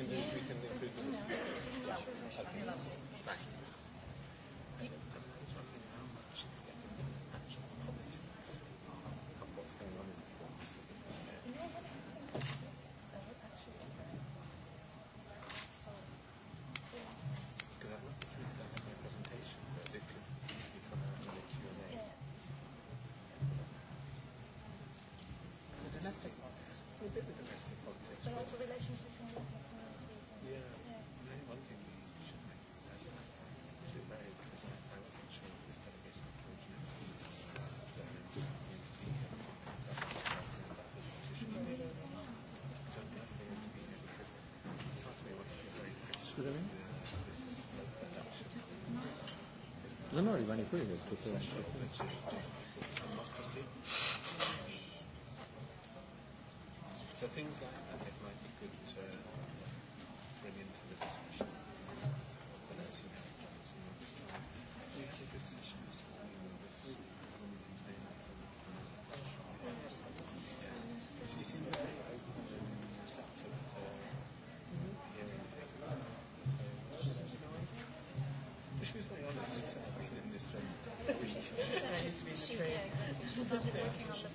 can do we can include them as Okay. domestic politics. But also relations. vous avez No, no, rimane quello. So things like that, might be good to uh, bring into the started working on the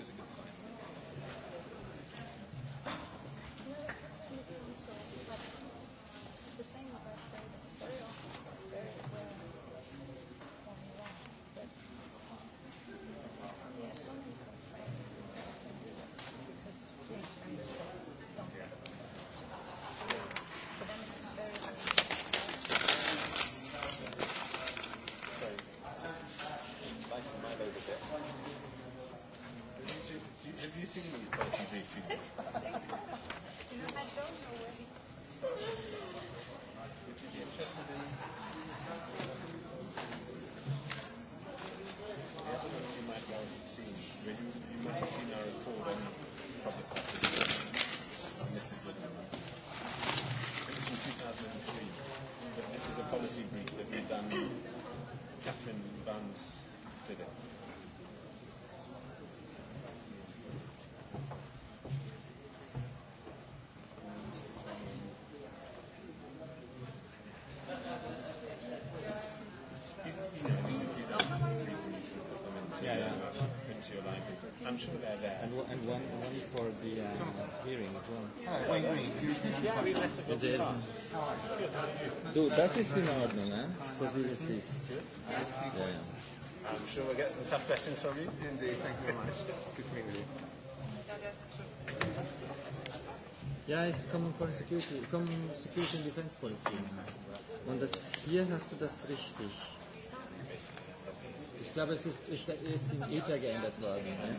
always a good sign. in? vicini mi pojci vicini. This is a policy brief that we've done. Catherine Vance did it. And, and one, one for the uh, hearing as well. Oh, wait, wait. Du, das ist in Ordnung, eh? so wie es ist. Yeah. I'm sure we'll get some tough questions from you. Indeed, thank you very much. Good to meet you. Yeah, it's common for Security, common Security and Defense Policy. Und das hier hast du das richtig. Ich glaube, es ist, ist, ist ist in ETA geändert worden. Ne?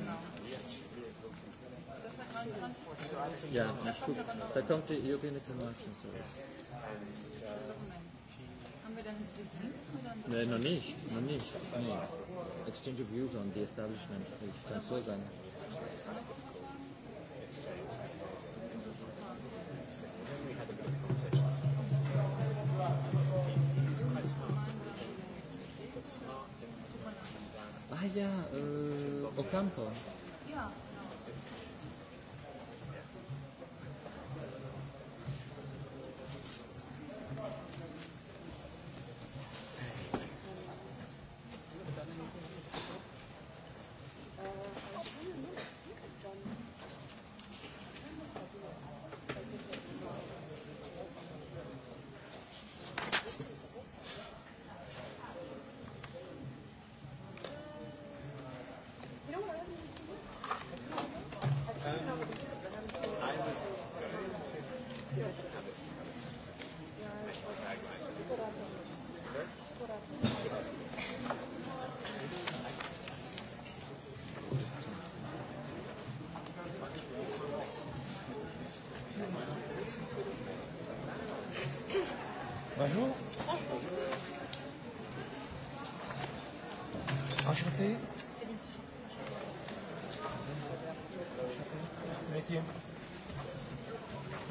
Ja, na guck, Da kommt die European Information Service. Nein, noch nicht, noch nicht. Nee. Exchange of views on the establishment, ich kann so sagen. Ah, ja, eh, Ocampo. Yeah.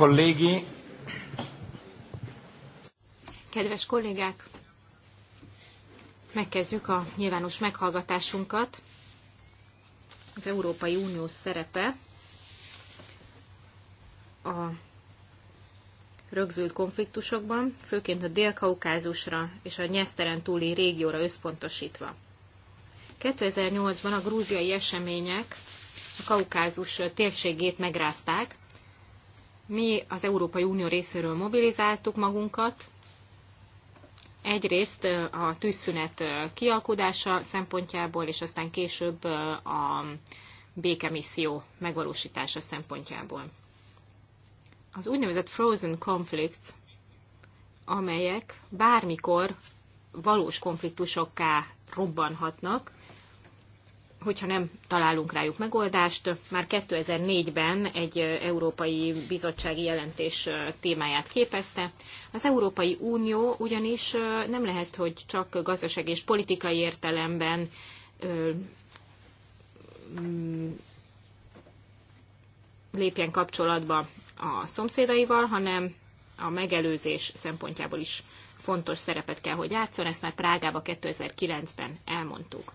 colleghi. Kedves kollégák, megkezdjük a nyilvános meghallgatásunkat. Az Európai Unió szerepe a rögzült konfliktusokban, főként a Dél-Kaukázusra és a Nyeszteren túli régióra összpontosítva. 2008-ban a grúziai események a Kaukázus térségét megrázták, mi az Európai Unió részéről mobilizáltuk magunkat. Egyrészt a tűzszünet kialkodása szempontjából, és aztán később a békemisszió megvalósítása szempontjából. Az úgynevezett frozen conflicts, amelyek bármikor valós konfliktusokká robbanhatnak, hogyha nem találunk rájuk megoldást. Már 2004-ben egy Európai Bizottsági Jelentés témáját képezte. Az Európai Unió ugyanis nem lehet, hogy csak gazdaság és politikai értelemben mm, lépjen kapcsolatba a szomszédaival, hanem a megelőzés szempontjából is fontos szerepet kell, hogy játszon. Ezt már Prágában 2009-ben elmondtuk.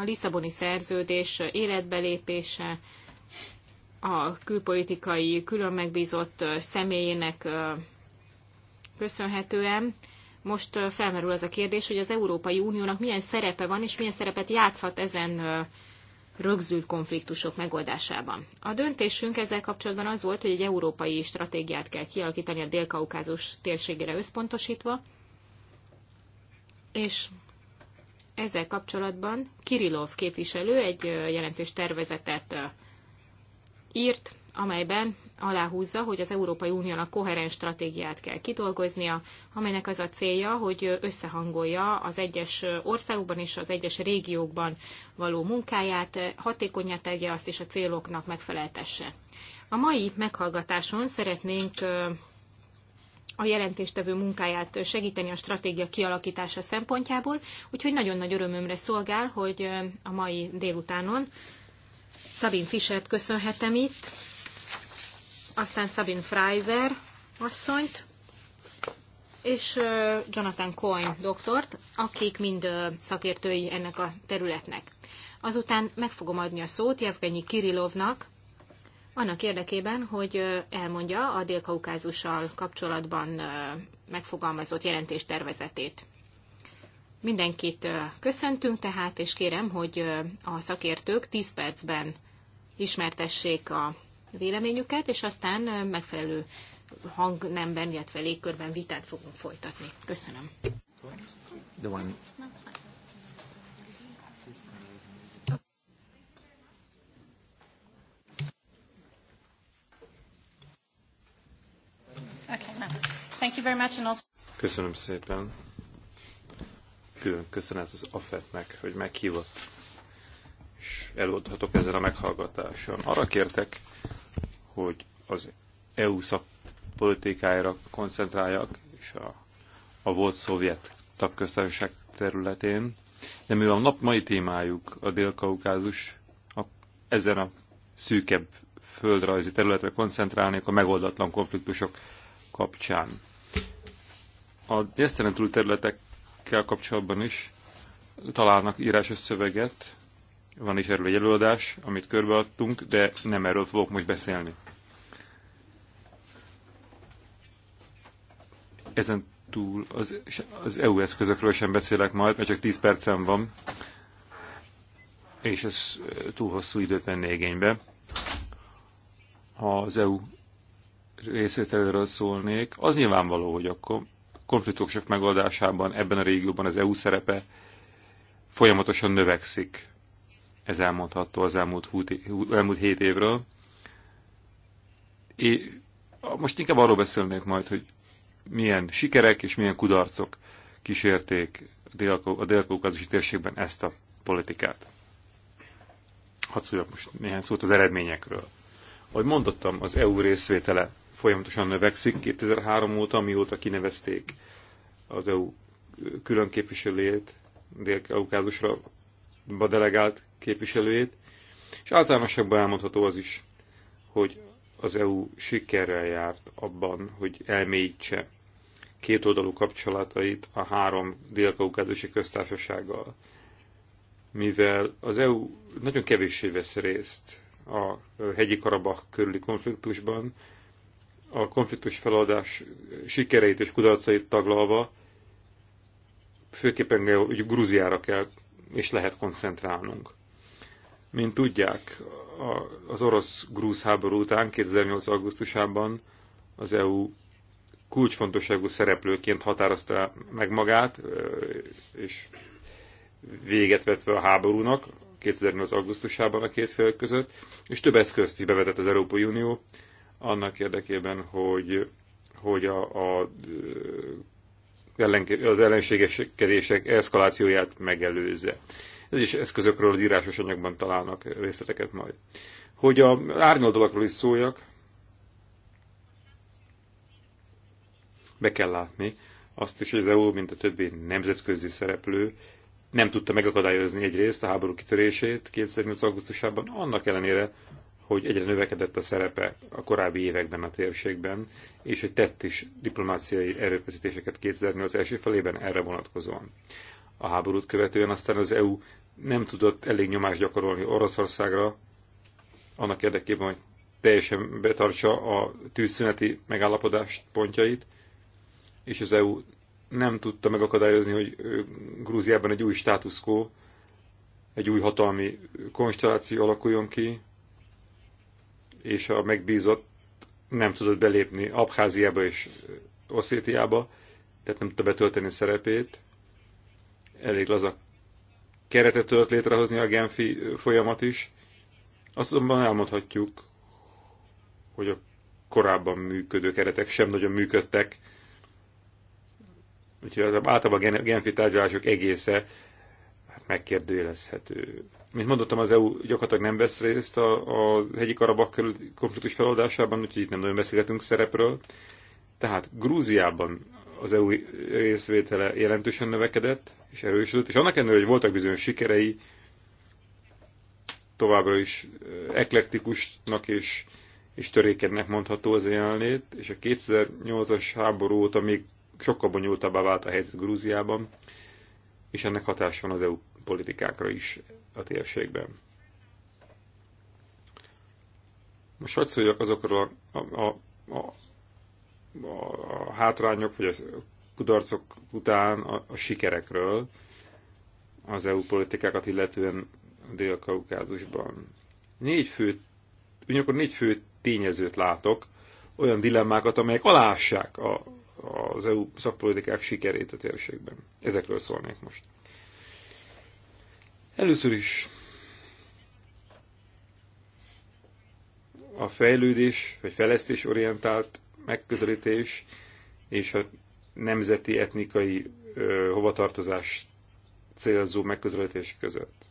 a Lisszaboni szerződés életbelépése, a külpolitikai külön megbízott személyének köszönhetően most felmerül az a kérdés, hogy az Európai Uniónak milyen szerepe van, és milyen szerepet játszhat ezen rögzült konfliktusok megoldásában. A döntésünk ezzel kapcsolatban az volt, hogy egy európai stratégiát kell kialakítani a dél térségére összpontosítva, és ezzel kapcsolatban Kirilov képviselő egy jelentős tervezetet írt, amelyben aláhúzza, hogy az Európai Uniónak koherens stratégiát kell kidolgoznia, amelynek az a célja, hogy összehangolja az egyes országokban és az egyes régiókban való munkáját, hatékonyá tegye azt és a céloknak megfeleltesse. A mai meghallgatáson szeretnénk a jelentéstevő munkáját segíteni a stratégia kialakítása szempontjából, úgyhogy nagyon nagy örömömre szolgál, hogy a mai délutánon Szabin Fischert köszönhetem itt, aztán Szabin Freiser asszonyt, és Jonathan Coin doktort, akik mind szakértői ennek a területnek. Azután meg fogom adni a szót Jevgenyi Kirilovnak, annak érdekében, hogy elmondja a Dél-Kaukázussal kapcsolatban megfogalmazott jelentés tervezetét. Mindenkit köszöntünk tehát, és kérem, hogy a szakértők 10 percben ismertessék a véleményüket, és aztán megfelelő hangnemben, illetve légkörben vitát fogunk folytatni. Köszönöm. The one Thank you very much and also... Köszönöm szépen. Külön köszönet az AFET-nek, hogy meghívott, és előadhatok ezzel a meghallgatáson. Arra kértek, hogy az EU szakpolitikájára koncentráljak, és a, a volt szovjet tagköztársaság területén, de mivel a nap mai témájuk a Dél-Kaukázus, a, ezen a szűkebb földrajzi területre koncentrálni, a megoldatlan konfliktusok kapcsán a délsztelen túl területekkel kapcsolatban is találnak írásos szöveget, van is erről egy előadás, amit körbeadtunk, de nem erről fogok most beszélni. Ezen túl az, az EU eszközökről sem beszélek majd, mert csak 10 percem van, és ez túl hosszú időt venne igénybe. Ha az EU részételéről szólnék, az nyilvánvaló, hogy akkor konfliktusok megoldásában ebben a régióban az EU szerepe folyamatosan növekszik. Ez elmondható az elmúlt, húti, elmúlt hét évről. É, most inkább arról beszélnék majd, hogy milyen sikerek és milyen kudarcok kísérték a dél térségben ezt a politikát. Hadd szóljak most néhány szót az eredményekről. Ahogy mondottam, az EU részvétele folyamatosan növekszik 2003 óta, amióta kinevezték az EU külön képviselőjét, Dél-Kaukázusra delegált képviselőjét, és általánosabban elmondható az is, hogy az EU sikerrel járt abban, hogy elmélyítse kétoldalú kapcsolatait a három dél-kaukázusi köztársasággal, mivel az EU nagyon kevéssé vesz részt a hegyi Karabach körüli konfliktusban, a konfliktus feladás sikereit és kudarcait taglalva, főképpen hogy Grúziára kell és lehet koncentrálnunk. Mint tudják, az orosz-grúz háború után 2008. augusztusában az EU kulcsfontosságú szereplőként határozta meg magát, és véget vetve a háborúnak 2008. augusztusában a két fél között, és több eszközt is bevetett az Európai Unió, annak érdekében, hogy, hogy a, a, az ellenségeskedések eszkalációját megelőzze. Ez is eszközökről az írásos anyagban találnak részleteket majd. Hogy a árnyoldalakról is szóljak, be kell látni azt is, hogy az EU, mint a többi nemzetközi szereplő, nem tudta megakadályozni egyrészt a háború kitörését 2008. augusztusában, annak ellenére, hogy egyre növekedett a szerepe a korábbi években a térségben, és hogy tett is diplomáciai erőfeszítéseket 2008 első felében erre vonatkozóan. A háborút követően aztán az EU nem tudott elég nyomást gyakorolni Oroszországra, annak érdekében, hogy teljesen betartsa a tűzszüneti megállapodást pontjait, és az EU nem tudta megakadályozni, hogy Grúziában egy új státuszkó, egy új hatalmi konstelláció alakuljon ki, és a megbízott nem tudott belépni Abháziába és Oszétiába, tehát nem tudta betölteni szerepét. Elég az a keretet tudott létrehozni a Genfi folyamat is. Azonban elmondhatjuk, hogy a korábban működő keretek sem nagyon működtek. Úgyhogy általában a Genfi tárgyalások egésze megkérdőjelezhető. Mint mondottam, az EU gyakorlatilag nem vesz részt a, a hegyi Karabak konfliktus feloldásában, úgyhogy itt nem nagyon beszélgetünk szerepről. Tehát Grúziában az EU részvétele jelentősen növekedett és erősödött, és annak ellenére, hogy voltak bizonyos sikerei, továbbra is eklektikusnak és, és törékednek mondható az jelenlét, és a 2008-as háború óta még sokkal bonyolultabbá vált a helyzet Grúziában, és ennek hatás van az EU politikákra is a térségben. Most hadd szóljak azokról a, a, a, a hátrányok, vagy a kudarcok után a, a sikerekről az EU politikákat illetően Dél-Kaukázusban. Négy fő, ugyanakkor négy fő tényezőt látok, olyan dilemmákat, amelyek alássák a, az EU szakpolitikák sikerét a térségben. Ezekről szólnék most. Először is a fejlődés vagy fejlesztés orientált megközelítés és a nemzeti etnikai ö, hovatartozás célzó megközelítés között.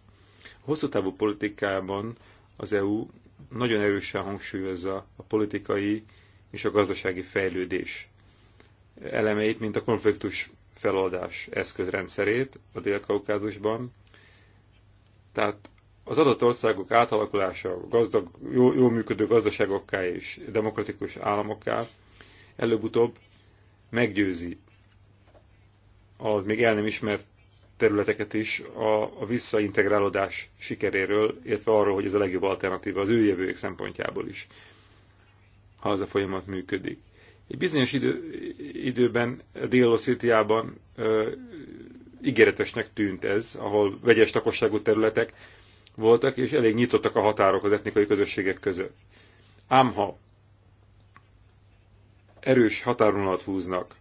A hosszú távú politikában az EU nagyon erősen hangsúlyozza a politikai és a gazdasági fejlődés elemeit, mint a konfliktus feloldás eszközrendszerét a Dél-Kaukázusban, tehát az adott országok átalakulása gazdag, jó, jó működő gazdaságokká és demokratikus államokká előbb-utóbb meggyőzi a még el nem ismert területeket is a, a visszaintegrálódás sikeréről, illetve arról, hogy ez a legjobb alternatíva az ő jövőjük szempontjából is, ha az a folyamat működik. Egy bizonyos idő, időben Dél-Oszítiában ígéretesnek tűnt ez, ahol vegyes lakosságú területek voltak, és elég nyitottak a határok az etnikai közösségek között. Ám ha erős határonat húznak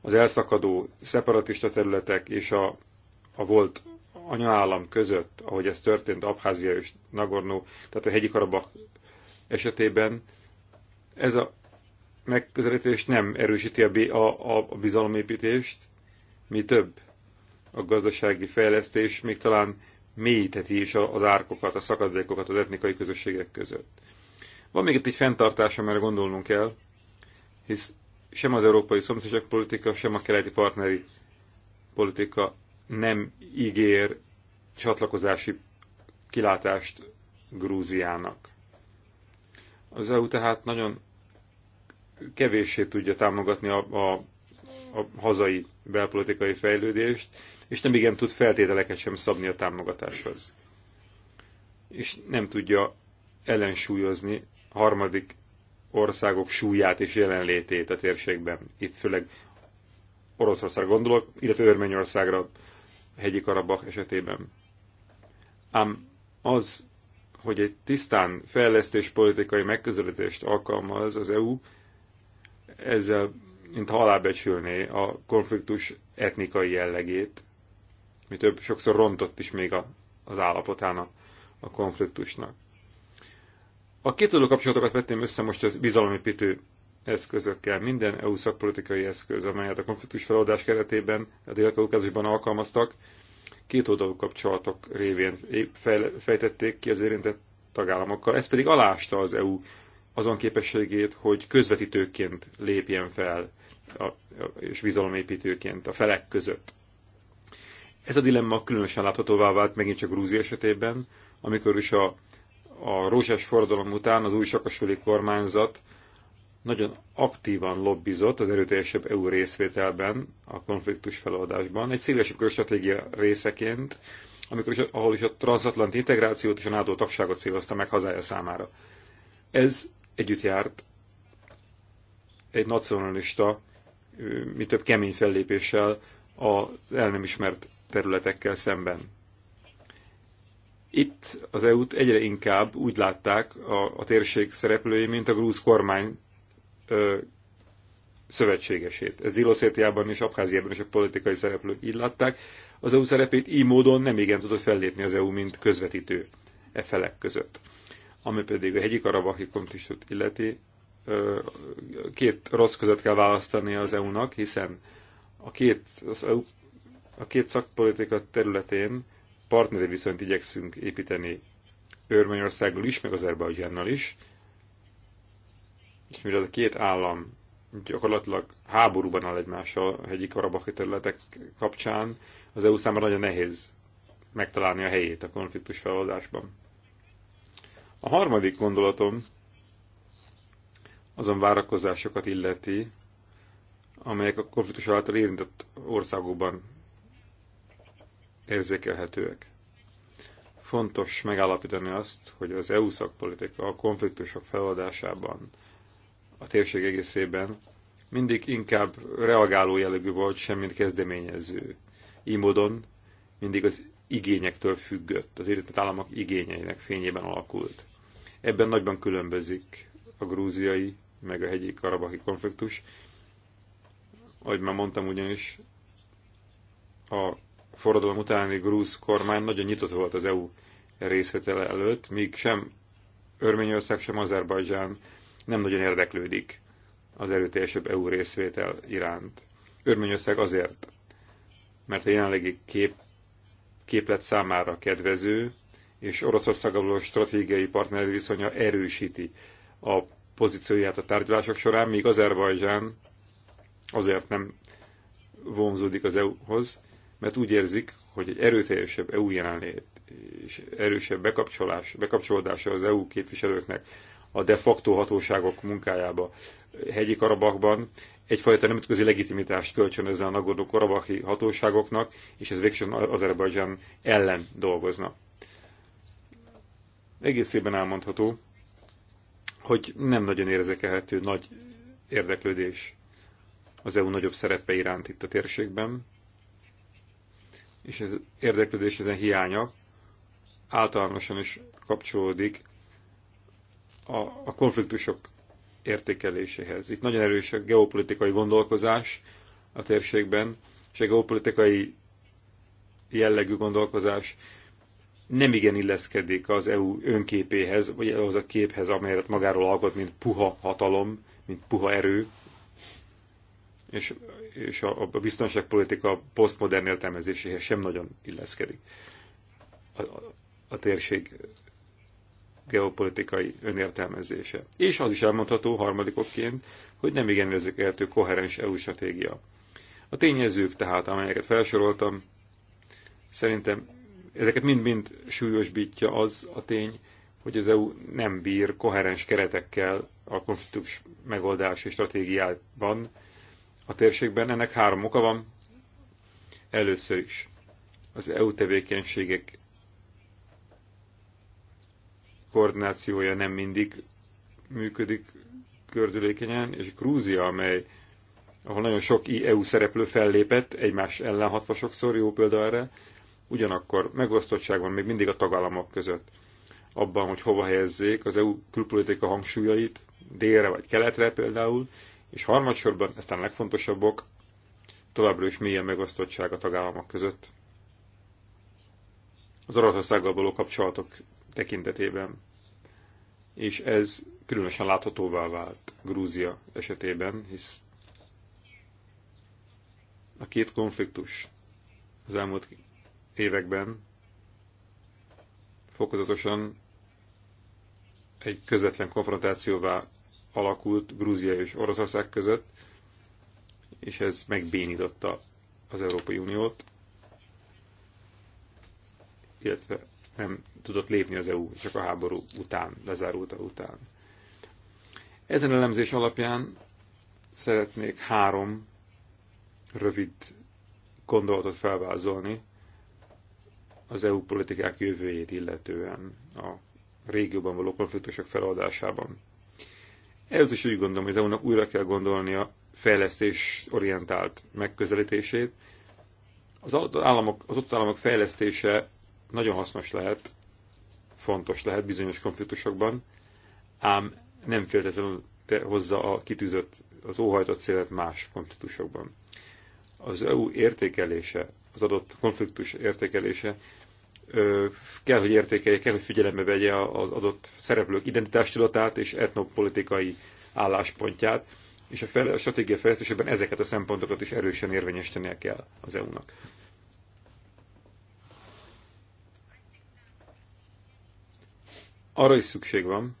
az elszakadó szeparatista területek és a, a volt anyaállam között, ahogy ez történt Abházia és Nagorno, tehát a hegyi Karabak esetében, ez a megközelítés nem erősíti a, a, a bizalomépítést, mi több, a gazdasági fejlesztés még talán mélyíteti is az árkokat, a szakadékokat az etnikai közösségek között. Van még itt egy fenntartás, amire gondolnunk kell, hisz sem az európai szomszédság politika, sem a keleti partneri politika nem ígér csatlakozási kilátást Grúziának. Az EU tehát nagyon kevéssé tudja támogatni a, a, a hazai belpolitikai fejlődést, és nem igen tud feltételeket sem szabni a támogatáshoz. És nem tudja ellensúlyozni harmadik országok súlyát és jelenlétét a térségben. Itt főleg Oroszország gondolok, illetve Örményországra, hegyi Karabak esetében. Ám az, hogy egy tisztán fejlesztés politikai megközelítést alkalmaz az EU, ezzel mint alábecsülné a konfliktus etnikai jellegét, mi több sokszor rontott is még a, az állapotán a, a konfliktusnak. A két oldal kapcsolatokat vettem össze most az bizalomépítő eszközökkel. Minden EU szakpolitikai eszköz, amelyet a konfliktus feloldás keretében a dél alkalmaztak, oldalú kapcsolatok révén fejtették ki az érintett tagállamokkal. Ez pedig alásta az EU azon képességét, hogy közvetítőként lépjen fel a, és bizalomépítőként a felek között. Ez a dilemma különösen láthatóvá vált megint csak Grúzia esetében, amikor is a, a rózsás forradalom után az új sakasuli kormányzat nagyon aktívan lobbizott az erőteljesebb EU részvételben a konfliktus feloldásban, egy szélesebb stratégia részeként, amikor is, ahol is a transatlanti integrációt és a NATO tagságot célozta meg hazája számára. Ez együtt járt egy nacionalista, mi több kemény fellépéssel az el nem ismert területekkel szemben. Itt az EU-t egyre inkább úgy látták a, a térség szereplői, mint a grúz kormány ö, szövetségesét. Ez Diloszétiában és Abháziában is a politikai szereplők így látták. Az EU szerepét így módon nem igen tudott fellépni az EU, mint közvetítő e felek között. Ami pedig a hegyi karabahi konfliktust illeti, két rossz között kell választani az EU-nak, hiszen a két, az EU a két szakpolitika területén partneri viszonyt igyekszünk építeni Örményországgal is, meg Azerbajdzsánnal is. És mivel a két állam gyakorlatilag háborúban áll egymással a hegyi karabaki területek kapcsán, az EU számára nagyon nehéz megtalálni a helyét a konfliktus feloldásban. A harmadik gondolatom azon várakozásokat illeti, amelyek a konfliktus által érintett országokban érzékelhetőek. Fontos megállapítani azt, hogy az EU szakpolitika a konfliktusok feladásában a térség egészében mindig inkább reagáló jellegű volt, semmint kezdeményező. Így módon mindig az igényektől függött, az érintett államok igényeinek fényében alakult. Ebben nagyban különbözik a grúziai, meg a hegyi karabaki konfliktus. Ahogy már mondtam, ugyanis a forradalom utáni grúz kormány nagyon nyitott volt az EU részvétele előtt, míg sem Örményország, sem Azerbajdzsán nem nagyon érdeklődik az erőteljesebb EU részvétel iránt. Örményország azért, mert a jelenlegi kép, képlet számára kedvező, és Oroszországgal stratégiai partneri viszonya erősíti a pozícióját a tárgyalások során, míg Azerbajdzsán azért nem vonzódik az EU-hoz, mert úgy érzik, hogy egy erőteljesebb EU jelenlét és erősebb bekapcsolás, bekapcsolódása az EU képviselőknek a de facto hatóságok munkájába hegyi Karabakban egyfajta nemzetközi legitimitást kölcsönözze a nagorno karabahi hatóságoknak, és ez végsősorban Azerbajdzsán ellen dolgozna. Egészében elmondható, hogy nem nagyon érzékelhető nagy érdeklődés az EU nagyobb szerepe iránt itt a térségben és ez érdeklődés ezen hiánya általánosan is kapcsolódik a, a konfliktusok értékeléséhez. Itt nagyon erős a geopolitikai gondolkozás a térségben, és a geopolitikai jellegű gondolkozás nem igen illeszkedik az EU önképéhez, vagy az a képhez, amelyet magáról alkot, mint puha hatalom, mint puha erő. És és a, a biztonságpolitika posztmodern értelmezéséhez sem nagyon illeszkedik. A, a, a térség geopolitikai önértelmezése. És az is elmondható harmadikokként, hogy nem igen érzékelhető koherens EU stratégia. A tényezők tehát, amelyeket felsoroltam, szerintem ezeket mind-mind súlyosbítja az a tény, hogy az EU nem bír koherens keretekkel a konfliktus megoldási stratégiában, a térségben. Ennek három oka van. Először is az EU tevékenységek koordinációja nem mindig működik kördülékenyen, és Grúzia, amely, ahol nagyon sok EU szereplő fellépett, egymás ellen hatva sokszor, jó példa erre, ugyanakkor megosztottság van még mindig a tagállamok között abban, hogy hova helyezzék az EU külpolitika hangsúlyait, délre vagy keletre például, és harmadsorban, aztán a legfontosabbok, továbbra is mélyen megosztottság a tagállamok között. Az Oroszországgal való kapcsolatok tekintetében, és ez különösen láthatóvá vált Grúzia esetében, hisz a két konfliktus az elmúlt években fokozatosan egy közvetlen konfrontációvá alakult Grúzia és Oroszország között, és ez megbénította az Európai Uniót, illetve nem tudott lépni az EU, csak a háború után, lezárulta után. Ezen elemzés alapján szeretnék három rövid gondolatot felvázolni az EU politikák jövőjét illetően a régióban való konfliktusok feloldásában. Ez is úgy gondolom, hogy az EU-nak újra kell a fejlesztés orientált megközelítését. Az, államok, az ott államok fejlesztése nagyon hasznos lehet, fontos lehet bizonyos konfliktusokban, ám nem feltétlenül hozza a kitűzött, az óhajtott célt más konfliktusokban. Az EU értékelése, az adott konfliktus értékelése kell, hogy értékelje, kell, hogy figyelembe vegye az adott szereplők identitástudatát és etnopolitikai álláspontját, és a, fel, a stratégia fejlesztésében ezeket a szempontokat is erősen érvényesítenie kell az EU-nak. Arra is szükség van,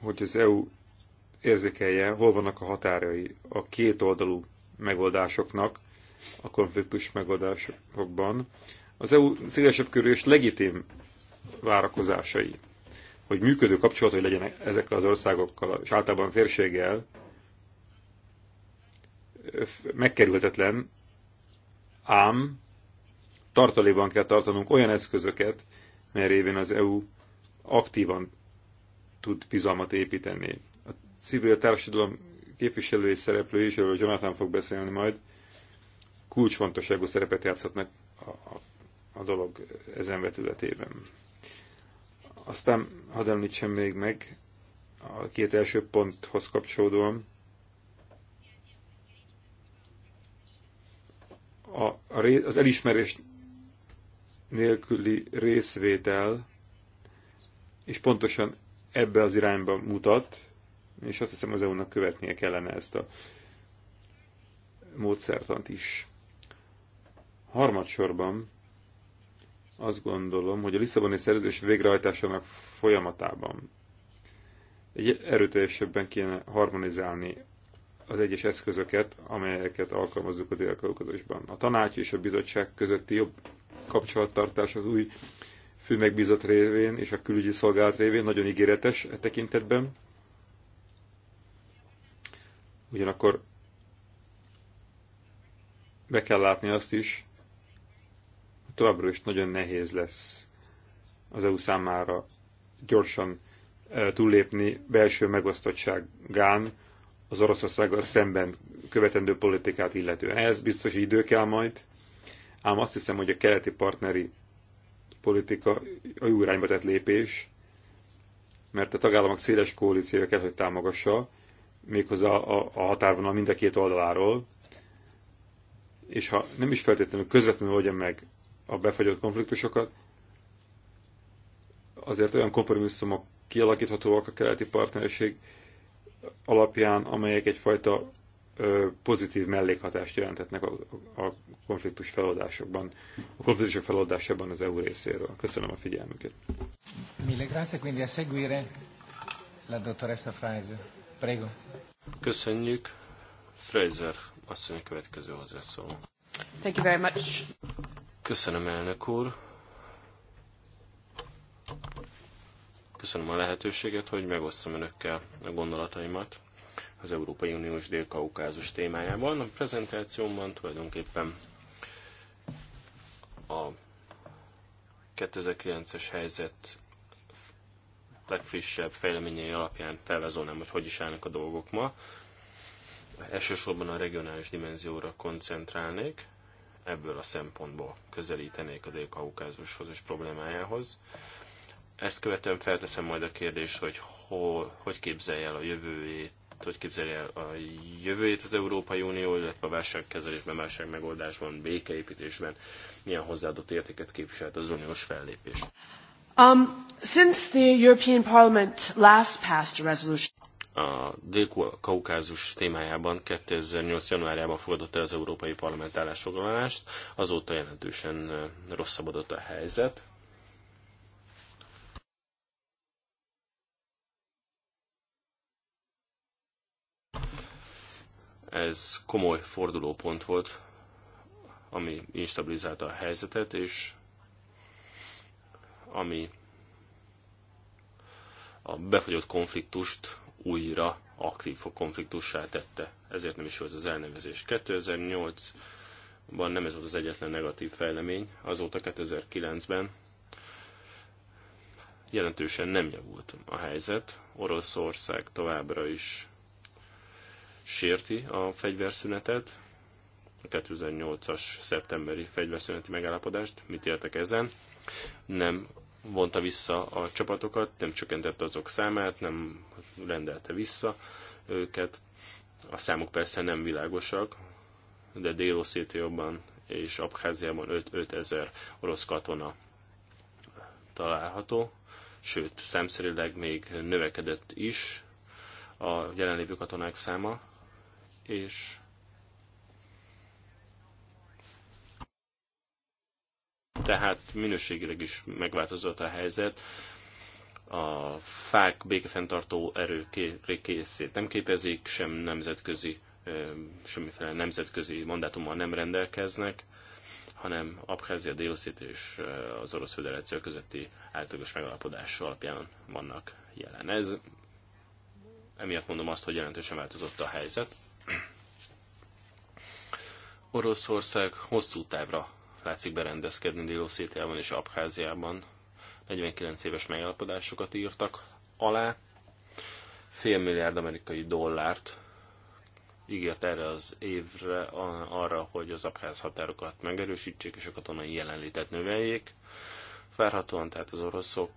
hogy az EU érzékelje, hol vannak a határai a két oldalú megoldásoknak, a konfliktus megoldásokban. Az EU szélesebb körül és legitim várakozásai, hogy működő kapcsolatai legyenek ezekkel az országokkal, és általában férséggel, megkerülhetetlen, ám tartaléban kell tartanunk olyan eszközöket, mert révén az EU aktívan tud bizalmat építeni. A civil társadalom képviselői szereplői, is, erről Jonathan fog beszélni majd, kulcsfontosságú szerepet játszhatnak a, a, a dolog ezen vetületében. Aztán hadd említsem még meg a két első ponthoz kapcsolódóan, a, a, az elismerés nélküli részvétel, és pontosan ebbe az irányba mutat, és azt hiszem az EU-nak követnie kellene ezt a módszertant is. Harmadsorban azt gondolom, hogy a Lisszaboni szerződés végrehajtásának folyamatában egy erőteljesebben kéne harmonizálni az egyes eszközöket, amelyeket alkalmazzuk a délkalkodásban. A tanács és a bizottság közötti jobb kapcsolattartás az új főmegbízott révén és a külügyi szolgálat révén nagyon ígéretes e tekintetben. Ugyanakkor be kell látni azt is, továbbra is nagyon nehéz lesz az EU számára gyorsan túllépni belső megosztottságán az Oroszországgal szemben követendő politikát illetően. Ez biztos idő kell majd, ám azt hiszem, hogy a keleti partneri politika a jó irányba tett lépés, mert a tagállamok széles koalíciója kell, hogy támogassa, méghozzá a, a határvonal mind a két oldaláról, és ha nem is feltétlenül közvetlenül oldja meg a befagyott konfliktusokat, azért olyan kompromisszumok kialakíthatóak a keleti partnerség alapján, amelyek egyfajta pozitív mellékhatást jelentetnek a, konfliktus feloldásokban, a konfliktusok feloldásában az EU részéről. Köszönöm a figyelmüket. Mille grazie, quindi a seguire la dottoressa Fraser. Prego. Köszönjük. Fraser azt mondja, következő hozzászól. Thank you very much. Köszönöm, elnök úr. Köszönöm a lehetőséget, hogy megosztom önökkel a gondolataimat az Európai Uniós Dél-Kaukázus témájában. A prezentációmban tulajdonképpen a 2009-es helyzet legfrissebb fejleményei alapján felvezolnám, hogy hogy is állnak a dolgok ma. Elsősorban a regionális dimenzióra koncentrálnék, ebből a szempontból közelítenék a Dél-Kaukázushoz és problémájához. Ezt követően felteszem majd a kérdést, hogy hol, hogy képzelje el a jövőjét, hogy képzelje el a jövőjét az Európai Unió, illetve a válságkezelésben, válságmegoldásban, megoldásban, békeépítésben milyen hozzáadott értéket képviselt az uniós fellépés. Um, since the European Parliament last passed a resolution a Dél-Kaukázus témájában 2008. januárjában fogadott el az Európai Parlament állásfoglalást, azóta jelentősen rosszabbodott a helyzet. Ez komoly fordulópont volt, ami instabilizálta a helyzetet, és ami a befagyott konfliktust újra aktív konfliktussá tette. Ezért nem is jó ez az elnevezés. 2008-ban nem ez volt az egyetlen negatív fejlemény, azóta 2009-ben jelentősen nem javult a helyzet. Oroszország továbbra is sérti a fegyverszünetet, a 2008-as szeptemberi fegyverszüneti megállapodást. Mit éltek ezen? nem vonta vissza a csapatokat, nem csökkentette azok számát, nem rendelte vissza őket. A számok persze nem világosak, de dél és Abkháziában 5-5 ezer orosz katona található, sőt, számszerűleg még növekedett is a jelenlévő katonák száma, és tehát minőségileg is megváltozott a helyzet. A fák békefenntartó erők készét nem képezik, sem nemzetközi, semmiféle nemzetközi mandátummal nem rendelkeznek, hanem Abkházia, Déloszit és az Orosz Föderáció közötti általános megalapodás alapján vannak jelen. Ez emiatt mondom azt, hogy jelentősen változott a helyzet. Oroszország hosszú távra látszik berendezkedni Dél-Oszétiában és Abháziában. 49 éves megállapodásokat írtak alá. Fél milliárd amerikai dollárt ígért erre az évre arra, hogy az abház határokat megerősítsék és a katonai jelenlétet növeljék. Várhatóan tehát az oroszok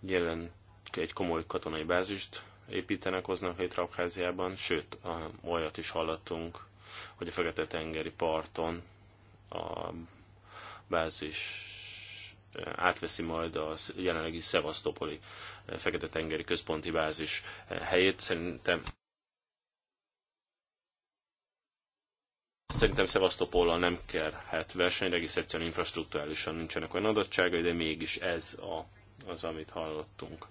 jelen egy komoly katonai bázist építenek, hoznak létre Abháziában, sőt, olyat is hallottunk, hogy a Fekete-tengeri parton a bázis átveszi majd a jelenlegi Szevasztopoli Fekete-tengeri központi bázis helyét. Szerintem Szerintem Szevasztopollal nem kell, versenyre, egész egyszerűen infrastruktúrálisan nincsenek olyan adottságai, de mégis ez a, az, amit hallottunk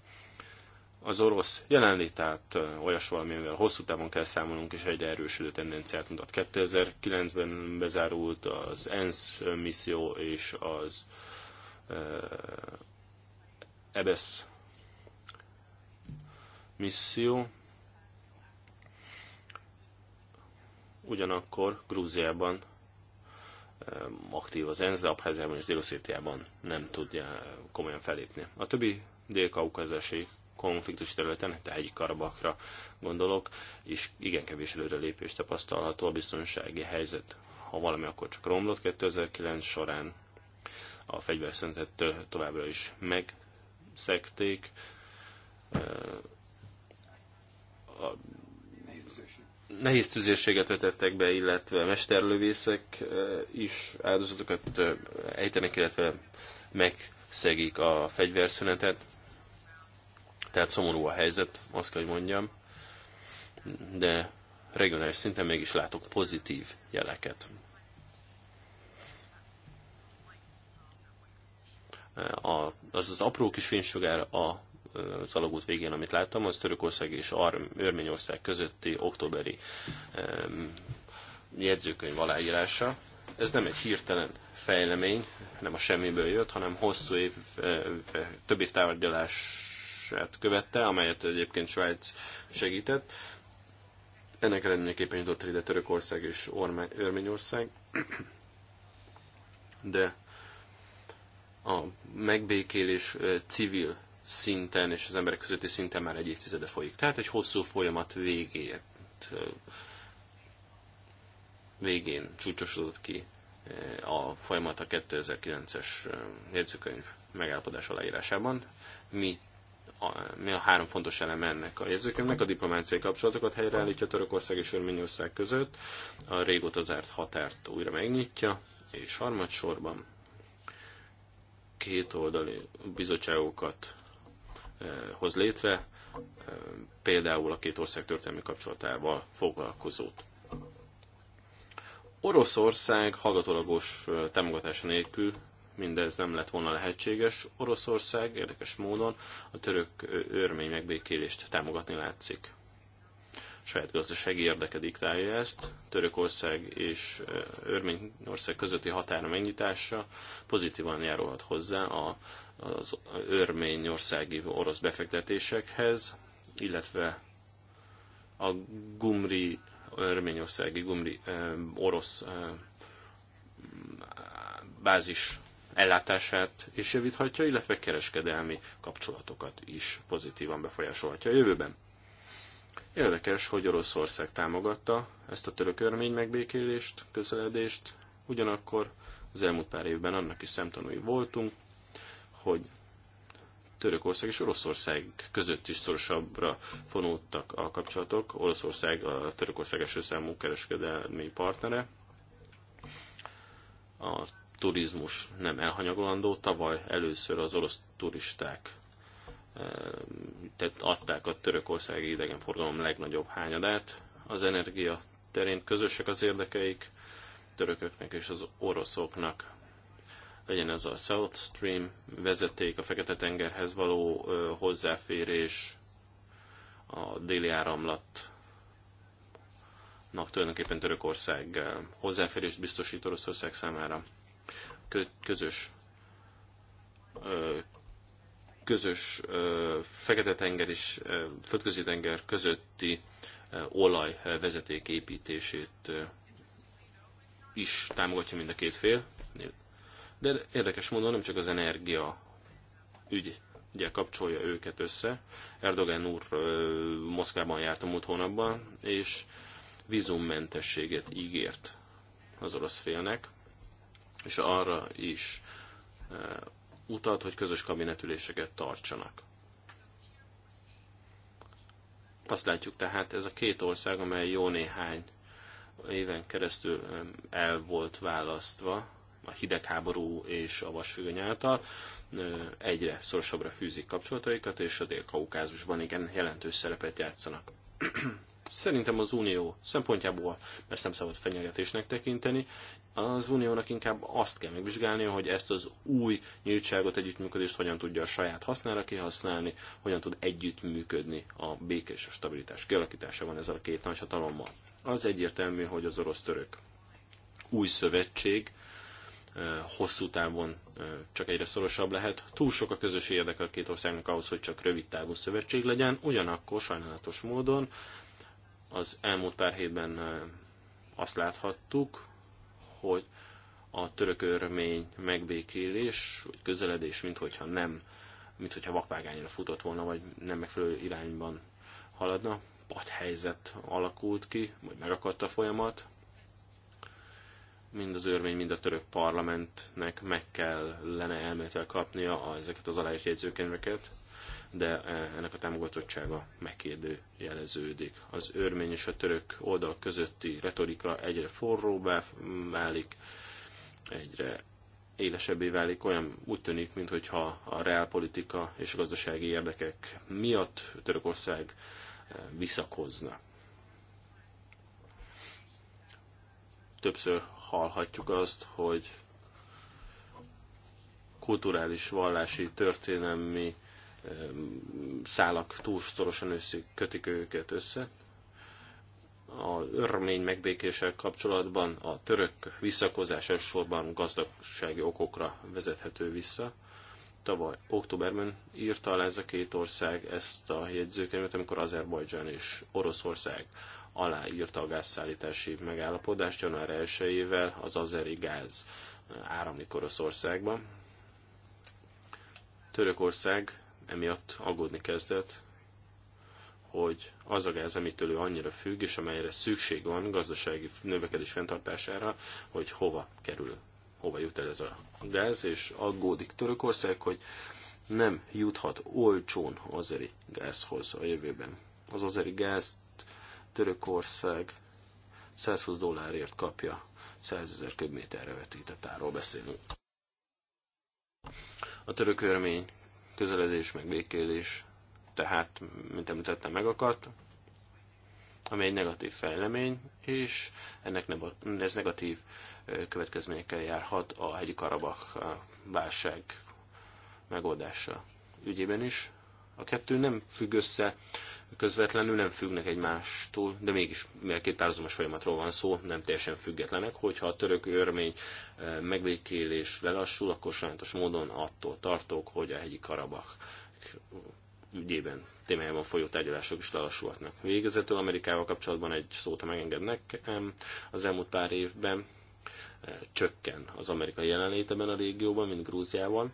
az orosz jelenlétát olyas valamivel hosszú távon kell számolnunk, és egyre erősödő tendenciát mutat. 2009-ben bezárult az ENSZ misszió és az EBESZ misszió. Ugyanakkor Grúziában aktív az ENSZ, de Abházában és Délosszétiában nem tudja komolyan felépni. A többi dél konfliktus területen, tehát karabakra gondolok, és igen kevés előrelépést tapasztalható a biztonsági helyzet. Ha valami, akkor csak romlott 2009 során, a fegyverszöntet továbbra is megszekték. A nehéz tüzérséget vetettek be, illetve mesterlövészek is áldozatokat ejtenek, illetve megszegik a fegyverszünetet. Tehát szomorú a helyzet, azt kell, hogy mondjam, de regionális szinten mégis látok pozitív jeleket. A, az az apró kis fénysugár a az alagút végén, amit láttam, az Törökország és Örményország közötti októberi um, jegyzőkönyv aláírása. Ez nem egy hirtelen fejlemény, nem a semmiből jött, hanem hosszú év, eh, eh, több év tárgyalás felszámolását követte, amelyet egyébként Svájc segített. Ennek eredményeképpen jutott ide Törökország és Örményország, de a megbékélés civil szinten és az emberek közötti szinten már egy évtizede folyik. Tehát egy hosszú folyamat végét, végén csúcsosodott ki a folyamat a 2009-es jegyzőkönyv megállapodás aláírásában. Mi mi a három fontos eleme ennek a jegyzőkönyvnek, a diplomáciai kapcsolatokat helyreállítja Törökország és Örményország között, a régóta zárt határt újra megnyitja, és harmadsorban két oldali bizottságokat eh, hoz létre, eh, például a két ország történelmi kapcsolatával foglalkozót. Oroszország hallgatólagos eh, támogatása nélkül mindez nem lett volna lehetséges. Oroszország érdekes módon a török örmény megbékélést támogatni látszik. saját gazdasági érdeke diktálja ezt. Törökország és Örményország közötti határ megnyitása pozitívan járulhat hozzá a, az örményországi orosz befektetésekhez, illetve a Gumri, örményországi Gumri orosz bázis ellátását is javíthatja, illetve kereskedelmi kapcsolatokat is pozitívan befolyásolhatja a jövőben. Érdekes, hogy Oroszország támogatta ezt a török örmény megbékélést, közeledést, ugyanakkor az elmúlt pár évben annak is szemtanúi voltunk, hogy Törökország és Oroszország között is szorosabbra fonódtak a kapcsolatok. Oroszország a Törökország első számú kereskedelmi partnere. A turizmus nem elhanyagolandó. Tavaly először az orosz turisták eh, tehát adták a törökországi idegenforgalom legnagyobb hányadát. Az energia terén közösek az érdekeik, törököknek és az oroszoknak. Legyen ez a South Stream vezeték, a Fekete-tengerhez való eh, hozzáférés, a déli áramlat tulajdonképpen Törökország eh, hozzáférést biztosít Oroszország számára közös közös Fekete-tenger és Földközi-tenger közötti olajvezeték építését is támogatja mind a két fél. De érdekes módon nem csak az energia ügy ugye kapcsolja őket össze. Erdogan úr Moszkvában járt a múlt hónapban, és vízummentességet ígért az orosz félnek és arra is eh, utalt, hogy közös kabinetüléseket tartsanak. Azt látjuk tehát, ez a két ország, amely jó néhány éven keresztül el volt választva a hidegháború és a vasfüggöny által, eh, egyre szorosabbra fűzik kapcsolataikat, és a Dél-Kaukázusban igen jelentős szerepet játszanak. Szerintem az Unió szempontjából ezt nem szabad fenyegetésnek tekinteni. Az Uniónak inkább azt kell megvizsgálni, hogy ezt az új nyíltságot, együttműködést hogyan tudja a saját hasznára kihasználni, hogyan tud együttműködni a békés a stabilitás kialakítása van ezzel a két nagyhatalommal. Az egyértelmű, hogy az orosz-török új szövetség eh, hosszú távon eh, csak egyre szorosabb lehet. Túl sok a közös érdek a két országnak ahhoz, hogy csak rövid távú szövetség legyen, ugyanakkor sajnálatos módon az elmúlt pár hétben azt láthattuk, hogy a török-örmény megbékélés, vagy közeledés, minthogyha nem, minthogyha vakvágányra futott volna, vagy nem megfelelő irányban haladna, helyzet alakult ki, vagy megakadt a folyamat. Mind az örmény, mind a török parlamentnek meg kellene elméletel kapnia ezeket az aláírt jegyzőkönyveket de eh, ennek a támogatottsága megkérdőjeleződik. Az örmény és a török oldal közötti retorika egyre forróbbá válik, egyre élesebbé válik, olyan úgy tűnik, mintha a reálpolitika és a gazdasági érdekek miatt Törökország eh, visszakozna. Többször hallhatjuk azt, hogy kulturális, vallási, történelmi szálak túl szorosan összük, kötik őket össze. A örmény megbékéssel kapcsolatban a török visszakozás elsősorban gazdasági okokra vezethető vissza. Tavaly októberben írta alá ez a két ország ezt a jegyzőkönyvet, amikor Azerbajdzsán és Oroszország aláírta a gázszállítási megállapodást január 1-ével az azeri gáz áramlik Oroszországba. Törökország emiatt aggódni kezdett, hogy az a gáz, amitől ő annyira függ, és amelyre szükség van gazdasági növekedés fenntartására, hogy hova kerül, hova jut el ez a gáz, és aggódik Törökország, hogy nem juthat olcsón azeri gázhoz a jövőben. Az azeri gázt Törökország 120 dollárért kapja, 100 ezer köbméterre vetített beszélünk. A török örmény közeledés, meg békélés, tehát, mint említettem, megakadt, ami egy negatív fejlemény, és ennek nem, ez negatív következményekkel járhat a hegyi Karabach válság megoldása ügyében is. A kettő nem függ össze közvetlenül, nem függnek egymástól, de mégis, mivel két párhuzamos folyamatról van szó, nem teljesen függetlenek, hogyha a török örmény eh, megbékélés lelassul, akkor sajnos módon attól tartok, hogy a hegyi karabak ügyében témájában folyó tárgyalások is lelassulhatnak. Végezetül Amerikával kapcsolatban egy szót, ha megengednek, az elmúlt pár évben eh, csökken az amerikai jelenléteben ebben a régióban, mint Grúziában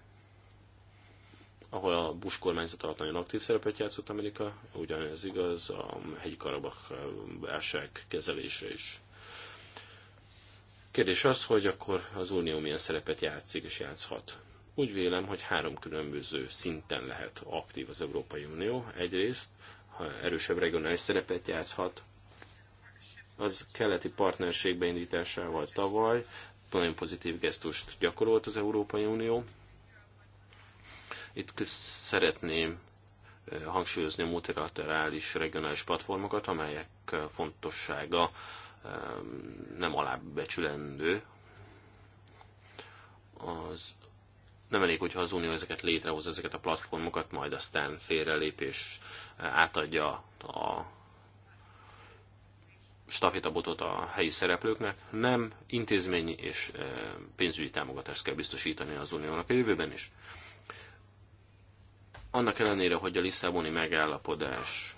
ahol a Bush kormányzat alatt nagyon aktív szerepet játszott Amerika, ugyanez igaz a hegyi karabak eh, válság kezelésre is. Kérdés az, hogy akkor az Unió milyen szerepet játszik és játszhat. Úgy vélem, hogy három különböző szinten lehet aktív az Európai Unió. Egyrészt ha erősebb regionális szerepet játszhat, az keleti partnerségbeindításával tavaly nagyon pozitív gesztust gyakorolt az Európai Unió, itt szeretném hangsúlyozni a multilaterális regionális platformokat, amelyek fontossága nem alábecsülendő. Az nem elég, hogyha az Unió ezeket létrehoz, ezeket a platformokat, majd aztán félrelépés átadja a stafétabotot a helyi szereplőknek, nem intézményi és pénzügyi támogatást kell biztosítani az uniónak a jövőben is. Annak ellenére, hogy a Lisszaboni megállapodás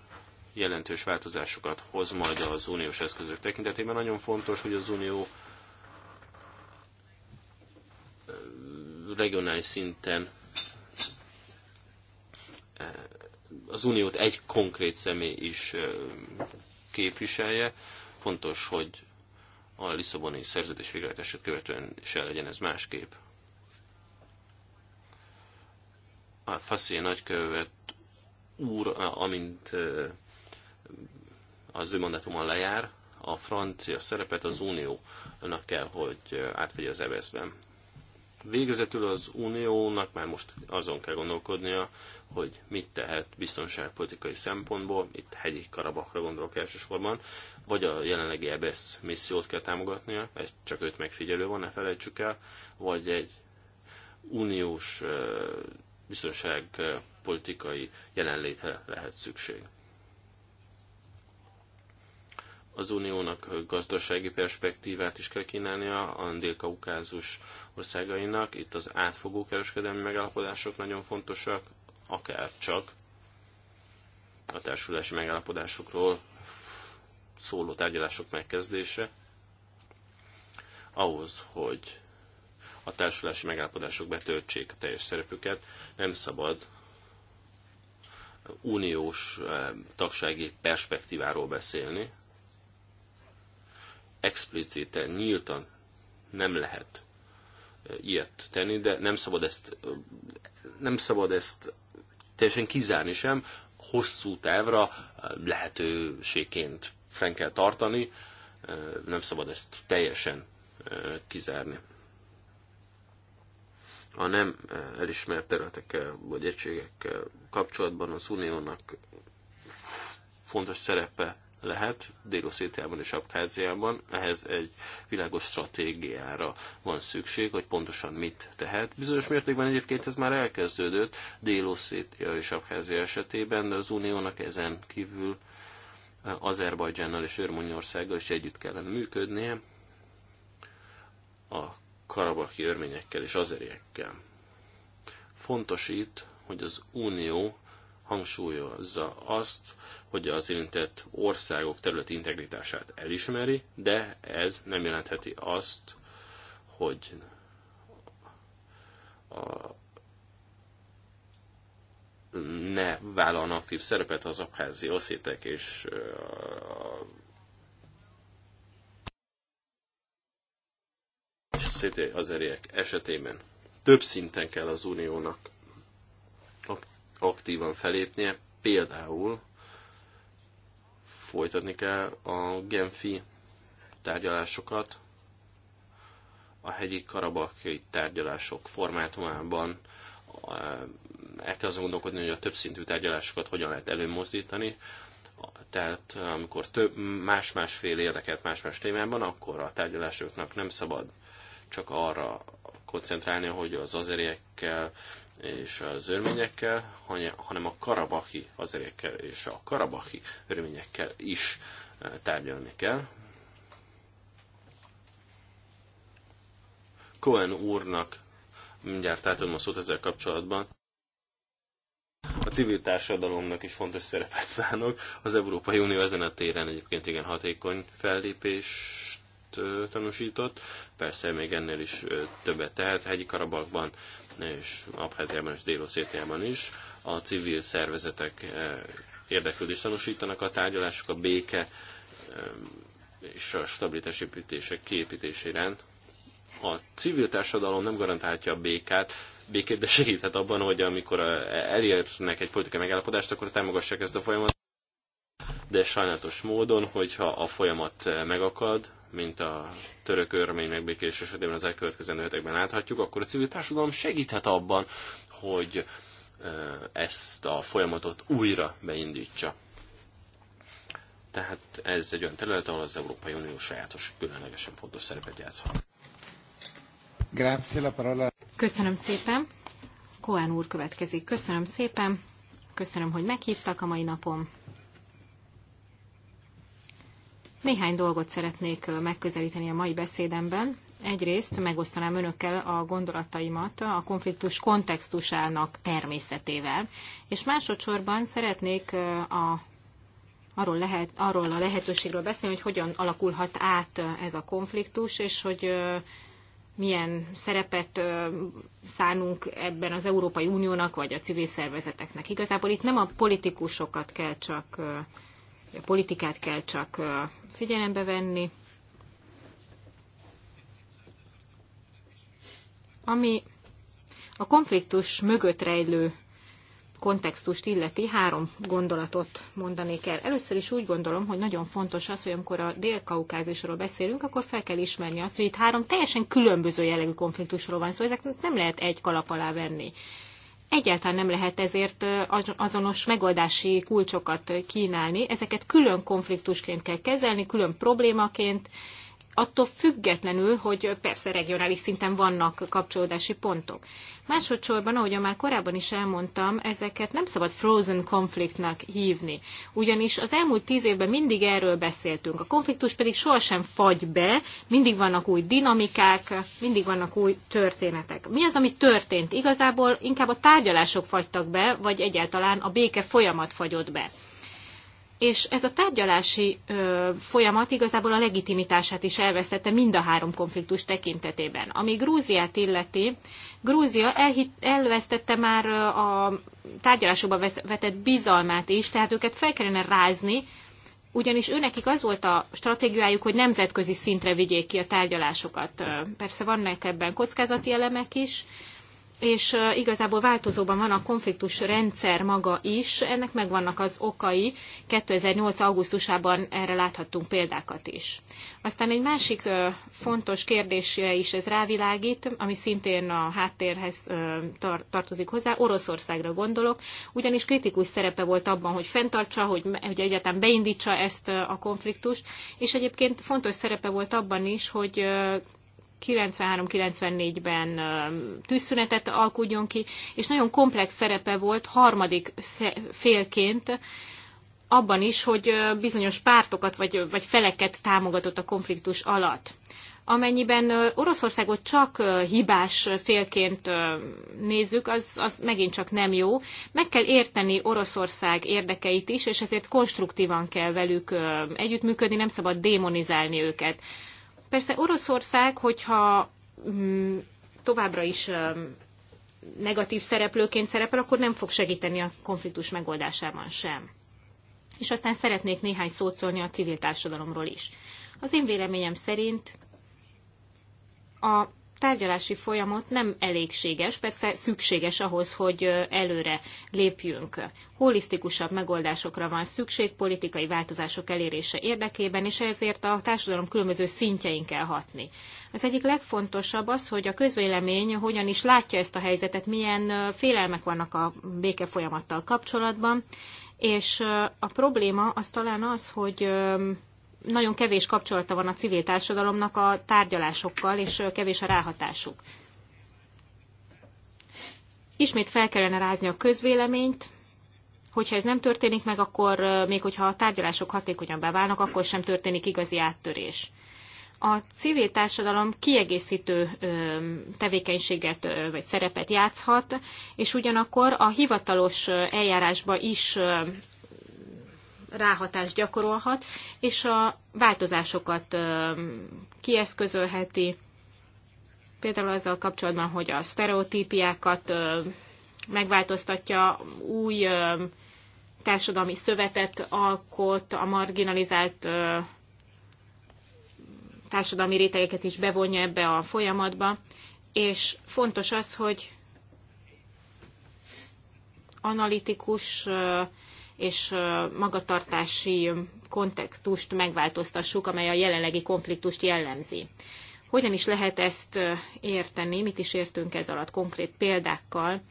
jelentős változásokat hoz majd az uniós eszközök tekintetében, nagyon fontos, hogy az unió regionális szinten az uniót egy konkrét személy is képviselje. Fontos, hogy a Lisszaboni szerződés végrehajtását követően se legyen ez másképp. a Faszé nagykövet úr, amint az ő mandátuma lejár, a francia szerepet az uniónak kell, hogy átvegye az EBS-ben. Végezetül az uniónak már most azon kell gondolkodnia, hogy mit tehet biztonságpolitikai szempontból, itt hegyi karabakra gondolok elsősorban, vagy a jelenlegi EBS missziót kell támogatnia, ez csak öt megfigyelő van, ne felejtsük el, vagy egy uniós biztonságpolitikai eh, jelenlétre lehet szükség. Az uniónak eh, gazdasági perspektívát is kell kínálnia a dél-kaukázus országainak. Itt az átfogó kereskedelmi megállapodások nagyon fontosak, akár csak a társulási megállapodásokról szóló tárgyalások megkezdése, ahhoz, hogy a társulási megállapodások betöltsék a teljes szerepüket. Nem szabad uniós eh, tagsági perspektíváról beszélni. Explicite, nyíltan nem lehet eh, ilyet tenni, de nem szabad ezt, eh, nem szabad ezt teljesen kizárni sem, hosszú távra lehetőségként fenn kell tartani, nem szabad ezt teljesen kizárni a nem eh, elismert területekkel vagy egységekkel kapcsolatban az uniónak fontos szerepe lehet, Dél-Oszétiában és Abkáziában. Ehhez egy világos stratégiára van szükség, hogy pontosan mit tehet. Bizonyos mértékben egyébként ez már elkezdődött Dél-Oszétia és Abkházia esetében, de az Uniónak ezen kívül eh, Azerbajdzsánnal és Örmonyországgal is együtt kellene működnie. A karabaki örményekkel és azeriekkel. Fontos itt, hogy az Unió hangsúlyozza azt, hogy az érintett országok területi integritását elismeri, de ez nem jelentheti azt, hogy a ne vállalnak aktív szerepet az abházi oszétek és a szét az eriek esetében. Több szinten kell az uniónak aktívan felépnie, például folytatni kell a Genfi tárgyalásokat, a hegyi karabaki tárgyalások formátumában eh, el kell azon gondolkodni, hogy a többszintű tárgyalásokat hogyan lehet előmozdítani. Tehát amikor több más másfél érdeket érdekelt más-más témában, akkor a tárgyalásoknak nem szabad csak arra koncentrálni, hogy az azeriekkel és az örményekkel, hanem a karabahi azeriekkel és a karabahi örményekkel is eh, tárgyalni kell. Cohen úrnak mindjárt átadom a szót ezzel kapcsolatban. A civil társadalomnak is fontos szerepet szánok. Az Európai Unió ezen a téren egyébként igen hatékony fellépést tanúsított, persze még ennél is többet tehet, hegyi Karabakban és Abháziában és Déloszétiában is. A civil szervezetek érdeklődést tanúsítanak a tárgyalások, a béke és a stabilitás építések kiépítés A civil társadalom nem garantálhatja a békát, békét, de segíthet abban, hogy amikor elérnek egy politikai megállapodást, akkor támogassák ezt a folyamatot. De sajnálatos módon, hogyha a folyamat megakad, mint a török örmények békés esetében az elkövetkezendő hetekben láthatjuk, akkor a civil társadalom segíthet abban, hogy ezt a folyamatot újra beindítsa. Tehát ez egy olyan terület, ahol az Európai Unió sajátos, különlegesen fontos szerepet játszhat. Köszönöm szépen. Koán úr következik. Köszönöm szépen. Köszönöm, hogy meghívtak a mai napon. Néhány dolgot szeretnék megközelíteni a mai beszédemben. Egyrészt megosztanám önökkel a gondolataimat a konfliktus kontextusának természetével, és másodszorban szeretnék a arról, lehet, arról a lehetőségről beszélni, hogy hogyan alakulhat át ez a konfliktus, és hogy milyen szerepet szánunk ebben az Európai Uniónak, vagy a civil szervezeteknek. Igazából itt nem a politikusokat kell csak a politikát kell csak figyelembe venni. Ami a konfliktus mögött rejlő kontextust illeti, három gondolatot mondanék el. Először is úgy gondolom, hogy nagyon fontos az, hogy amikor a dél-kaukázisról beszélünk, akkor fel kell ismerni azt, hogy itt három teljesen különböző jellegű konfliktusról van szó, szóval ezek nem lehet egy kalap alá venni egyáltalán nem lehet ezért azonos megoldási kulcsokat kínálni. Ezeket külön konfliktusként kell kezelni, külön problémaként, attól függetlenül, hogy persze regionális szinten vannak kapcsolódási pontok. Másodszorban, ahogyan már korábban is elmondtam, ezeket nem szabad frozen konfliktnak hívni. Ugyanis az elmúlt tíz évben mindig erről beszéltünk. A konfliktus pedig sohasem fagy be, mindig vannak új dinamikák, mindig vannak új történetek. Mi az, ami történt? Igazából inkább a tárgyalások fagytak be, vagy egyáltalán a béke folyamat fagyott be és ez a tárgyalási ö, folyamat igazából a legitimitását is elvesztette mind a három konfliktus tekintetében. Ami Grúziát illeti, Grúzia elhit, elvesztette már a tárgyalásokba vetett bizalmát is, tehát őket fel kellene rázni, ugyanis őnekik az volt a stratégiájuk, hogy nemzetközi szintre vigyék ki a tárgyalásokat. Persze vannak ebben kockázati elemek is, és igazából változóban van a konfliktus rendszer maga is, ennek megvannak az okai, 2008. augusztusában erre láthattunk példákat is. Aztán egy másik fontos kérdésre is ez rávilágít, ami szintén a háttérhez tartozik hozzá, Oroszországra gondolok, ugyanis kritikus szerepe volt abban, hogy fenntartsa, hogy, hogy egyáltalán beindítsa ezt a konfliktust, és egyébként fontos szerepe volt abban is, hogy 93-94-ben tűzszünetet alkudjon ki, és nagyon komplex szerepe volt harmadik félként abban is, hogy bizonyos pártokat vagy, vagy feleket támogatott a konfliktus alatt. Amennyiben Oroszországot csak hibás félként nézzük, az, az megint csak nem jó. Meg kell érteni Oroszország érdekeit is, és ezért konstruktívan kell velük együttműködni, nem szabad démonizálni őket. Persze Oroszország, hogyha mm, továbbra is negatív szereplőként szerepel, akkor nem fog segíteni a konfliktus megoldásában sem. És aztán szeretnék néhány szót szólni a civil társadalomról is. Az én véleményem szerint a tárgyalási folyamat nem elégséges, persze szükséges ahhoz, hogy előre lépjünk. Holisztikusabb megoldásokra van szükség politikai változások elérése érdekében, és ezért a társadalom különböző szintjein kell hatni. Az egyik legfontosabb az, hogy a közvélemény hogyan is látja ezt a helyzetet, milyen félelmek vannak a béke folyamattal kapcsolatban, és a probléma az talán az, hogy nagyon kevés kapcsolata van a civil társadalomnak a tárgyalásokkal, és kevés a ráhatásuk. Ismét fel kellene rázni a közvéleményt, hogyha ez nem történik meg, akkor még hogyha a tárgyalások hatékonyan beválnak, akkor sem történik igazi áttörés. A civil társadalom kiegészítő tevékenységet vagy szerepet játszhat, és ugyanakkor a hivatalos eljárásba is ráhatást gyakorolhat, és a változásokat kieszközölheti, például azzal kapcsolatban, hogy a sztereotípiákat megváltoztatja, új társadalmi szövetet alkot, a marginalizált társadalmi rétegeket is bevonja ebbe a folyamatba, és fontos az, hogy analitikus és magatartási kontextust megváltoztassuk, amely a jelenlegi konfliktust jellemzi. Hogyan is lehet ezt érteni, mit is értünk ez alatt konkrét példákkal?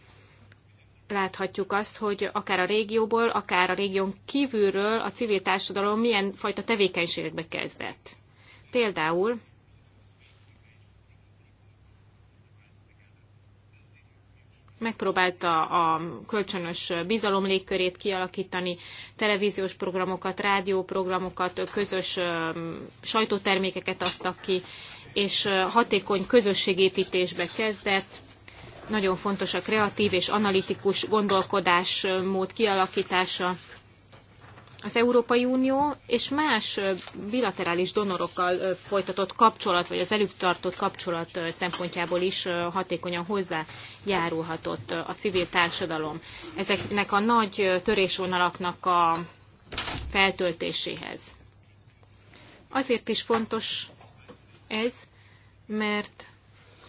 Láthatjuk azt, hogy akár a régióból, akár a régión kívülről a civil társadalom milyen fajta tevékenységekbe kezdett. Például megpróbálta a kölcsönös bizalom légkörét kialakítani, televíziós programokat, rádióprogramokat, közös sajtótermékeket adtak ki, és hatékony közösségépítésbe kezdett. Nagyon fontos a kreatív és analitikus gondolkodásmód kialakítása az Európai Unió és más bilaterális donorokkal folytatott kapcsolat, vagy az velük tartott kapcsolat szempontjából is hatékonyan hozzájárulhatott a civil társadalom ezeknek a nagy törésvonalaknak a feltöltéséhez. Azért is fontos ez, mert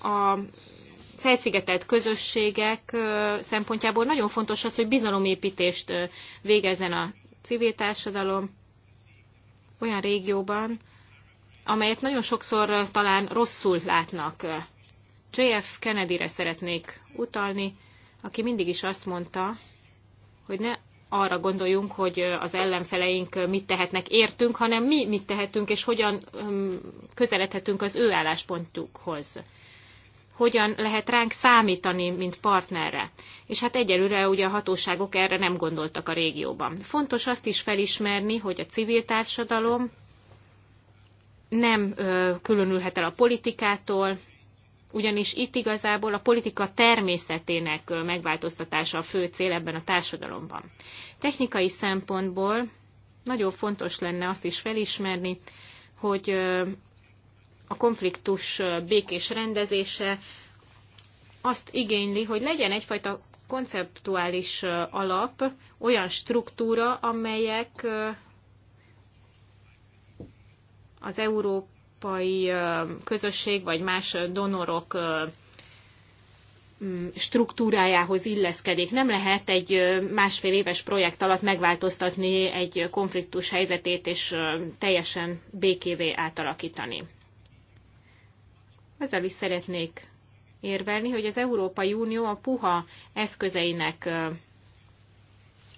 a felszigetelt közösségek szempontjából nagyon fontos az, hogy bizalomépítést végezzen a civil társadalom olyan régióban, amelyet nagyon sokszor talán rosszul látnak. JF Kennedy-re szeretnék utalni, aki mindig is azt mondta, hogy ne arra gondoljunk, hogy az ellenfeleink mit tehetnek értünk, hanem mi mit tehetünk, és hogyan közeledhetünk az ő álláspontjukhoz hogyan lehet ránk számítani, mint partnerre. És hát egyelőre ugye a hatóságok erre nem gondoltak a régióban. Fontos azt is felismerni, hogy a civil társadalom nem ö, különülhet el a politikától, ugyanis itt igazából a politika természetének megváltoztatása a fő cél ebben a társadalomban. Technikai szempontból nagyon fontos lenne azt is felismerni, hogy a konfliktus békés rendezése azt igényli, hogy legyen egyfajta konceptuális alap, olyan struktúra, amelyek az európai közösség vagy más donorok struktúrájához illeszkedik. Nem lehet egy másfél éves projekt alatt megváltoztatni egy konfliktus helyzetét és teljesen békévé átalakítani. Ezzel is szeretnék érvelni, hogy az Európai Unió a puha eszközeinek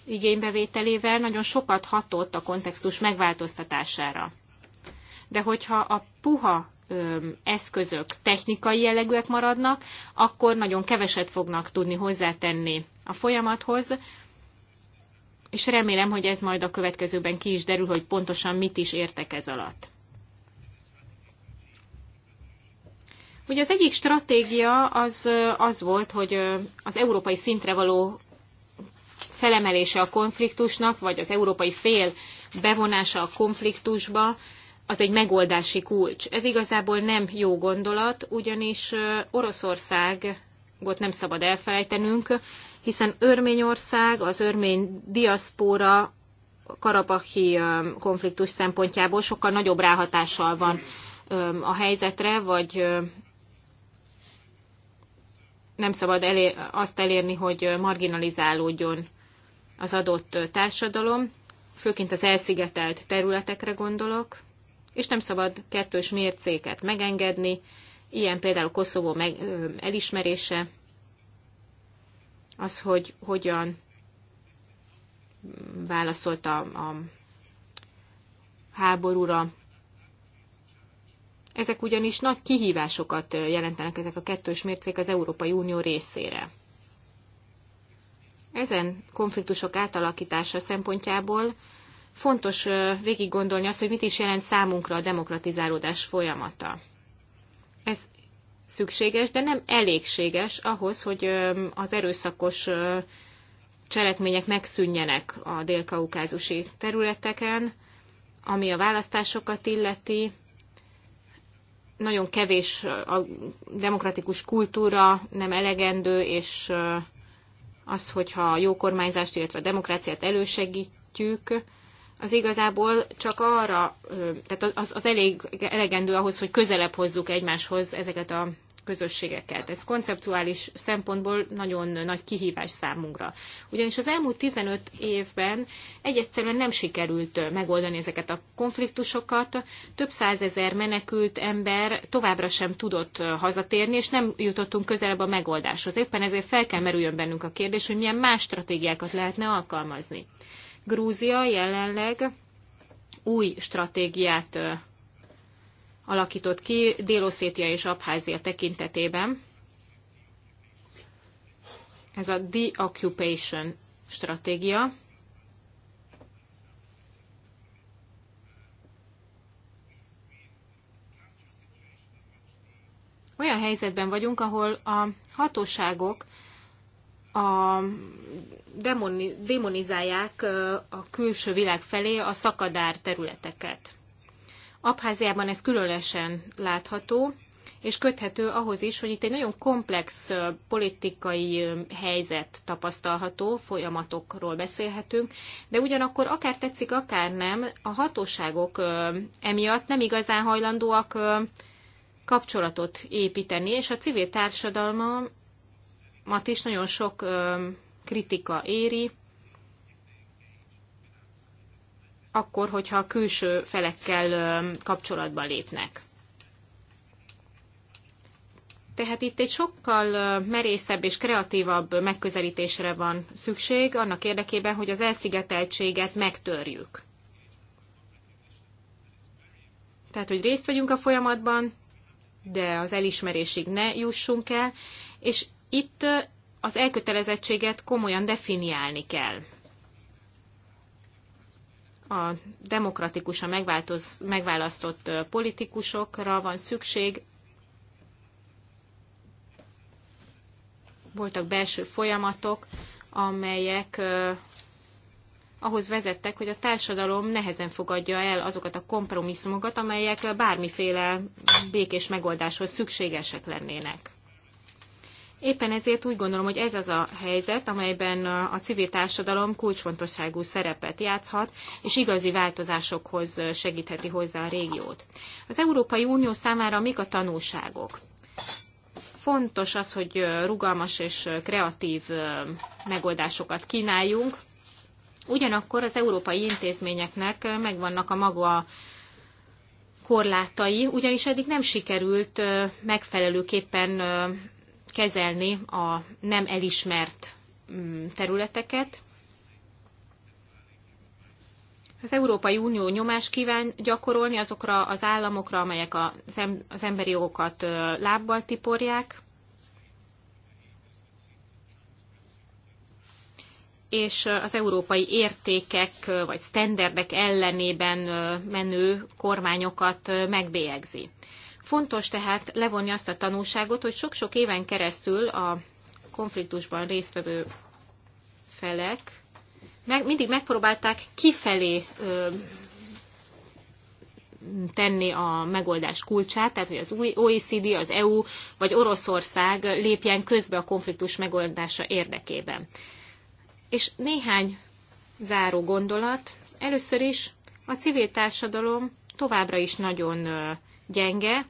igénybevételével nagyon sokat hatott a kontextus megváltoztatására. De hogyha a puha eszközök technikai jellegűek maradnak, akkor nagyon keveset fognak tudni hozzátenni a folyamathoz, és remélem, hogy ez majd a következőben ki is derül, hogy pontosan mit is értek ez alatt. Ugye az egyik stratégia az, az volt, hogy az európai szintre való felemelése a konfliktusnak, vagy az európai fél bevonása a konfliktusba, az egy megoldási kulcs. Ez igazából nem jó gondolat, ugyanis Oroszországot nem szabad elfelejtenünk, hiszen Örményország, az örmény diaszpóra karabahi konfliktus szempontjából sokkal nagyobb ráhatással van a helyzetre, vagy nem szabad elér, azt elérni, hogy marginalizálódjon az adott társadalom, főként az elszigetelt területekre gondolok, és nem szabad kettős mércéket megengedni, ilyen például Koszovó meg, ö, elismerése, az, hogy hogyan válaszolt a, a háborúra ezek ugyanis nagy kihívásokat jelentenek ezek a kettős mércék az Európai Unió részére. Ezen konfliktusok átalakítása szempontjából fontos végig gondolni azt, hogy mit is jelent számunkra a demokratizálódás folyamata. Ez szükséges, de nem elégséges ahhoz, hogy az erőszakos cselekmények megszűnjenek a dél területeken, ami a választásokat illeti, nagyon kevés a demokratikus kultúra, nem elegendő, és az, hogyha a jó kormányzást, illetve a demokráciát elősegítjük, az igazából csak arra, tehát az, az elég elegendő ahhoz, hogy közelebb hozzuk egymáshoz ezeket a közösségeket. Ez konceptuális szempontból nagyon nagy kihívás számunkra. Ugyanis az elmúlt 15 évben egyszerűen nem sikerült megoldani ezeket a konfliktusokat. Több százezer menekült ember továbbra sem tudott hazatérni, és nem jutottunk közelebb a megoldáshoz. Éppen ezért fel kell merüljön bennünk a kérdés, hogy milyen más stratégiákat lehetne alkalmazni. Grúzia jelenleg új stratégiát alakított ki Déloszétia és Abházia tekintetében. Ez a deoccupation stratégia. Olyan helyzetben vagyunk, ahol a hatóságok a demoni, demonizálják a külső világ felé a szakadár területeket. Abháziában ez különösen látható, és köthető ahhoz is, hogy itt egy nagyon komplex politikai helyzet tapasztalható, folyamatokról beszélhetünk, de ugyanakkor akár tetszik, akár nem, a hatóságok emiatt nem igazán hajlandóak kapcsolatot építeni, és a civil társadalmat is nagyon sok kritika éri, akkor, hogyha a külső felekkel kapcsolatba lépnek. Tehát itt egy sokkal merészebb és kreatívabb megközelítésre van szükség, annak érdekében, hogy az elszigeteltséget megtörjük. Tehát, hogy részt vegyünk a folyamatban, de az elismerésig ne jussunk el, és itt az elkötelezettséget komolyan definiálni kell a demokratikusan megválasztott politikusokra van szükség. Voltak belső folyamatok, amelyek ahhoz vezettek, hogy a társadalom nehezen fogadja el azokat a kompromisszumokat, amelyek bármiféle békés megoldáshoz szükségesek lennének. Éppen ezért úgy gondolom, hogy ez az a helyzet, amelyben a civil társadalom kulcsfontosságú szerepet játszhat, és igazi változásokhoz segítheti hozzá a régiót. Az Európai Unió számára mik a tanulságok? Fontos az, hogy rugalmas és kreatív megoldásokat kínáljunk. Ugyanakkor az európai intézményeknek megvannak a maga korlátai, ugyanis eddig nem sikerült megfelelőképpen kezelni a nem elismert mm, területeket. Az Európai Unió nyomást kíván gyakorolni azokra az államokra, amelyek az emberi jogokat lábbal tiporják, és az európai értékek vagy sztenderdek ellenében menő kormányokat megbélyegzi. Fontos tehát levonni azt a tanulságot, hogy sok-sok éven keresztül a konfliktusban résztvevő felek meg, mindig megpróbálták kifelé ö, tenni a megoldás kulcsát, tehát hogy az OECD, az EU vagy Oroszország lépjen közbe a konfliktus megoldása érdekében. És néhány záró gondolat. Először is a civil társadalom továbbra is nagyon gyenge,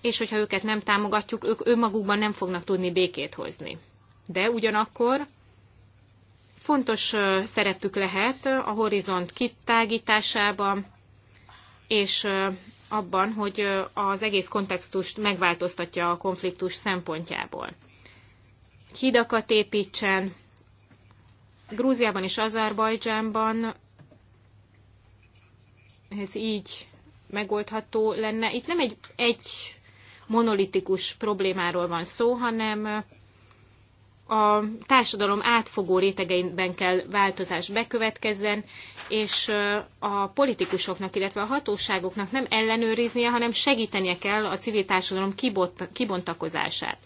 és hogyha őket nem támogatjuk, ők önmagukban nem fognak tudni békét hozni. De ugyanakkor fontos szerepük lehet a horizont kitágításában, és abban, hogy az egész kontextust megváltoztatja a konfliktus szempontjából. Hidakat építsen, Grúziában és Azerbajdzsánban ez így megoldható lenne. Itt nem egy, egy monolitikus problémáról van szó, hanem a társadalom átfogó rétegeiben kell változás bekövetkezzen, és a politikusoknak, illetve a hatóságoknak nem ellenőriznie, hanem segítenie kell a civil társadalom kibontakozását.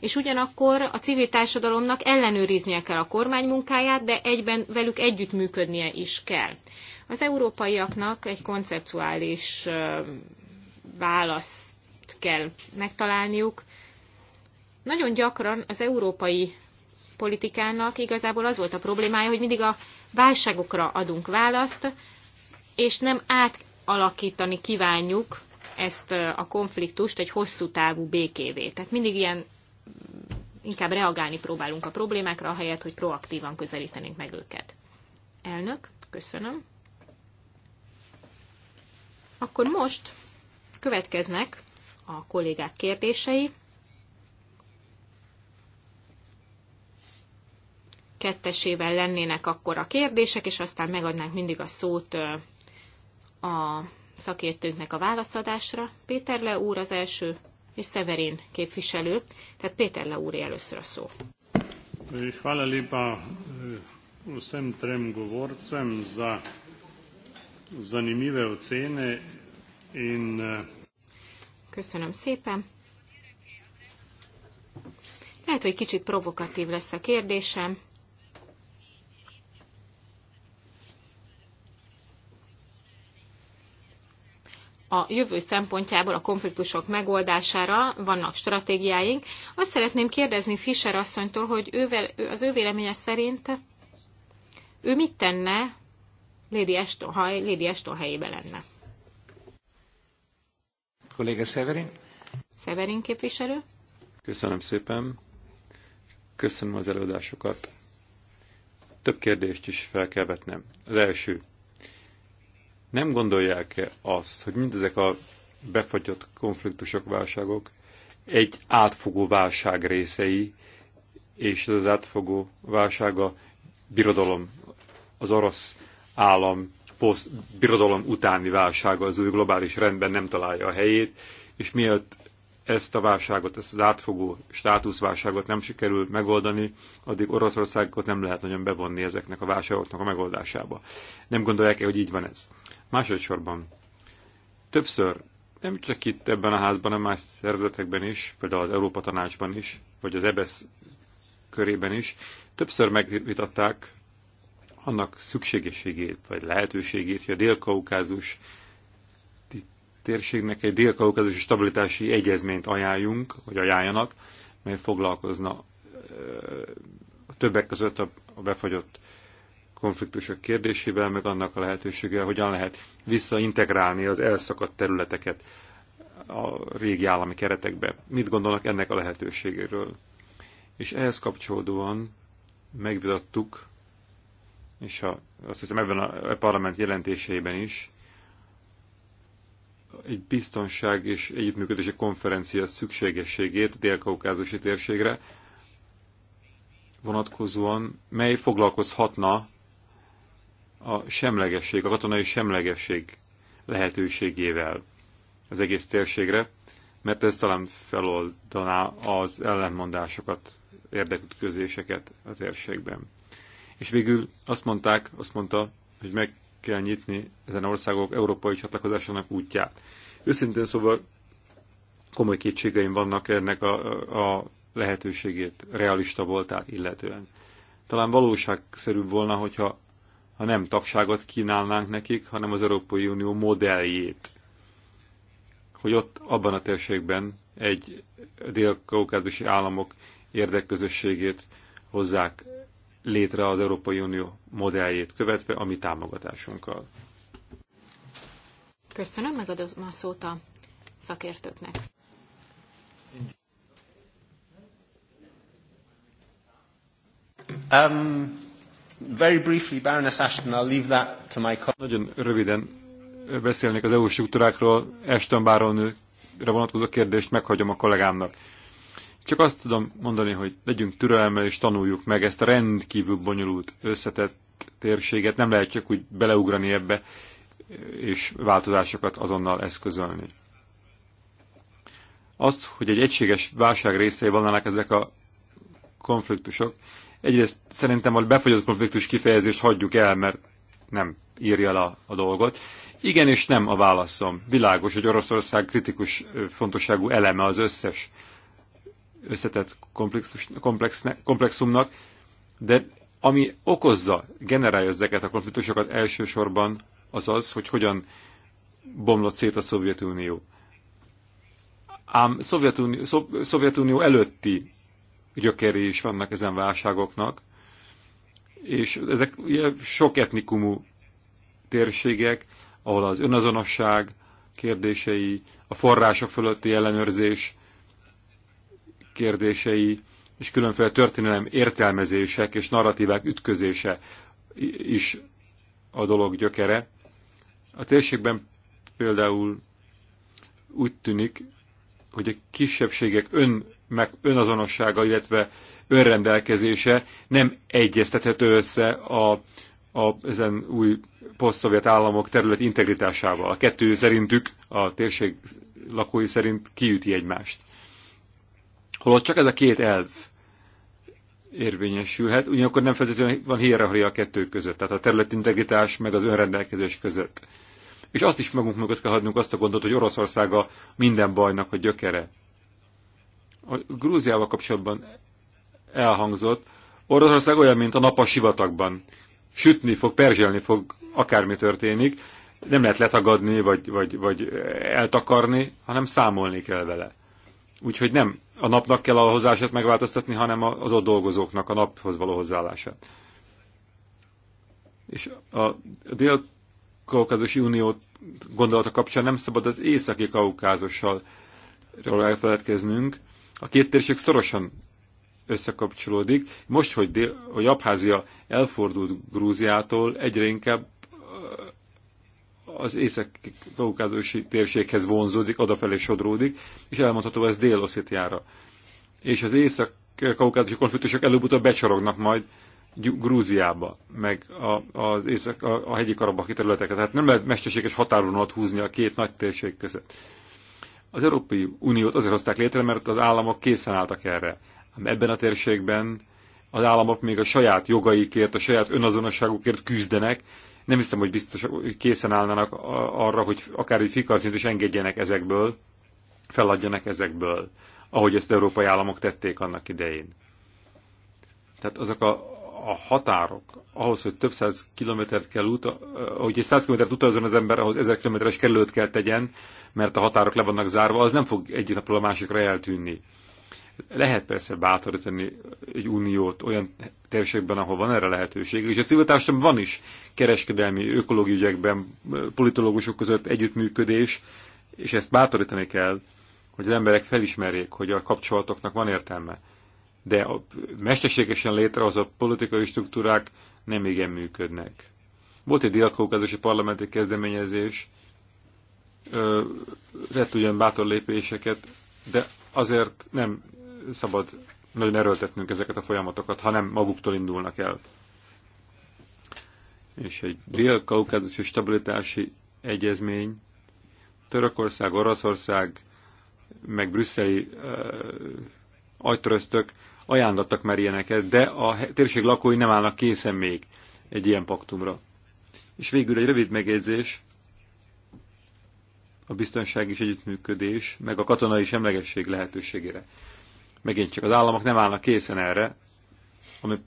És ugyanakkor a civil társadalomnak ellenőriznie kell a kormány munkáját, de egyben velük együttműködnie is kell. Az európaiaknak egy konceptuális választ kell megtalálniuk. Nagyon gyakran az európai politikának igazából az volt a problémája, hogy mindig a válságokra adunk választ, és nem átalakítani kívánjuk ezt a konfliktust egy hosszú távú békévé. Tehát mindig ilyen inkább reagálni próbálunk a problémákra, ahelyett, hogy proaktívan közelítenénk meg őket. Elnök, köszönöm. Akkor most következnek a kollégák kérdései. Kettesével lennének akkor a kérdések, és aztán megadnánk mindig a szót a szakértőnknek a válaszadásra. Péter Le úr az első, és Szeverin képviselő. Tehát Péter Le úr először a szó. Hvala lepa vsem trem govorcem za zanimive ocene in Köszönöm szépen. Lehet, hogy kicsit provokatív lesz a kérdésem. A jövő szempontjából a konfliktusok megoldására vannak stratégiáink. Azt szeretném kérdezni Fischer asszonytól, hogy ővel, az ő véleménye szerint ő mit tenne, Lady Ashton, ha Lady Ashton helyébe lenne. Kolléga Severin. Severin képviselő. Köszönöm szépen. Köszönöm az előadásokat. Több kérdést is fel kell vetnem. Az első. Nem gondolják-e azt, hogy mindezek a befagyott konfliktusok, válságok egy átfogó válság részei, és ez az átfogó válság a birodalom, az orosz állam posztbirodalom utáni válsága az új globális rendben nem találja a helyét, és miért ezt a válságot, ezt az átfogó státuszválságot nem sikerül megoldani, addig Oroszországot nem lehet nagyon bevonni ezeknek a válságoknak a megoldásába. Nem gondolják-e, hogy így van ez? Másodszorban, többször, nem csak itt ebben a házban, hanem más szerzetekben is, például az Európa Tanácsban is, vagy az EBSZ e körében is, többször megvitatták annak szükségességét, vagy lehetőségét, hogy a dél-kaukázus térségnek egy dél-kaukázusi stabilitási egyezményt ajánljunk, vagy ajánljanak, mely foglalkozna a többek között a befagyott konfliktusok kérdésével, meg annak a lehetőségével, hogyan lehet visszaintegrálni az elszakadt területeket a régi állami keretekbe. Mit gondolnak ennek a lehetőségéről? És ehhez kapcsolódóan megvitattuk és a, azt hiszem ebben a, e parlament jelentéseiben is egy biztonság és együttműködési konferencia szükségességét dél-kaukázusi térségre vonatkozóan, mely foglalkozhatna a semlegesség, a katonai semlegesség lehetőségével az egész térségre, mert ez talán feloldaná az ellenmondásokat, érdeklődéseket a térségben és végül azt mondták, azt mondta, hogy meg kell nyitni ezen országok európai csatlakozásának útját. Őszintén szóval komoly kétségeim vannak ennek a, a lehetőségét, realista voltál illetően. Talán valóságszerűbb volna, hogyha ha nem tagságot kínálnánk nekik, hanem az Európai Unió modelljét. Hogy ott, abban a térségben egy dél-kaukázusi államok érdekközösségét hozzák létre az Európai Unió modelljét követve, mi támogatásunkkal. Köszönöm, megadom a szót a szakértőknek. Um, very briefly, Baroness Ashton, I'll leave that to my Nagyon röviden beszélnék az EU struktúrákról, Ashton Baron vonatkozó kérdést meghagyom a kollégámnak. Csak azt tudom mondani, hogy legyünk türelemmel és tanuljuk meg ezt a rendkívül bonyolult, összetett térséget. Nem lehet csak úgy beleugrani ebbe, és változásokat azonnal eszközölni. Azt, hogy egy egységes válság részei vannak ezek a konfliktusok, egyrészt szerintem a befogyott konfliktus kifejezést hagyjuk el, mert nem írja le a dolgot. Igen és nem a válaszom. Világos, hogy Oroszország kritikus fontosságú eleme az összes összetett komplexumnak, de ami okozza, generálja ezeket a konfliktusokat elsősorban az az, hogy hogyan bomlott szét a Szovjetunió. Ám Szovjetunió, Szov, Szovjetunió előtti gyökeré is vannak ezen válságoknak, és ezek ugye, sok etnikumú térségek, ahol az önazonosság kérdései, a források fölötti ellenőrzés kérdései és különféle történelem értelmezések és narratívák ütközése is a dolog gyökere. A térségben például úgy tűnik, hogy a kisebbségek ön, meg önazonossága, illetve önrendelkezése nem egyeztethető össze a, a ezen új posztszovjet államok terület integritásával. A kettő szerintük, a térség lakói szerint kiüti egymást. Holott csak ez a két elv érvényesülhet, ugyanakkor nem feltétlenül van hierarchia a kettő között, tehát a területintegritás meg az önrendelkezés között. És azt is magunk mögött kell hagynunk azt a gondot, hogy Oroszország a minden bajnak a gyökere. A Grúziával kapcsolatban elhangzott, Oroszország olyan, mint a nap a sivatagban. Sütni fog, perzselni fog, akármi történik. Nem lehet letagadni, vagy, vagy, vagy eltakarni, hanem számolni kell vele. Úgyhogy nem a napnak kell a hozzáállását megváltoztatni, hanem az ott dolgozóknak a naphoz való hozzáállását. És a dél kaukázusi unió gondolata kapcsán nem szabad az északi kaukázussal elfeledkeznünk. A két térség szorosan összekapcsolódik. Most, hogy, dél, hogy Abházia elfordult Grúziától, egyre inkább az észak-kaukázusi térséghez vonzódik, odafelé sodródik, és elmondható ez dél És az észak-kaukázusi konfliktusok előbb-utóbb becsorognak majd Grúziába, meg a, az észak, a, a hegyi karabaki területeket. Tehát nem lehet mesterséges határvonalat húzni a két nagy térség között. Az Európai Uniót azért hozták létre, mert az államok készen álltak erre. Ebben a térségben az államok még a saját jogaikért, a saját önazonosságukért küzdenek, nem hiszem, hogy biztos hogy készen állnának arra, hogy akár egy fikarcint is engedjenek ezekből, feladjanak ezekből, ahogy ezt európai államok tették annak idején. Tehát azok a, a határok, ahhoz, hogy több száz kilométert kell uta, hogy egy száz kilométert utazon az ember, ahhoz ezer kilométeres kerülőt kell tegyen, mert a határok le vannak zárva, az nem fog egyik napról a másikra eltűnni. Lehet persze bátorítani egy uniót olyan térségben, ahol van erre lehetőség, és a civil társadalom van is kereskedelmi, ökológiai ügyekben, politológusok között együttműködés, és ezt bátorítani kell, hogy az emberek felismerjék, hogy a kapcsolatoknak van értelme. De a mesterségesen létrehozott politikai struktúrák nem igen működnek. Volt egy diatkókázási parlamenti kezdeményezés, tett ugyan bátor lépéseket, de azért nem szabad nagyon erőltetnünk ezeket a folyamatokat, hanem maguktól indulnak el. És egy dél-kaukázusi stabilitási egyezmény, Törökország, Oroszország, meg brüsszeli uh, agytöröztök ajánlottak már ilyeneket, de a térség lakói nem állnak készen még egy ilyen paktumra. És végül egy rövid megjegyzés, a biztonság és együttműködés, meg a katonai semlegesség lehetőségére. Megint csak az államok nem állnak készen erre, ami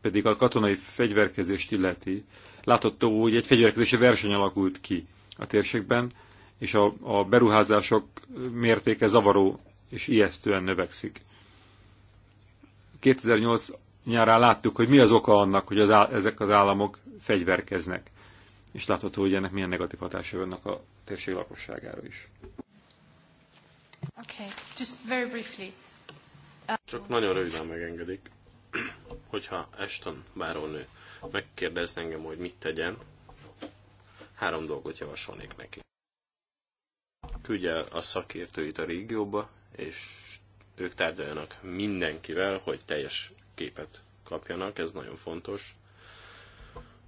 pedig a katonai fegyverkezést illeti. Látható, hogy egy fegyverkezési verseny alakult ki a térségben, és a, a beruházások mértéke zavaró és ijesztően növekszik. 2008 nyárán láttuk, hogy mi az oka annak, hogy az áll, ezek az államok fegyverkeznek. És látható, hogy ennek milyen negatív hatása vannak a térség lakosságára is. Okay, just very briefly. Csak nagyon röviden megengedik, hogyha Eston bárónő megkérdez engem, hogy mit tegyen, három dolgot javasolnék neki. Küldje a szakértőit a régióba, és ők tárgyaljanak mindenkivel, hogy teljes képet kapjanak, ez nagyon fontos.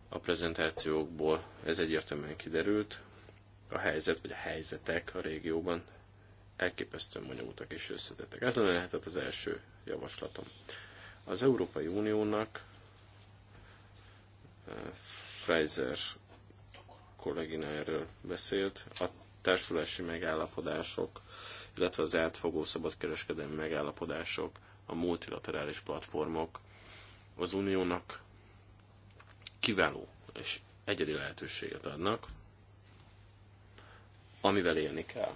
A prezentációkból ez egyértelműen kiderült, a helyzet vagy a helyzetek a régióban elképesztően bonyolultak és összetettek. Ez lenne lehetett az első javaslatom. Az Európai Uniónak Pfizer eh, kollégina erről beszélt, a társulási megállapodások, illetve az átfogó szabadkereskedelmi megállapodások, a multilaterális platformok az uniónak kiváló és egyedi lehetőséget adnak, amivel élni kell.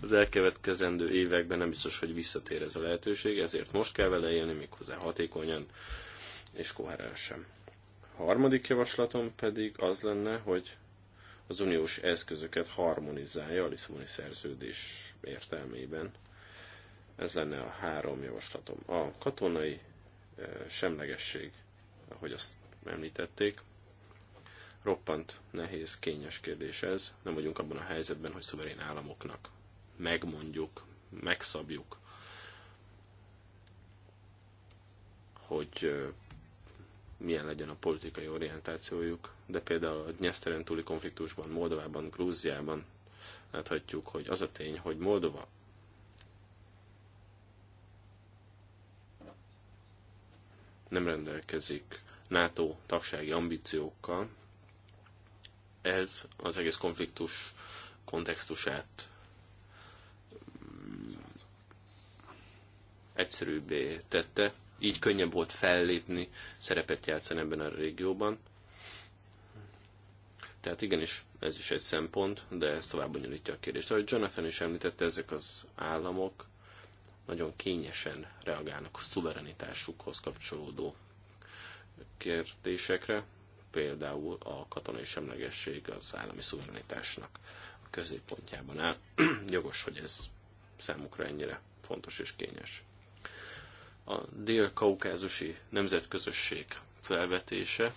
Az elkövetkezendő években nem biztos, hogy visszatér ez a lehetőség, ezért most kell vele élni, méghozzá hatékonyan és koherensen. A harmadik javaslatom pedig az lenne, hogy az uniós eszközöket harmonizálja a Lisszaboni szerződés értelmében. Ez lenne a három javaslatom. A katonai eh, semlegesség, ahogy azt említették, roppant nehéz, kényes kérdés ez. Nem vagyunk abban a helyzetben, hogy szuverén államoknak megmondjuk, megszabjuk, hogy milyen legyen a politikai orientációjuk, de például a Nyeszteren túli konfliktusban, Moldovában, Grúziában láthatjuk, hogy az a tény, hogy Moldova nem rendelkezik NATO tagsági ambíciókkal, ez az egész konfliktus kontextusát egyszerűbbé tette, így könnyebb volt fellépni, szerepet játszani ebben a régióban. Tehát igenis, ez is egy szempont, de ez tovább bonyolítja a kérdést. Ahogy Jonathan is említette, ezek az államok nagyon kényesen reagálnak a szuverenitásukhoz kapcsolódó kérdésekre, például a katonai semlegesség az állami szuverenitásnak a középpontjában áll. Jogos, hogy ez számukra ennyire fontos és kényes a dél-kaukázusi nemzetközösség felvetése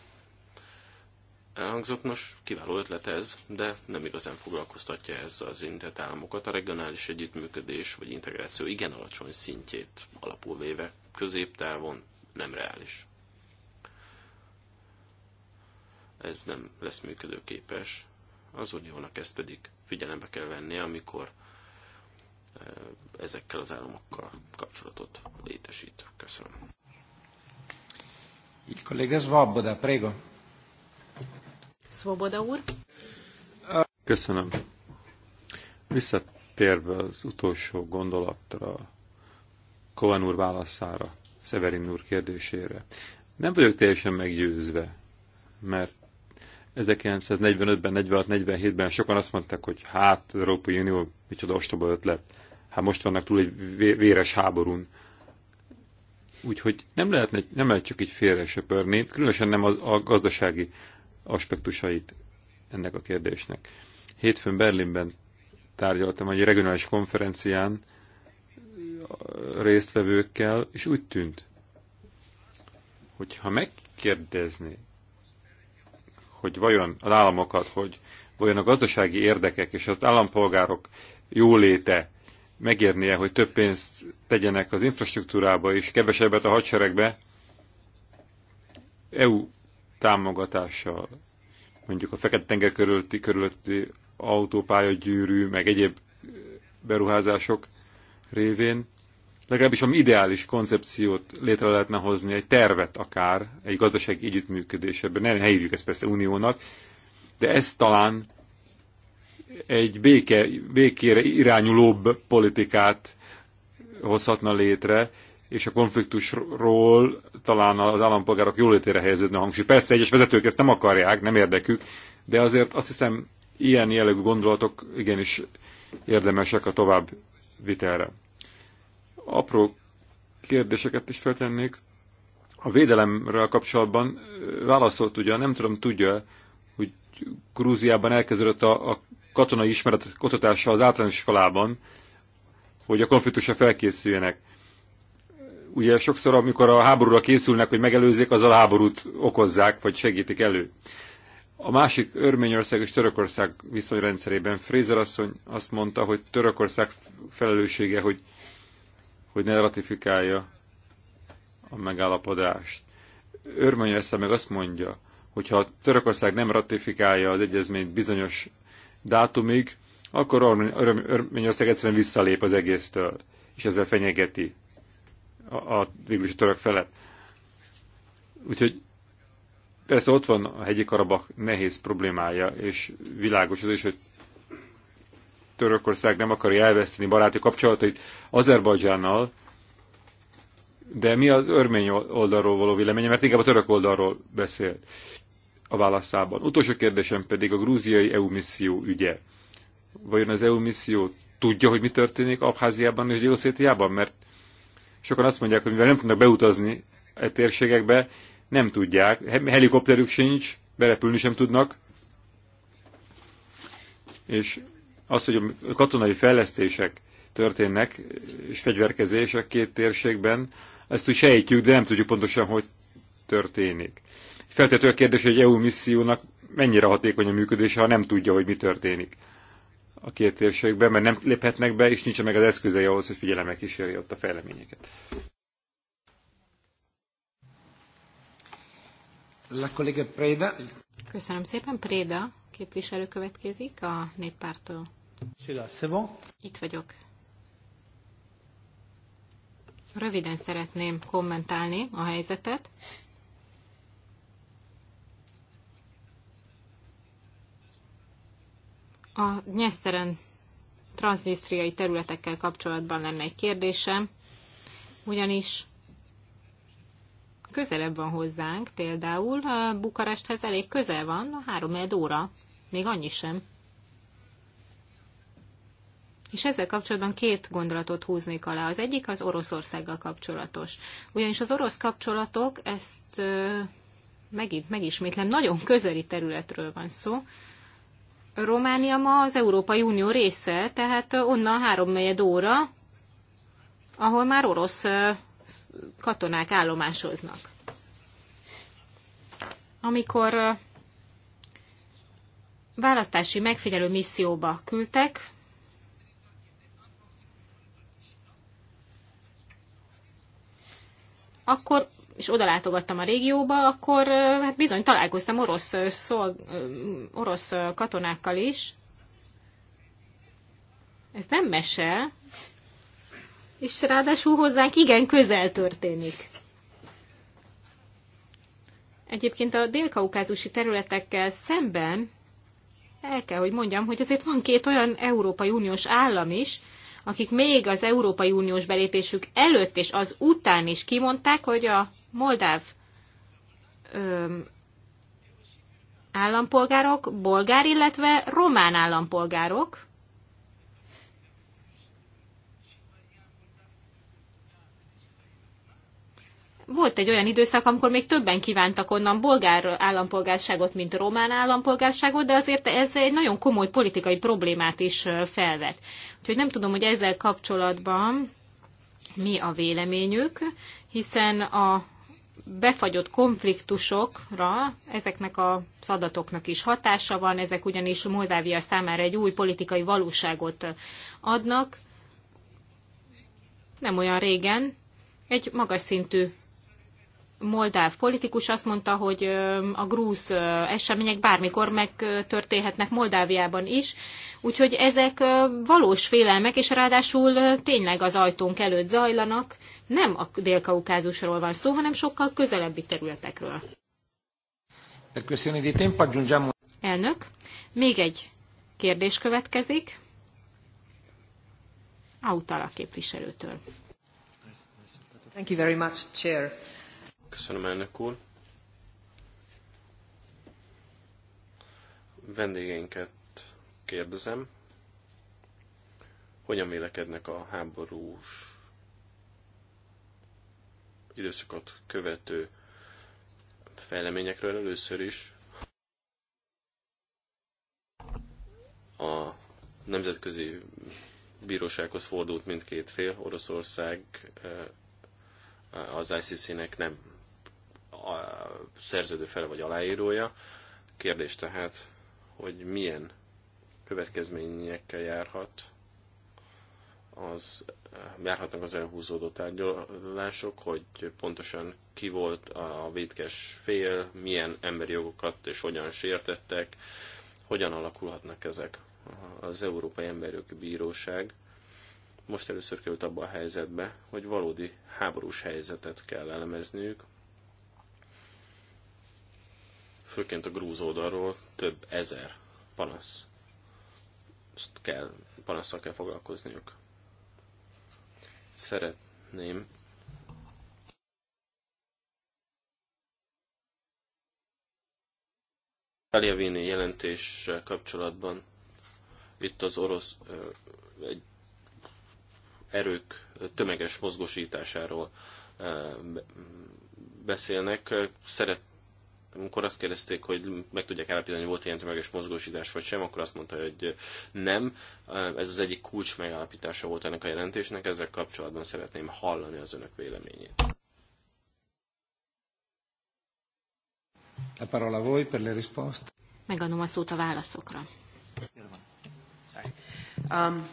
elhangzott, most kiváló ötlet ez, de nem igazán foglalkoztatja ez az intett államokat. A regionális együttműködés vagy integráció igen alacsony szintjét alapul véve középtávon nem reális. Ez nem lesz működőképes. Az uniónak ezt pedig figyelembe kell vennie, amikor ezekkel az államokkal kapcsolatot létesít. Köszönöm. Il collega Svoboda, prego. Svoboda úr. Köszönöm. Visszatérve az utolsó gondolatra, Kovan úr válaszára, Severin úr kérdésére. Nem vagyok teljesen meggyőzve, mert 1945-ben, 46-47-ben sokan azt mondták, hogy hát, Európai Unió, micsoda ostoba ötlet hát most vannak túl egy véres háborún. Úgyhogy nem, lehet, nem lehet csak így félre söpörni, különösen nem az, a gazdasági aspektusait ennek a kérdésnek. Hétfőn Berlinben tárgyaltam egy regionális konferencián résztvevőkkel, és úgy tűnt, hogy ha megkérdezné, hogy vajon az államokat, hogy vajon a gazdasági érdekek és az állampolgárok jóléte megérnie, hogy több pénzt tegyenek az infrastruktúrába és kevesebbet a hadseregbe, EU támogatással, mondjuk a Fekete-tenger körülötti, körülötti autópályagyűrű, meg egyéb eh, beruházások révén, legalábbis ami ideális koncepciót létre lehetne hozni, egy tervet akár, egy gazdasági együttműködésebben, ne, ne hívjuk ezt persze uniónak, de ez talán egy béke, békére irányulóbb politikát hozhatna létre, és a konfliktusról talán az állampolgárok jólétére helyeződne a hangsúly. Persze egyes vezetők ezt nem akarják, nem érdekük, de azért azt hiszem ilyen jellegű gondolatok igenis érdemesek a tovább vitelre. Apró kérdéseket is feltennék. A védelemről kapcsolatban válaszolt ugye, nem tudom, tudja, hogy Grúziában elkezdődött a, a katonai ismeret kutatása az általános iskolában, hogy a konfliktusra felkészüljenek. Ugye sokszor, amikor a háborúra készülnek, hogy megelőzzék, az a háborút okozzák, vagy segítik elő. A másik Örményország és Törökország viszonyrendszerében Fraser asszony azt mondta, hogy Törökország felelőssége, hogy, hogy ne ratifikálja a megállapodást. Örményország meg azt mondja, hogyha Törökország nem ratifikálja az egyezményt bizonyos dátumig, akkor Örményország egyszerűen visszalép az egésztől, és ezzel fenyegeti a, a végül is a török felet. Úgyhogy persze ott van a hegyi Karabak nehéz problémája, és világos az is, hogy Törökország nem akarja elveszteni baráti kapcsolatait Azerbajdzsánnal, de mi az örmény oldalról való véleménye, mert inkább a török oldalról beszélt a válaszában. Utolsó kérdésem pedig a grúziai EU misszió ügye. Vajon az EU misszió tudja, hogy mi történik Abháziában és Délosszétiában? Mert sokan azt mondják, hogy mivel nem tudnak beutazni e térségekbe, nem tudják, helikopterük sincs, berepülni sem tudnak, és az, hogy a katonai fejlesztések történnek, és fegyverkezések a két térségben, ezt úgy sejtjük, de nem tudjuk pontosan, hogy történik. Feltető a kérdés, hogy egy EU missziónak mennyire hatékony a működése, ha nem tudja, hogy mi történik a két térségben, mert nem léphetnek be, és nincs meg az eszközei ahhoz, hogy figyelemmel kísérje ott a fejleményeket. La collega Preda. Köszönöm szépen. Préda képviselő következik a néppártól. Itt vagyok. Röviden szeretném kommentálni a helyzetet. A Nyeszteren transznisztriai területekkel kapcsolatban lenne egy kérdésem, ugyanis közelebb van hozzánk, például a Bukaresthez elég közel van, a három óra, még annyi sem. És ezzel kapcsolatban két gondolatot húznék alá. Az egyik az Oroszországgal kapcsolatos. Ugyanis az orosz kapcsolatok, ezt ö, megint megismétlem, nagyon közeli területről van szó, Románia ma az Európai Unió része, tehát onnan háromnegyed óra, ahol már orosz katonák állomásoznak. Amikor választási megfigyelő misszióba küldtek, akkor és oda látogattam a régióba, akkor hát bizony találkoztam orosz, szol, orosz katonákkal is. Ez nem mese, és ráadásul hozzánk igen közel történik. Egyébként a délkaukázusi területekkel szemben el kell, hogy mondjam, hogy azért van két olyan Európai Uniós állam is, akik még az Európai Uniós belépésük előtt és az után is kimondták, hogy a moldáv öm, állampolgárok, bolgár, illetve román állampolgárok. Volt egy olyan időszak, amikor még többen kívántak onnan bolgár állampolgárságot, mint román állampolgárságot, de azért ez egy nagyon komoly politikai problémát is felvet. Úgyhogy nem tudom, hogy ezzel kapcsolatban mi a véleményük, hiszen a befagyott konfliktusokra, ezeknek a adatoknak is hatása van, ezek ugyanis Moldávia számára egy új politikai valóságot adnak. Nem olyan régen egy magas szintű moldáv politikus azt mondta, hogy a grúz események bármikor megtörténhetnek Moldáviában is, úgyhogy ezek valós félelmek, és ráadásul tényleg az ajtónk előtt zajlanak, nem a délkaukázusról van szó, hanem sokkal közelebbi területekről. Elnök, még egy kérdés következik. Autala képviselőtől. Thank you very much, Chair. Köszönöm, elnök úr. Vendégeinket kérdezem, hogyan vélekednek a háborús időszakot követő fejleményekről először is. A nemzetközi bírósághoz fordult mindkét fél, Oroszország eh, az ICC-nek nem a szerződő fele vagy aláírója. Kérdés tehát, hogy milyen következményekkel járhat az járhatnak az elhúzódó tárgyalások, hogy pontosan ki volt a védkes fél, milyen emberi jogokat és hogyan sértettek, hogyan alakulhatnak ezek. Az Európai Emberjogi Bíróság most először került abba a helyzetbe, hogy valódi háborús helyzetet kell elemezniük, főként a grúz oldalról több ezer panasz Ezt kell, panaszsal kell foglalkozniuk. Szeretném Feljavini jelentés kapcsolatban itt az orosz ö, egy erők tömeges mozgosításáról ö, beszélnek. Szeret, amikor azt kérdezték, hogy meg tudják állapítani, hogy volt ilyen tömeges mozgósítás vagy sem, akkor azt mondta, hogy nem. Ez az egyik kulcs megállapítása volt ennek a jelentésnek, ezzel kapcsolatban szeretném hallani az önök véleményét. La parola voi per le risposte. Megadom a szót a válaszokra. Um,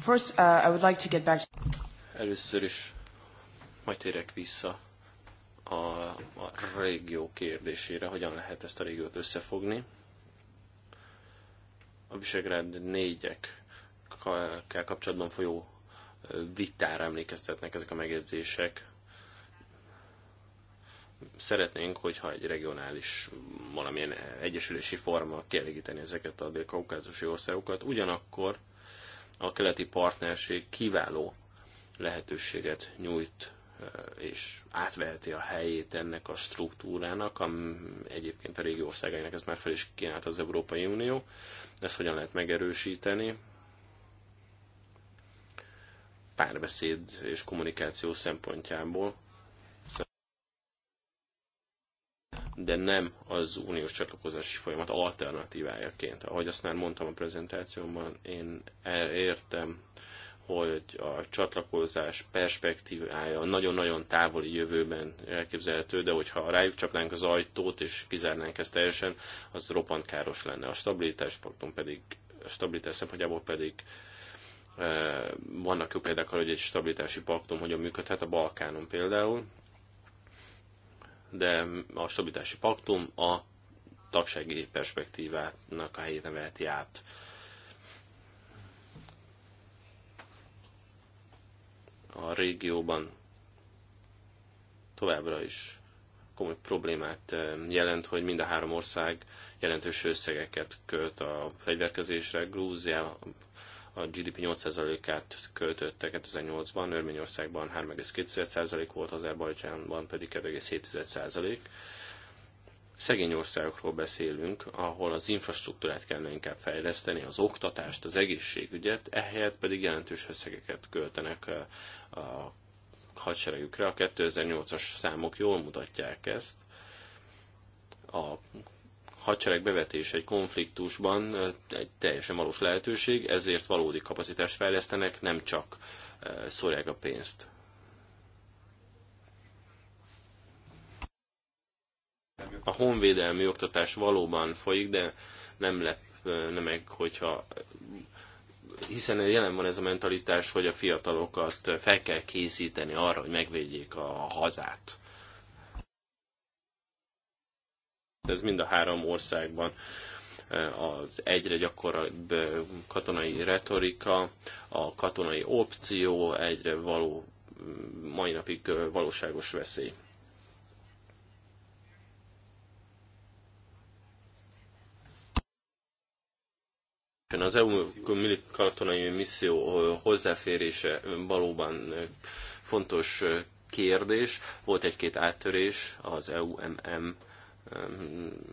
first, uh, I would like to get back to... Először is majd térek vissza a, a régió kérdésére, hogyan lehet ezt a régiót összefogni. A Visegrád négyek kell kapcsolatban folyó vitára emlékeztetnek ezek a megjegyzések. Szeretnénk, hogyha egy regionális, valamilyen egyesülési forma kielégíteni ezeket a dél-kaukázusi országokat, ugyanakkor a keleti partnerség kiváló lehetőséget nyújt és átveheti a helyét ennek a struktúrának, am egyébként a régi országainak ez már fel is kínált az Európai Unió. Ezt hogyan lehet megerősíteni? Párbeszéd és kommunikáció szempontjából. de nem az uniós csatlakozási folyamat alternatívájaként. Ahogy azt már mondtam a prezentációmban, én e- értem hogy a csatlakozás perspektívája nagyon-nagyon távoli jövőben elképzelhető, de hogyha rájuk csapnánk az ajtót és kizárnánk ezt teljesen, az roppant káros lenne. A stabilitás paktum pedig, a stabilitás szempontjából pedig e, vannak jó példák arra, hogy egy stabilitási paktum hogyan működhet, a Balkánon például, de a stabilitási paktum a tagsági perspektívának a helyét veheti át a régióban továbbra is komoly problémát eh, jelent, hogy mind a három ország jelentős összegeket költ a fegyverkezésre. Grúzia a GDP 8%-át költötte 2008-ban, Örményországban 3,2% volt, Azerbajdzsánban pedig 2,7%. Szegény országokról beszélünk, ahol az infrastruktúrát kellene inkább fejleszteni, az oktatást, az egészségügyet, ehelyett pedig jelentős összegeket költenek a hadseregükre. A 2008-as számok jól mutatják ezt. A hadsereg bevetése egy konfliktusban egy teljesen valós lehetőség, ezért valódi kapacitást fejlesztenek, nem csak szórják a pénzt A honvédelmi oktatás valóban folyik, de nem lep nem meg, hogyha hiszen jelen van ez a mentalitás, hogy a fiatalokat fel kell készíteni arra, hogy megvédjék a hazát. Ez mind a három országban az egyre gyakoribb katonai retorika, a katonai opció egyre való, mai napig valóságos veszély. Az EU katonai misszió hozzáférése valóban fontos kérdés. Volt egy-két áttörés az EUMM,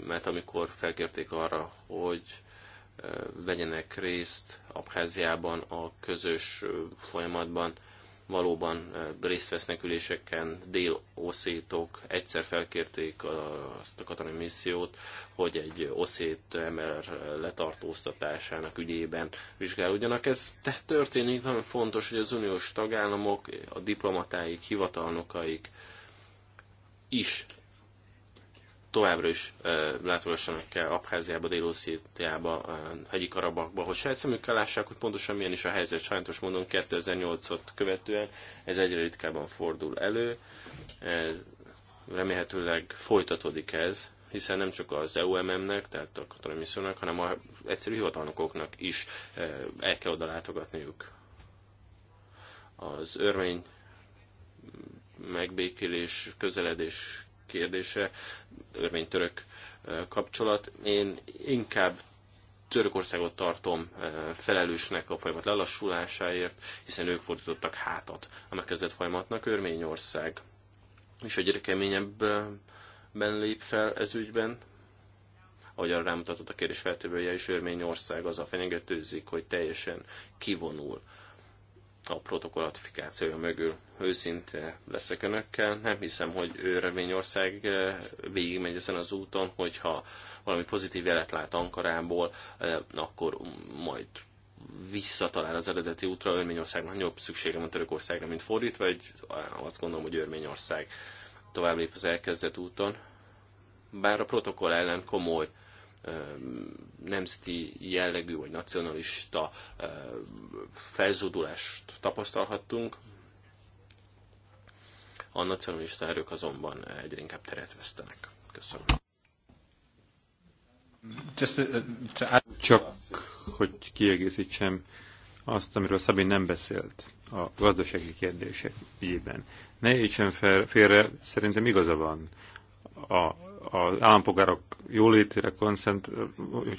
mert amikor felkérték arra, hogy vegyenek részt Abháziában a közös folyamatban, valóban részt vesznek üléseken, dél-oszétok egyszer felkérték azt a katonai missziót, hogy egy oszét ember letartóztatásának ügyében vizsgálódjanak. Ez történik, nagyon fontos, hogy az uniós tagállamok, a diplomatáik, hivatalnokaik is továbbra is látogassanak el Abháziába, Dél-Oszétiába, Hegyi Karabakba, hogy saját szemükkel lássák, hogy pontosan milyen is a helyzet. Sajnos mondom, 2008-ot követően ez egyre ritkábban fordul elő. Ez, remélhetőleg folytatódik ez, hiszen nem csak az EUMM-nek, tehát a katonai missziónak, hanem a egyszerű hivatalnokoknak is el kell oda látogatniuk. Az örmény megbékélés, közeledés kérdése, örmény-török kapcsolat. Én inkább Törökországot tartom felelősnek a folyamat lelassulásáért, hiszen ők fordítottak hátat a megkezdett folyamatnak. Örményország és egyre keményebben lép fel ez ügyben, ahogy arra rámutatott a kérdés feltevője is, Örményország az a fenyegetőzik, hogy teljesen kivonul a protokoll ratifikációja mögül őszinte leszek önökkel. Nem hiszem, hogy ő Reményország eh, végigmegy ezen az úton, hogyha valami pozitív jelet lát Ankarából, eh, akkor majd visszatalál az eredeti útra. Örményország nagyobb szüksége van Törökországra, mint fordítva, egy, eh, azt gondolom, hogy Örményország tovább lép az elkezdett úton. Bár a protokoll ellen komoly uh, nemzeti jellegű vagy nacionalista felzódulást tapasztalhattunk. A nacionalista erők azonban egyre inkább teret vesztenek. Köszönöm. Uh, Csak, hogy kiegészítsem azt, amiről Szabin nem beszélt a gazdasági kérdések ügyében. Ne értsen félre, szerintem igaza van. A az állampolgárok jólétére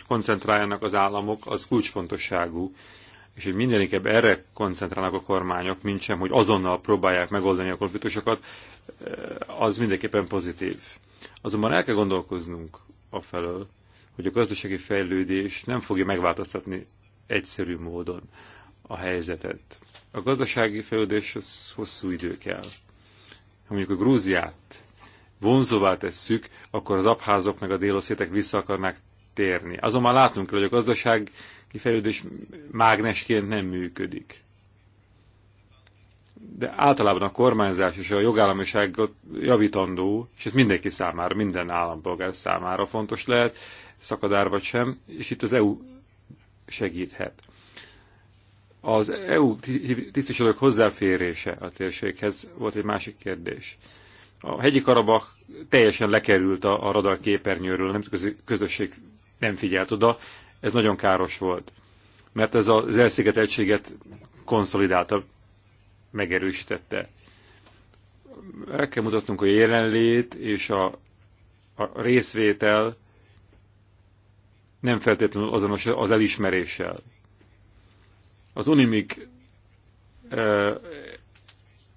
koncentráljanak az államok, az kulcsfontosságú, és hogy minden inkább erre koncentrálnak a kormányok, mint sem, hogy azonnal próbálják megoldani a konfliktusokat, az mindenképpen pozitív. Azonban el kell gondolkoznunk a felől, hogy a gazdasági fejlődés nem fogja megváltoztatni egyszerű módon a helyzetet. A gazdasági fejlődéshez hosszú idő kell. Ha mondjuk a Grúziát vonzóvá tesszük, akkor az abházok meg a déloszétek vissza akarnak térni. Azonban látnunk kell, hogy a gazdaság kifejlődés mágnesként nem működik. De általában a kormányzás és a jogállamiság javítandó, és ez mindenki számára, minden állampolgár számára fontos lehet, szakadár vagy sem, és itt az EU segíthet. Az EU tisztviselők hozzáférése a térséghez volt egy másik kérdés. A hegyi Karabak teljesen lekerült a, a radar képernyőről, nem közösség nem figyelt oda, ez nagyon káros volt, mert ez az egységet konszolidálta, megerősítette. El kell mutatnunk a jelenlét és a, a részvétel nem feltétlenül azonos az elismeréssel. Az unimik eh,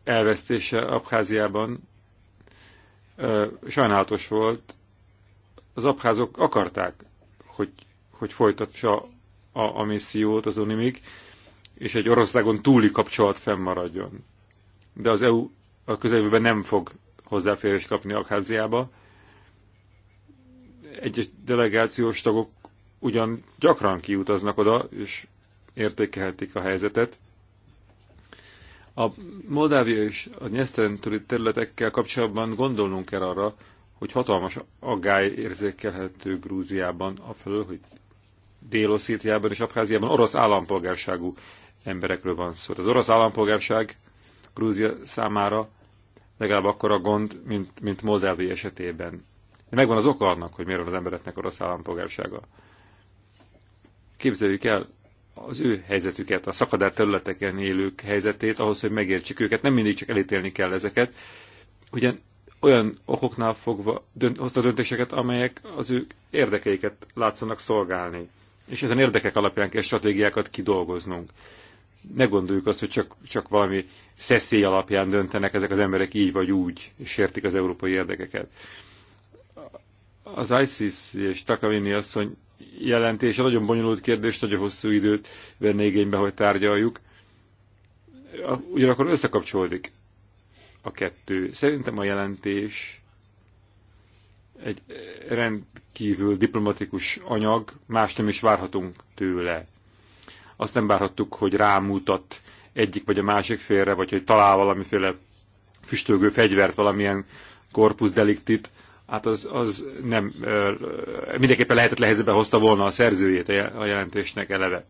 elvesztése Abháziában sajnálatos volt, az abházok akarták, hogy, hogy folytatsa a, a missziót az UNIMIG, és egy Oroszágon túli kapcsolat fennmaradjon. De az EU a közeljövőben nem fog hozzáférés kapni Abháziába. Egyes delegációs tagok ugyan gyakran kiutaznak oda, és értékelhetik a helyzetet, a Moldávia és a Nyeszteren területekkel kapcsolatban gondolnunk kell arra, hogy hatalmas aggály érzékelhető Grúziában, afelől, hogy dél és Abháziában orosz állampolgárságú emberekről van szó. Az orosz állampolgárság Grúzia számára legalább akkor a gond, mint, mint Moldávi esetében. De megvan az oka annak, hogy miért van az embereknek orosz állampolgársága. Képzeljük el, az ő helyzetüket, a szakadár területeken élők helyzetét, ahhoz, hogy megértsük őket. Nem mindig csak elítélni kell ezeket. Ugyan olyan okoknál fogva dönt, hozta döntéseket, amelyek az ő érdekeiket látszanak szolgálni. És ezen érdekek alapján kell stratégiákat kidolgoznunk. Ne gondoljuk azt, hogy csak, csak valami szeszély alapján döntenek ezek az emberek így vagy úgy, és sértik az európai érdekeket. Az ISIS és Takavini asszony jelentése nagyon bonyolult kérdés, nagyon hosszú időt venne igénybe, hogy tárgyaljuk. Ugyanakkor összekapcsolódik a kettő. Szerintem a jelentés egy rendkívül diplomatikus anyag, más nem is várhatunk tőle. Azt nem várhattuk, hogy rámutat egyik vagy a másik félre, vagy hogy talál valamiféle füstölgő fegyvert, valamilyen korpuszdeliktit, hát az, az nem, mindenképpen lehetett helyzetbe hozta volna a szerzőjét a jelentésnek eleve.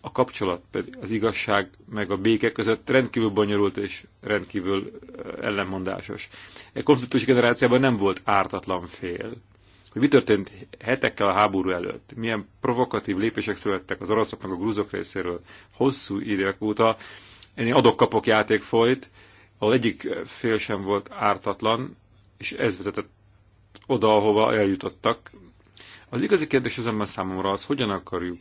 A kapcsolat, pedig az igazság meg a béke között rendkívül bonyolult és rendkívül ellenmondásos. Egy konfliktus generációban nem volt ártatlan fél. Hogy mi történt hetekkel a háború előtt, milyen provokatív lépések születtek az oroszok meg a grúzok részéről hosszú idők óta, ennyi adok-kapok játék folyt, ahol egyik fél sem volt ártatlan, és ez vezetett oda, ahova eljutottak. Az igazi kérdés az ember számomra az, hogyan akarjuk,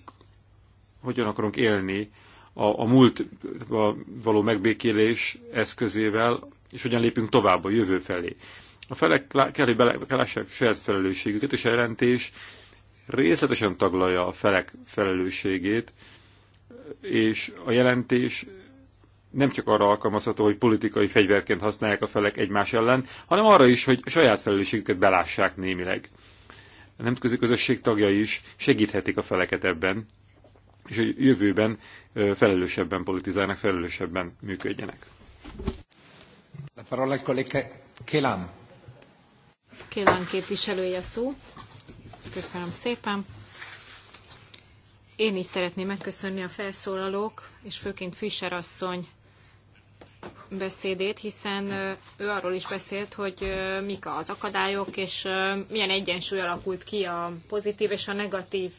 hogyan akarunk élni a, a múlt a való megbékélés eszközével, és hogyan lépünk tovább a jövő felé. A felek kell, hogy belássák saját felelősségüket, és a jelentés részletesen taglalja a felek felelősségét, és a jelentés nem csak arra alkalmazható, hogy politikai fegyverként használják a felek egymás ellen, hanem arra is, hogy a saját felelősségüket belássák némileg. A nemzetközi közösség tagjai is segíthetik a feleket ebben, és a jövőben felelősebben politizálnak, felelősebben működjenek. La parola al collega Kélam. Kélam képviselője szó. Köszönöm szépen. Én is szeretném megköszönni a felszólalók, és főként Fischer asszony beszédét, hiszen ő arról is beszélt, hogy mik az akadályok, és milyen egyensúly alakult ki a pozitív és a negatív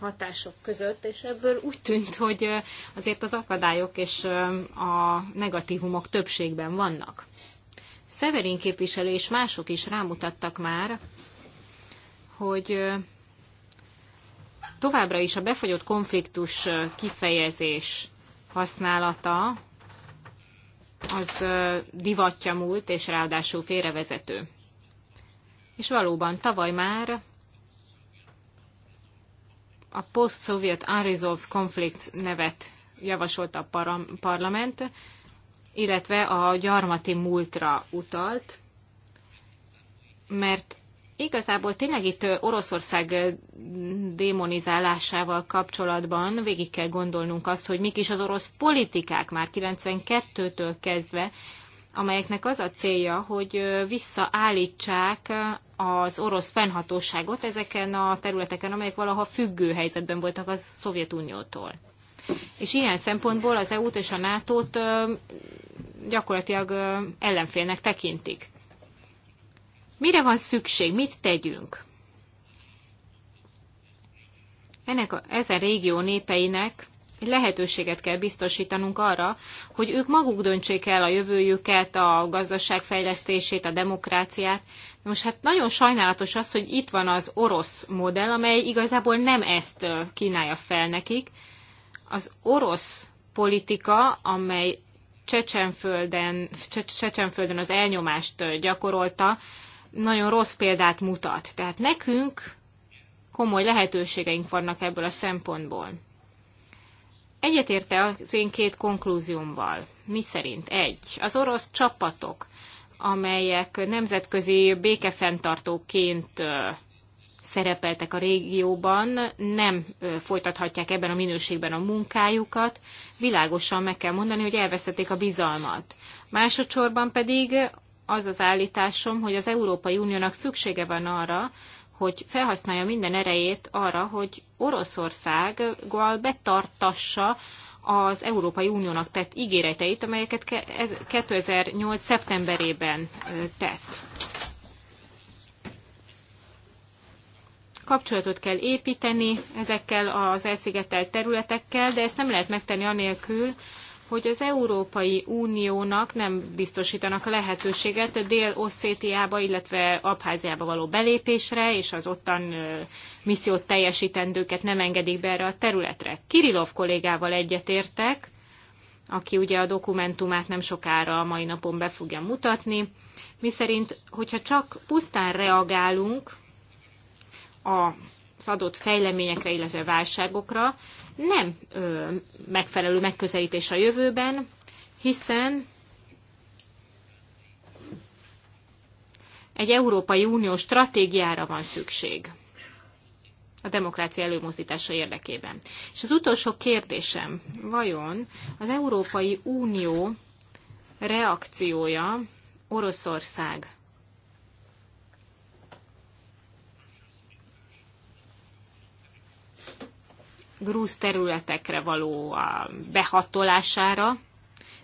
hatások között, és ebből úgy tűnt, hogy azért az akadályok és a negatívumok többségben vannak. Szeverin képviselő és mások is rámutattak már, hogy továbbra is a befagyott konfliktus kifejezés használata az divatja múlt, és ráadásul félrevezető. És valóban tavaly már a Post-Soviet Unresolved Conflict nevet javasolta a parlament, illetve a gyarmati múltra utalt, mert Igazából tényleg itt Oroszország démonizálásával kapcsolatban végig kell gondolnunk azt, hogy mik is az orosz politikák már 92-től kezdve, amelyeknek az a célja, hogy visszaállítsák az orosz fennhatóságot ezeken a területeken, amelyek valaha függő helyzetben voltak a Szovjetuniótól. És ilyen szempontból az EU-t és a NATO-t gyakorlatilag ellenfélnek tekintik. Mire van szükség? Mit tegyünk? Ennek a, ezen régió népeinek egy lehetőséget kell biztosítanunk arra, hogy ők maguk döntsék el a jövőjüket, a gazdaság fejlesztését, a demokráciát. De most hát nagyon sajnálatos az, hogy itt van az orosz modell, amely igazából nem ezt kínálja fel nekik. Az orosz politika, amely Csecsenföldön, Csecsenföldön az elnyomást gyakorolta, nagyon rossz példát mutat. Tehát nekünk komoly lehetőségeink vannak ebből a szempontból. Egyetérte az én két konklúziómmal. Mi szerint? Egy. Az orosz csapatok, amelyek nemzetközi békefenntartóként szerepeltek a régióban, nem folytathatják ebben a minőségben a munkájukat. Világosan meg kell mondani, hogy elveszették a bizalmat. Másodszorban pedig az az állításom, hogy az Európai Uniónak szüksége van arra, hogy felhasználja minden erejét arra, hogy Oroszországgal betartassa az Európai Uniónak tett ígéreteit, amelyeket 2008. szeptemberében tett. Kapcsolatot kell építeni ezekkel az elszigetelt területekkel, de ezt nem lehet megtenni anélkül, hogy az Európai Uniónak nem biztosítanak a lehetőséget a Dél-Osszétiába, illetve Abháziába való belépésre, és az ottan missziót teljesítendőket nem engedik be erre a területre. Kirilov kollégával egyetértek, aki ugye a dokumentumát nem sokára a mai napon be fogja mutatni, miszerint, hogyha csak pusztán reagálunk a adott fejleményekre, illetve válságokra, nem ö, megfelelő megközelítés a jövőben, hiszen egy Európai Unió stratégiára van szükség a demokrácia előmozdítása érdekében. És az utolsó kérdésem, vajon az Európai Unió reakciója Oroszország grúz területekre való a behatolására,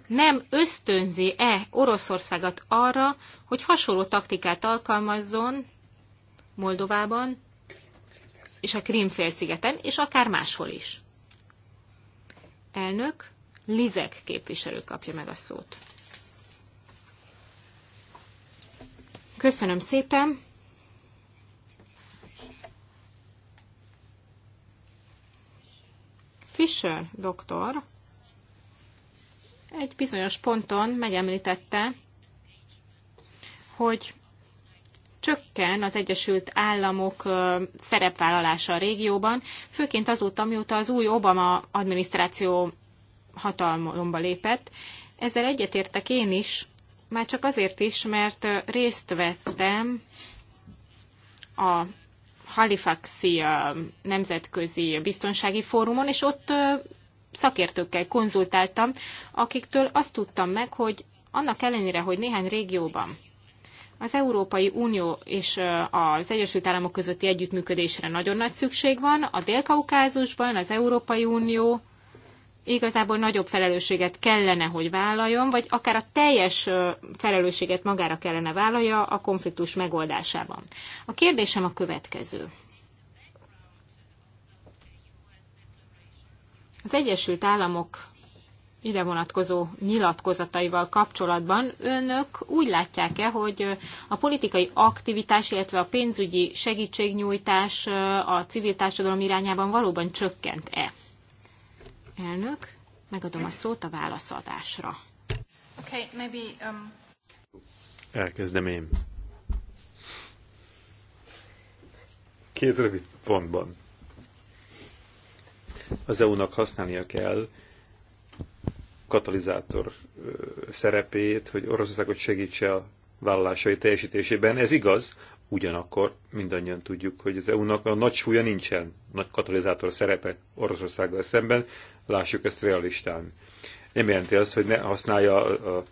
nem ösztönzi-e Oroszországot arra, hogy hasonló taktikát alkalmazzon Moldovában és a Krímfélszigeten, és akár máshol is? Elnök Lizek képviselő kapja meg a szót. Köszönöm szépen! Fisher doktor egy bizonyos ponton megemlítette, hogy csökken az Egyesült Államok szerepvállalása a régióban, főként azóta, mióta az új Obama adminisztráció hatalomba lépett. Ezzel egyetértek én is, már csak azért is, mert részt vettem a Halifaxi nemzetközi biztonsági fórumon, és ott szakértőkkel konzultáltam, akiktől azt tudtam meg, hogy annak ellenére, hogy néhány régióban az Európai Unió és az Egyesült Államok közötti együttműködésre nagyon nagy szükség van. A Dél-Kaukázusban az Európai Unió igazából nagyobb felelősséget kellene, hogy vállaljon, vagy akár a teljes felelősséget magára kellene vállalja a konfliktus megoldásában. A kérdésem a következő. Az Egyesült Államok ide vonatkozó nyilatkozataival kapcsolatban önök úgy látják-e, hogy a politikai aktivitás, illetve a pénzügyi segítségnyújtás a civil társadalom irányában valóban csökkent-e? Elnök, megadom a szót a válaszadásra. Okay, maybe, um... Elkezdem én. Két rövid pontban. Az EU-nak használnia kell katalizátor szerepét, hogy Oroszországot segítse a vállalásai teljesítésében. Ez igaz, ugyanakkor mindannyian tudjuk, hogy az EU-nak a nagy súlya nincsen, nagy katalizátor szerepe Oroszországgal szemben, lássuk ezt realistán. Nem jelenti az, hogy ne használja a,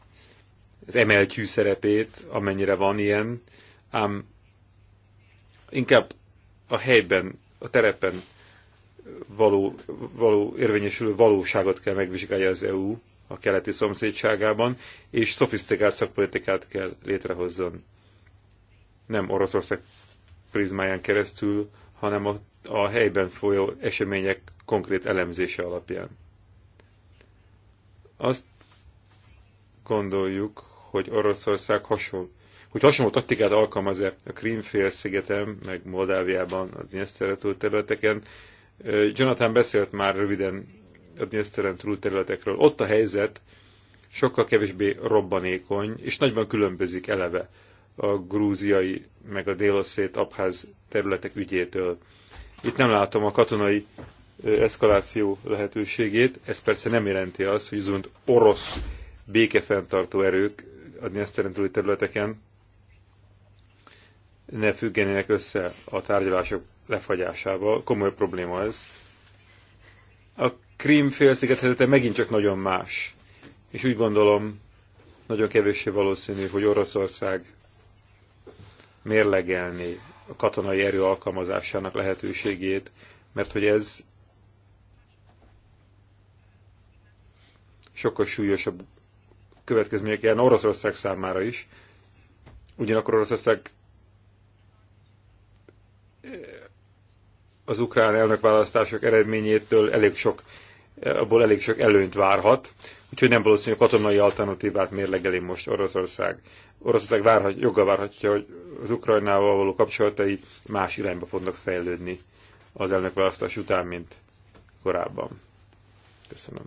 az MLQ szerepét, amennyire van ilyen, ám inkább a helyben, a terepen való, való érvényesülő valóságot kell megvizsgálja az EU a keleti szomszédságában, és szofisztikált szakpolitikát kell létrehozzon. Nem Oroszország prizmáján keresztül, hanem a, a helyben folyó események konkrét elemzése alapján. Azt gondoljuk, hogy Oroszország hasonló, hogy hasonló taktikát alkalmaz-e a Krímfélszigeten, meg Moldáviában, a Dnieszteren területeken. Jonathan beszélt már röviden a Dnieszteren területekről. Ott a helyzet sokkal kevésbé robbanékony, és nagyban különbözik eleve a grúziai, meg a déloszét abház területek ügyétől. Itt nem látom a katonai eszkaláció lehetőségét. Ez persze nem jelenti azt, hogy azon orosz békefenntartó erők a Dnieszteren területeken ne függenének össze a tárgyalások lefagyásával. Komoly probléma ez. A Krím félsziget helyzete megint csak nagyon más. És úgy gondolom, nagyon kevéssé valószínű, hogy Oroszország mérlegelni a katonai erő alkalmazásának lehetőségét, mert hogy ez sokkal súlyosabb következmények jelen Oroszország számára is. Ugyanakkor Oroszország eh, az ukrán elnökválasztások eredményétől elég sok, eh, abból elég sok előnyt várhat, úgyhogy nem valószínű, hogy katonai alternatívát mérlegeli most Oroszország. Oroszország várhat, joggal várhatja, hogy az Ukrajnával való kapcsolatai más irányba fognak fejlődni az elnökválasztás után, mint korábban. Köszönöm.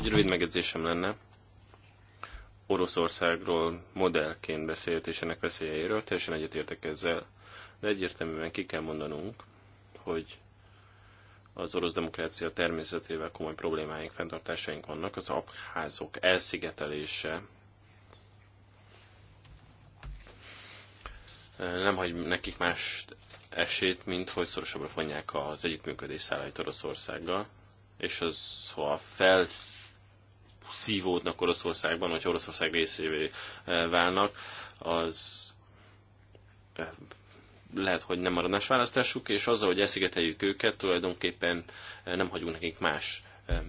Egy rövid megjegyzésem lenne. Oroszországról modellként beszélt és ennek veszélyeiről, teljesen egyetértek ezzel, de egyértelműen ki kell mondanunk, hogy az orosz demokrácia természetével komoly problémáink, fenntartásaink vannak, az abházok elszigetelése nem hagy nekik más esélyt, mint hogy szorosabbra fonják az együttműködés szállait Oroszországgal, és az, ha felsz szívódnak Oroszországban, vagy Oroszország részévé e, válnak, az e, lehet, hogy nem maradás választásuk, és azzal, hogy elszigeteljük őket, tulajdonképpen e, nem hagyunk nekik más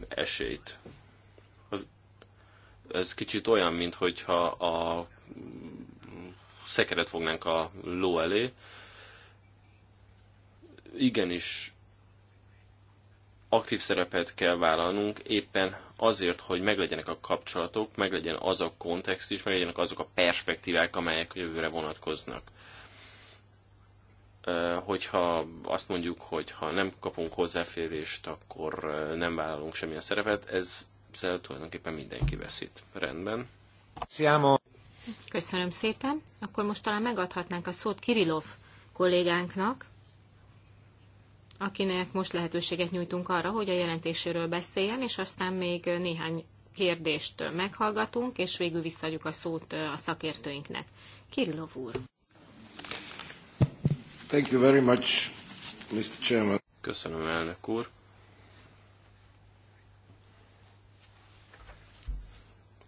esélyt. Az, ez kicsit olyan, mintha a szekeret fognánk a ló elé. Igenis, aktív szerepet kell vállalnunk, éppen azért, hogy meglegyenek a kapcsolatok, meglegyen az a kontextus, meglegyenek azok a perspektívák, amelyek jövőre vonatkoznak. Hogyha azt mondjuk, hogy ha nem kapunk hozzáférést, akkor nem vállalunk semmilyen szerepet, ez ezzel tulajdonképpen mindenki veszít. Rendben. Sziámo. Köszönöm szépen. Akkor most talán megadhatnánk a szót Kirilov kollégánknak, akinek most lehetőséget nyújtunk arra, hogy a jelentéséről beszéljen, és aztán még néhány kérdést meghallgatunk, és végül visszaadjuk a szót a szakértőinknek. Kirillov úr. Thank you very much, Mr. Chairman. Köszönöm, elnök úr.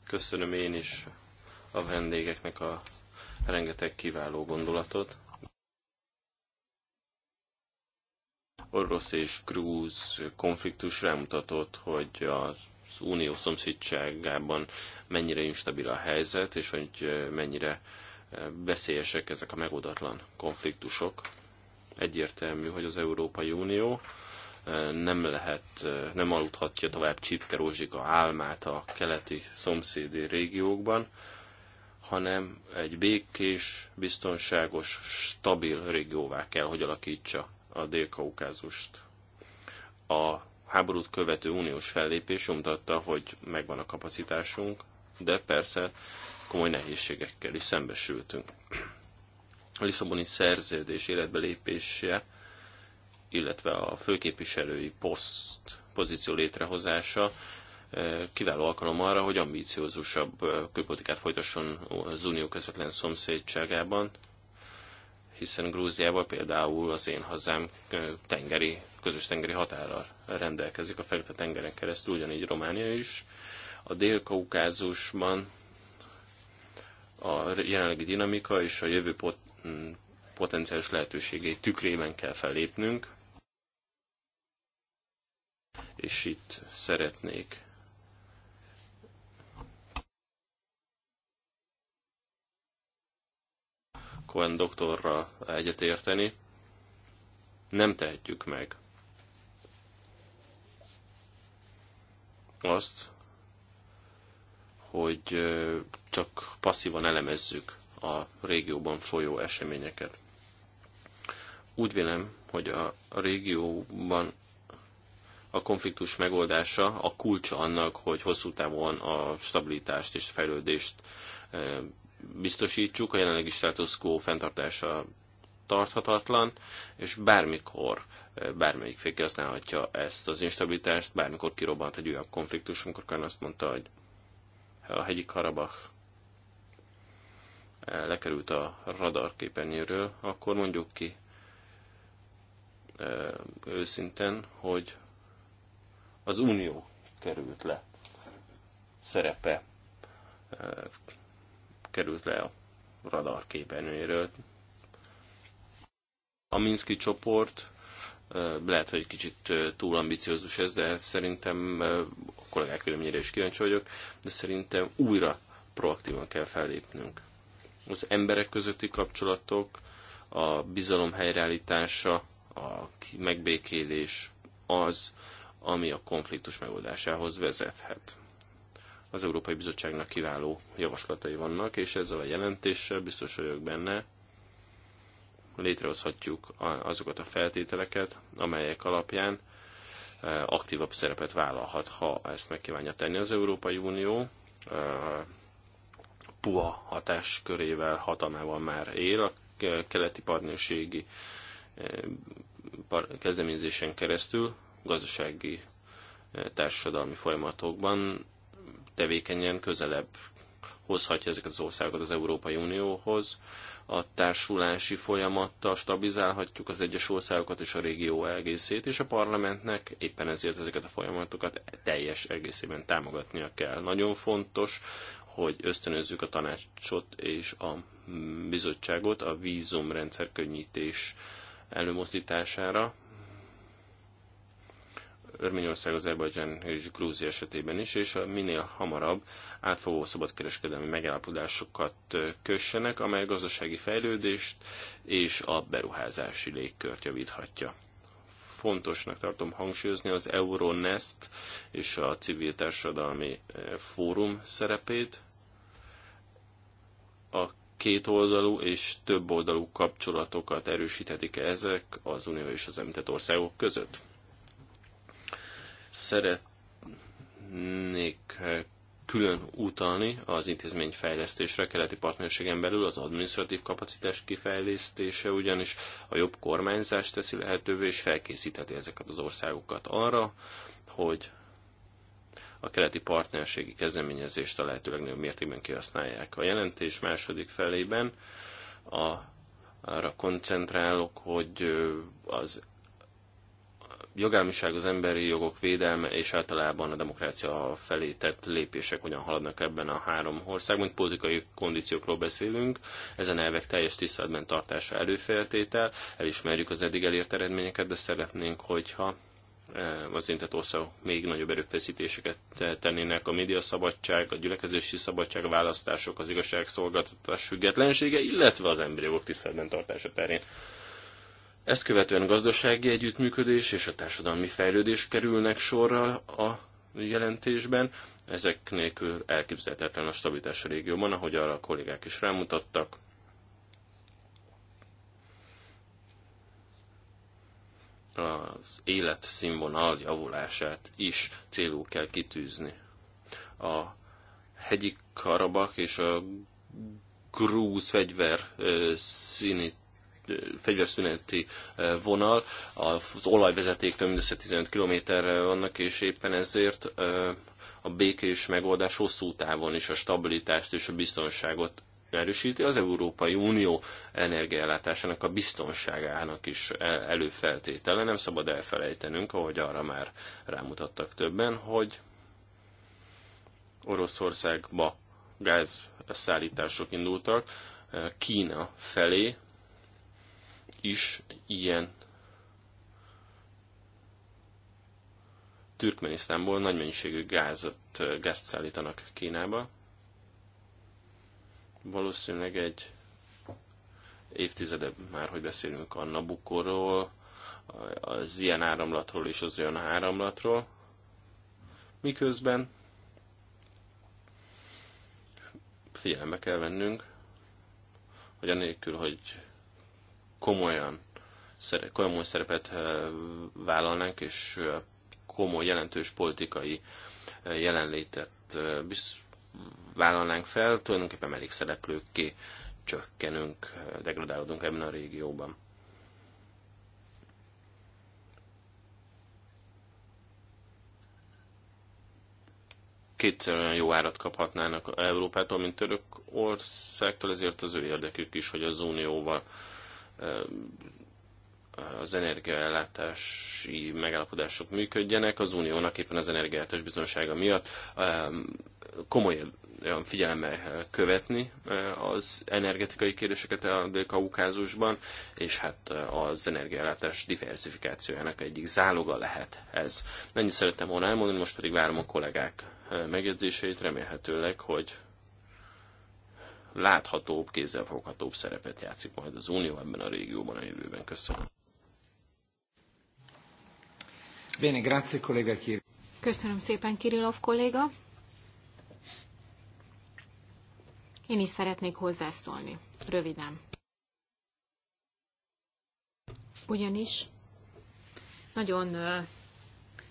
Köszönöm én is a vendégeknek a rengeteg kiváló gondolatot. orosz és grúz konfliktus rámutatott, hogy az unió szomszédságában mennyire instabil a helyzet, és hogy mennyire veszélyesek ezek a megoldatlan konfliktusok. Egyértelmű, hogy az Európai Unió nem lehet, nem aludhatja tovább Csipke Rózsika álmát a keleti szomszédi régiókban, hanem egy békés, biztonságos, stabil régióvá kell, hogy alakítsa a Dél-Kaukázust. A háborút követő uniós fellépés mutatta, hogy megvan a kapacitásunk, de persze komoly nehézségekkel is szembesültünk. A Lisszaboni szerződés életbe lépése, illetve a főképviselői poszt pozíció létrehozása eh, kiváló alkalom arra, hogy ambíciózusabb eh, külpolitikát folytasson az unió közvetlen szomszédságában, hiszen Grúziával például az én hazám tengeri, közös tengeri határa rendelkezik a fekete tengeren keresztül, ugyanígy Románia is. A Dél-Kaukázusban a jelenlegi dinamika és a jövő pot, potenciális lehetőségei tükrében kell fellépnünk, és itt szeretnék Cohen doktorra egyetérteni. Nem tehetjük meg azt, hogy csak passzívan elemezzük a régióban folyó eseményeket. Úgy vélem, hogy a régióban a konfliktus megoldása a kulcsa annak, hogy hosszú távon a stabilitást és fejlődést biztosítsuk, a jelenlegi status quo fenntartása tarthatatlan, és bármikor eh, bármelyik fél használhatja ezt az instabilitást, bármikor kirobbant egy újabb konfliktus, amikor Kán azt mondta, hogy a hegyi Karabach eh, lekerült a radar képernyőről, akkor mondjuk ki eh, őszinten, hogy az Unió került le szerepe, szerepe került le a radar képernyőjéről. A Minszki csoport lehet, hogy egy kicsit túl ambiciózus ez, de szerintem a kollégák véleményére is kíváncsi vagyok, de szerintem újra proaktívan kell fellépnünk. Az emberek közötti kapcsolatok, a bizalom helyreállítása, a megbékélés az, ami a konfliktus megoldásához vezethet. Az Európai Bizottságnak kiváló javaslatai vannak, és ezzel a jelentéssel biztos vagyok benne, létrehozhatjuk azokat a feltételeket, amelyek alapján e, aktívabb szerepet vállalhat, ha ezt megkívánja tenni az Európai Unió. E, Puha hatáskörével, hatalmával már él a keleti partnerségi e, kezdeményezésen keresztül gazdasági társadalmi folyamatokban tevékenyen közelebb hozhatja ezeket az országokat az Európai Unióhoz. A társulási folyamattal stabilizálhatjuk az egyes országokat és a régió egészét, és a parlamentnek éppen ezért ezeket a folyamatokat teljes egészében támogatnia kell. Nagyon fontos, hogy ösztönözzük a tanácsot és a bizottságot a vízumrendszer könnyítés előmozdítására, Örményország, Azerbajdzsán és Grúzia esetében is, és minél hamarabb átfogó szabadkereskedelmi megállapodásokat kössenek, amely gazdasági fejlődést és a beruházási légkört javíthatja. Fontosnak tartom hangsúlyozni az Euronest és a civil társadalmi fórum szerepét. A kétoldalú és többoldalú kapcsolatokat erősíthetik -e ezek az Unió és az említett országok között? Szeretnék eh, külön utalni az intézményfejlesztésre, keleti partnerségen belül az administratív kapacitás kifejlesztése ugyanis a jobb kormányzást teszi lehetővé, és felkészítheti ezeket az országokat arra, hogy a keleti partnerségi kezdeményezést a lehető legnagyobb mértékben kihasználják. A jelentés második felében a, arra koncentrálok, hogy az jogállamiság, az emberi jogok védelme és általában a demokrácia felé tett lépések hogyan haladnak ebben a három országban. Politikai kondíciókról beszélünk, ezen elvek teljes tiszteletben tartása előfeltétel, elismerjük az eddig elért eredményeket, de szeretnénk, hogyha eh, az intett országok még nagyobb erőfeszítéseket tennének a médiaszabadság, a gyülekezési szabadság, a választások, az igazságszolgáltatás függetlensége, illetve az emberi jogok tiszteletben tartása terén. Ezt követően gazdasági együttműködés és a társadalmi fejlődés kerülnek sorra a jelentésben. Ezek nélkül elképzelhetetlen a stabilitás a régióban, ahogy arra a kollégák is rámutattak. Az életszínvonal javulását is célul kell kitűzni. A hegyi karabak és a grúz fegyver színit fegyverszüneti eh, vonal, az olajvezetéktől mindössze 15 kilométerre vannak, és éppen ezért eh, a békés megoldás hosszú távon is a stabilitást és a biztonságot erősíti, az Európai Unió energiállátásának a biztonságának is eh, előfeltétele. Nem szabad elfelejtenünk, ahogy arra már rámutattak többen, hogy Oroszországba gázszállítások indultak, Kína felé is ilyen Türkmenisztánból nagy mennyiségű gázot, gázt szállítanak Kínába. Valószínűleg egy évtizede már, hogy beszélünk a Nabukorról, az ilyen áramlatról és az olyan áramlatról. Miközben figyelembe kell vennünk, hogy anélkül, hogy komolyan komoly szerepet vállalnánk, és komoly, jelentős politikai jelenlétet vállalnánk fel, tulajdonképpen elég szereplőkké csökkenünk, degradálódunk ebben a régióban. kétszer olyan jó árat kaphatnának Európától, mint Törökországtól, ezért az ő érdekük is, hogy az Unióval az energiaellátási megállapodások működjenek, az uniónak éppen az energiaellátás biztonsága miatt komolyan figyelemmel követni e, az energetikai kérdéseket a Dél-Kaukázusban, és hát e, az energiaellátás diversifikációjának egyik záloga lehet ez. Mennyit szerettem volna elmondani, most pedig várom a kollégák e, megjegyzéseit, remélhetőleg, hogy láthatóbb, kézzelfoghatóbb szerepet játszik majd az Unió ebben a régióban a jövőben. Köszönöm. Bene, grazie, kollega Köszönöm szépen, Kirillov kolléga. Én is szeretnék hozzászólni, röviden. Ugyanis nagyon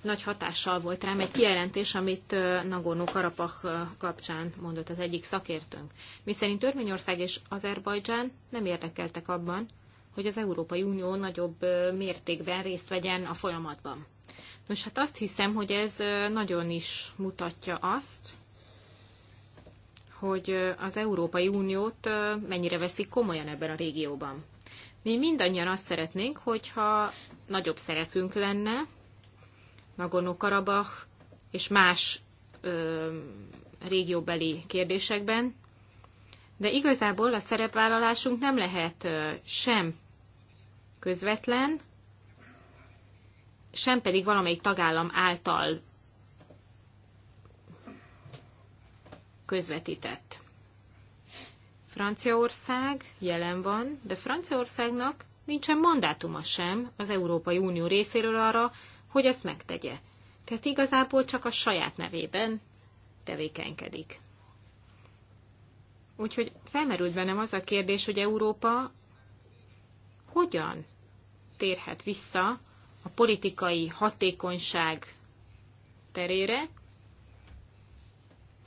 nagy hatással volt rám egy kijelentés, amit Nagorno-Karapach kapcsán mondott az egyik szakértőnk, Mi szerint Törvényország és Azerbajdzsán nem érdekeltek abban, hogy az Európai Unió nagyobb mértékben részt vegyen a folyamatban. Nos, hát azt hiszem, hogy ez nagyon is mutatja azt, hogy az Európai Uniót mennyire veszik komolyan ebben a régióban. Mi mindannyian azt szeretnénk, hogyha nagyobb szerepünk lenne, Nagorno-Karabach és más ö, régióbeli kérdésekben, de igazából a szerepvállalásunk nem lehet sem közvetlen, sem pedig valamelyik tagállam által közvetített. Franciaország jelen van, de Franciaországnak nincsen mandátuma sem az Európai Unió részéről arra, hogy ezt megtegye. Tehát igazából csak a saját nevében tevékenykedik. Úgyhogy felmerült bennem az a kérdés, hogy Európa hogyan térhet vissza a politikai hatékonyság terére,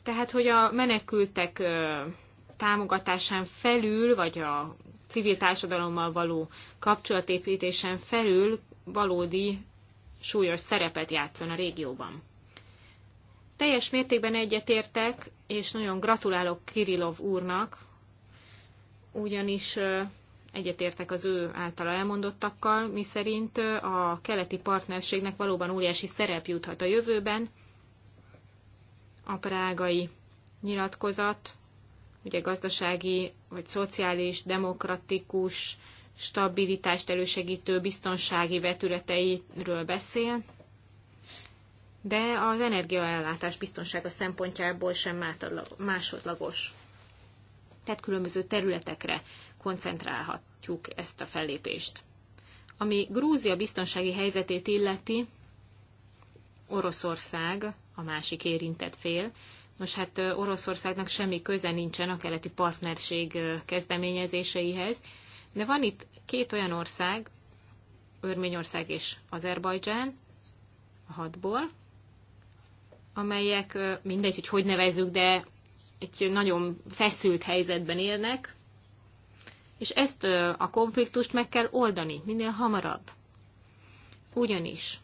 tehát, hogy a menekültek támogatásán felül, vagy a civil társadalommal való kapcsolatépítésen felül valódi súlyos szerepet játszon a régióban. Teljes mértékben egyetértek, és nagyon gratulálok Kirilov úrnak, ugyanis egyetértek az ő általa elmondottakkal, miszerint a keleti partnerségnek valóban óriási szerep juthat a jövőben. A prágai nyilatkozat, ugye gazdasági, vagy szociális, demokratikus, stabilitást elősegítő biztonsági vetületeiről beszél, de az energiaellátás biztonsága szempontjából sem másodlagos. Tehát különböző területekre koncentrálhatjuk ezt a fellépést. Ami Grúzia biztonsági helyzetét illeti, Oroszország a másik érintett fél. Nos hát Oroszországnak semmi köze nincsen a keleti partnerség kezdeményezéseihez, de van itt két olyan ország, Örményország és Azerbajdzsán, a hatból, amelyek mindegy, hogy hogy nevezzük, de egy nagyon feszült helyzetben élnek, és ezt a konfliktust meg kell oldani minél hamarabb. Ugyanis,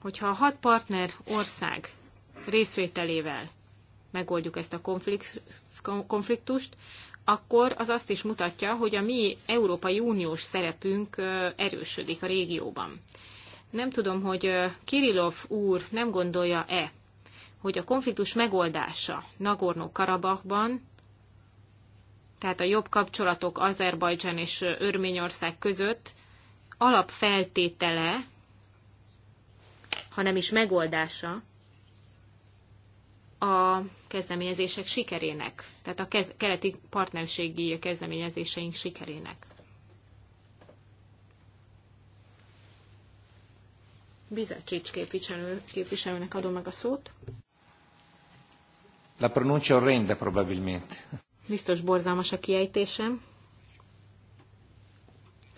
hogyha a hat partner ország részvételével megoldjuk ezt a konfliktust, akkor az azt is mutatja, hogy a mi Európai Uniós szerepünk erősödik a régióban. Nem tudom, hogy Kirillov úr nem gondolja-e, hogy a konfliktus megoldása Nagorno-Karabakban, tehát a jobb kapcsolatok Azerbajdzsán és Örményország között alapfeltétele, hanem is megoldása a kezdeményezések sikerének, tehát a kez- keleti partnerségi kezdeményezéseink sikerének. Bizacsics képviselő, képviselőnek adom meg a szót. La pronuncia orrenda probabilmente. Biztos borzalmas a kiejtésem.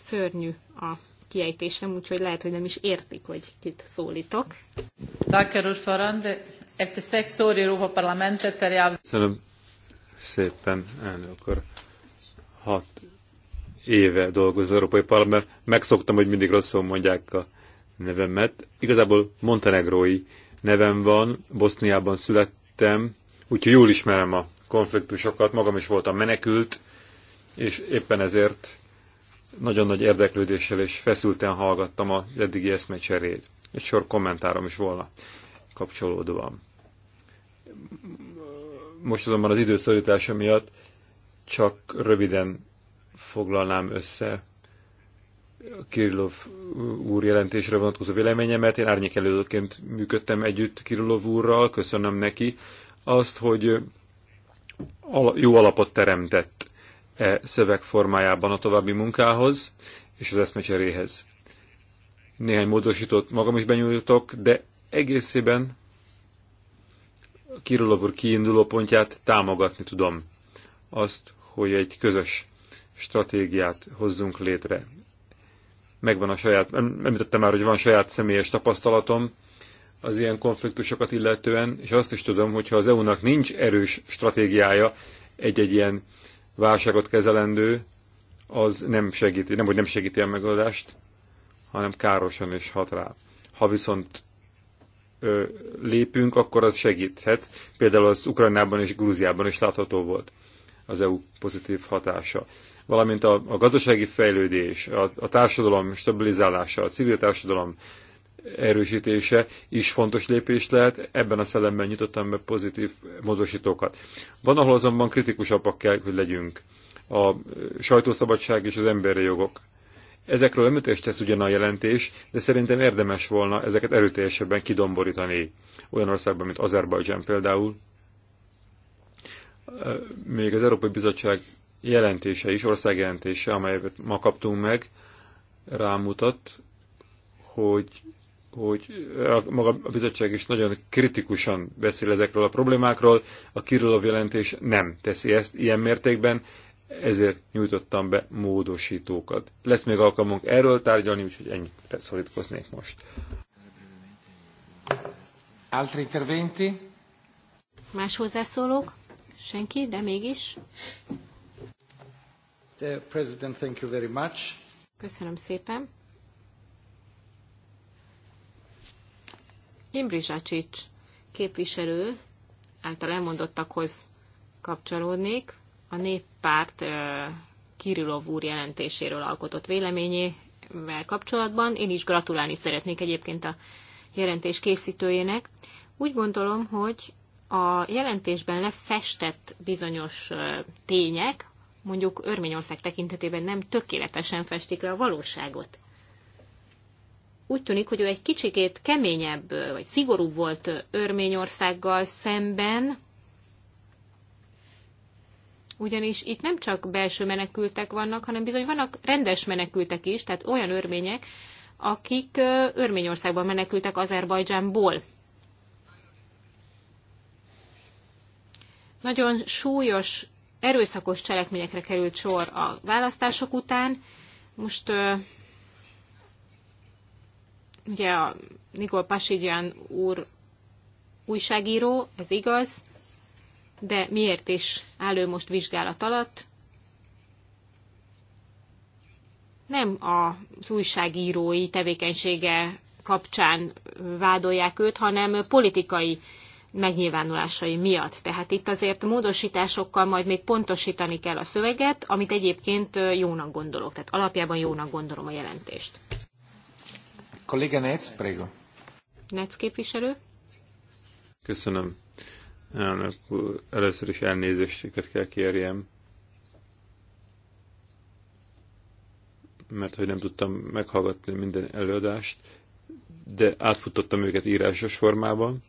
Szörnyű a kiejtésem, úgyhogy lehet, hogy nem is értik, hogy kit szólítok. Takarus Farande. Efter sex år i Europaparlamentet där jag... Köszönöm szépen, elnök úr. Hat éve dolgozom az Európai Parlament. Megszoktam, hogy mindig rosszul mondják a nevemet. Igazából montenegrói nevem van, Boszniában születtem, úgyhogy jól ismerem a konfliktusokat, magam is voltam menekült, és éppen ezért nagyon nagy érdeklődéssel és feszülten hallgattam az eddigi eszmecserét. Egy sor kommentárom is volna kapcsolódóan. Most azonban az időszorítása miatt csak röviden foglalnám össze Kirillov úr jelentésre vonatkozó véleményemet. Én árnyékelőként működtem együtt Kirillov úrral, köszönöm neki azt, hogy jó alapot teremtett e szöveg formájában a további munkához és az eszmecseréhez. Néhány módosított magam is benyújtok, de egészében Kirillov úr kiinduló pontját támogatni tudom. Azt, hogy egy közös stratégiát hozzunk létre. Megvan a saját, említettem már, hogy van saját személyes tapasztalatom az ilyen konfliktusokat illetően, és azt is tudom, hogy ha az EU-nak nincs erős stratégiája egy-egy ilyen válságot kezelendő, az nem segíti, nem hogy nem segíti a megoldást, hanem károsan is hat rá. Ha viszont lépünk, akkor az segíthet. Például az Ukrajnában és Grúziában is látható volt az EU pozitív hatása. Valamint a, a gazdasági fejlődés, a, a társadalom stabilizálása, a civil társadalom erősítése is fontos lépés lehet. Ebben a szellemben nyitottam be pozitív módosítókat. Van, ahol azonban kritikusabbak kell, hogy legyünk. A sajtószabadság és az emberi jogok Ezekről említést tesz ugyan a jelentés, de szerintem érdemes volna ezeket erőteljesebben kidomborítani. Olyan országban, mint Azerbajdzsán például. Még az Európai Bizottság jelentése is, országjelentése, amelyet ma kaptunk meg, rámutat, hogy hogy a, maga a bizottság is nagyon kritikusan beszél ezekről a problémákról, a Kirillov jelentés nem teszi ezt ilyen mértékben, ezért nyújtottam be módosítókat. Lesz még alkalmunk erről tárgyalni, úgyhogy ennyit szorítkoznék most. Altri interventi? Más hozzászólók? Senki, de mégis. The President, thank you very much. Köszönöm szépen. Imbrizsacsics képviselő által elmondottakhoz kapcsolódnék a néppárt Kirillov úr jelentéséről alkotott véleményével kapcsolatban. Én is gratulálni szeretnék egyébként a jelentés készítőjének. Úgy gondolom, hogy a jelentésben lefestett bizonyos tények, mondjuk Örményország tekintetében nem tökéletesen festik le a valóságot. Úgy tűnik, hogy ő egy kicsikét keményebb vagy szigorúbb volt Örményországgal szemben, ugyanis itt nem csak belső menekültek vannak, hanem bizony vannak rendes menekültek is, tehát olyan örmények, akik Örményországban menekültek Azerbajdzsánból. Nagyon súlyos, erőszakos cselekményekre került sor a választások után. Most ugye a Nikol Pasidzsán úr újságíró, ez igaz, de miért is áll ő most vizsgálat alatt? Nem az újságírói tevékenysége kapcsán vádolják őt, hanem politikai megnyilvánulásai miatt. Tehát itt azért módosításokkal majd még pontosítani kell a szöveget, amit egyébként jónak gondolok. Tehát alapjában jónak gondolom a jelentést. Kolléga Netz, prego. Netz képviselő. Köszönöm. Elnök úr, először is elnézéseket kell kérjem, mert hogy nem tudtam meghallgatni minden előadást, de átfutottam őket írásos formában.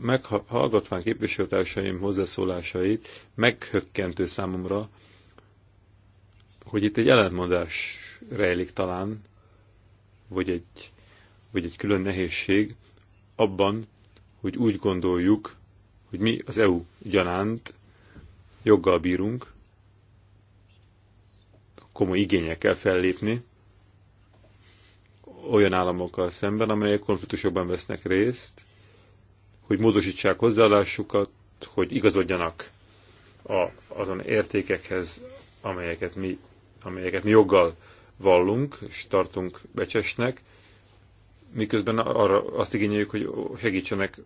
Meghallgatván képviselőtársaim hozzászólásait, meghökkentő számomra, hogy itt egy ellentmondás rejlik talán, vagy egy, vagy egy külön nehézség abban, hogy úgy gondoljuk, hogy mi az EU gyanánt joggal bírunk, komoly igényekkel fellépni olyan államokkal szemben, amelyek konfliktusokban vesznek részt, hogy módosítsák hozzáállásukat, hogy igazodjanak a, azon értékekhez, amelyeket mi, amelyeket mi joggal vallunk és tartunk becsesnek, miközben arra azt igényeljük, hogy segítsenek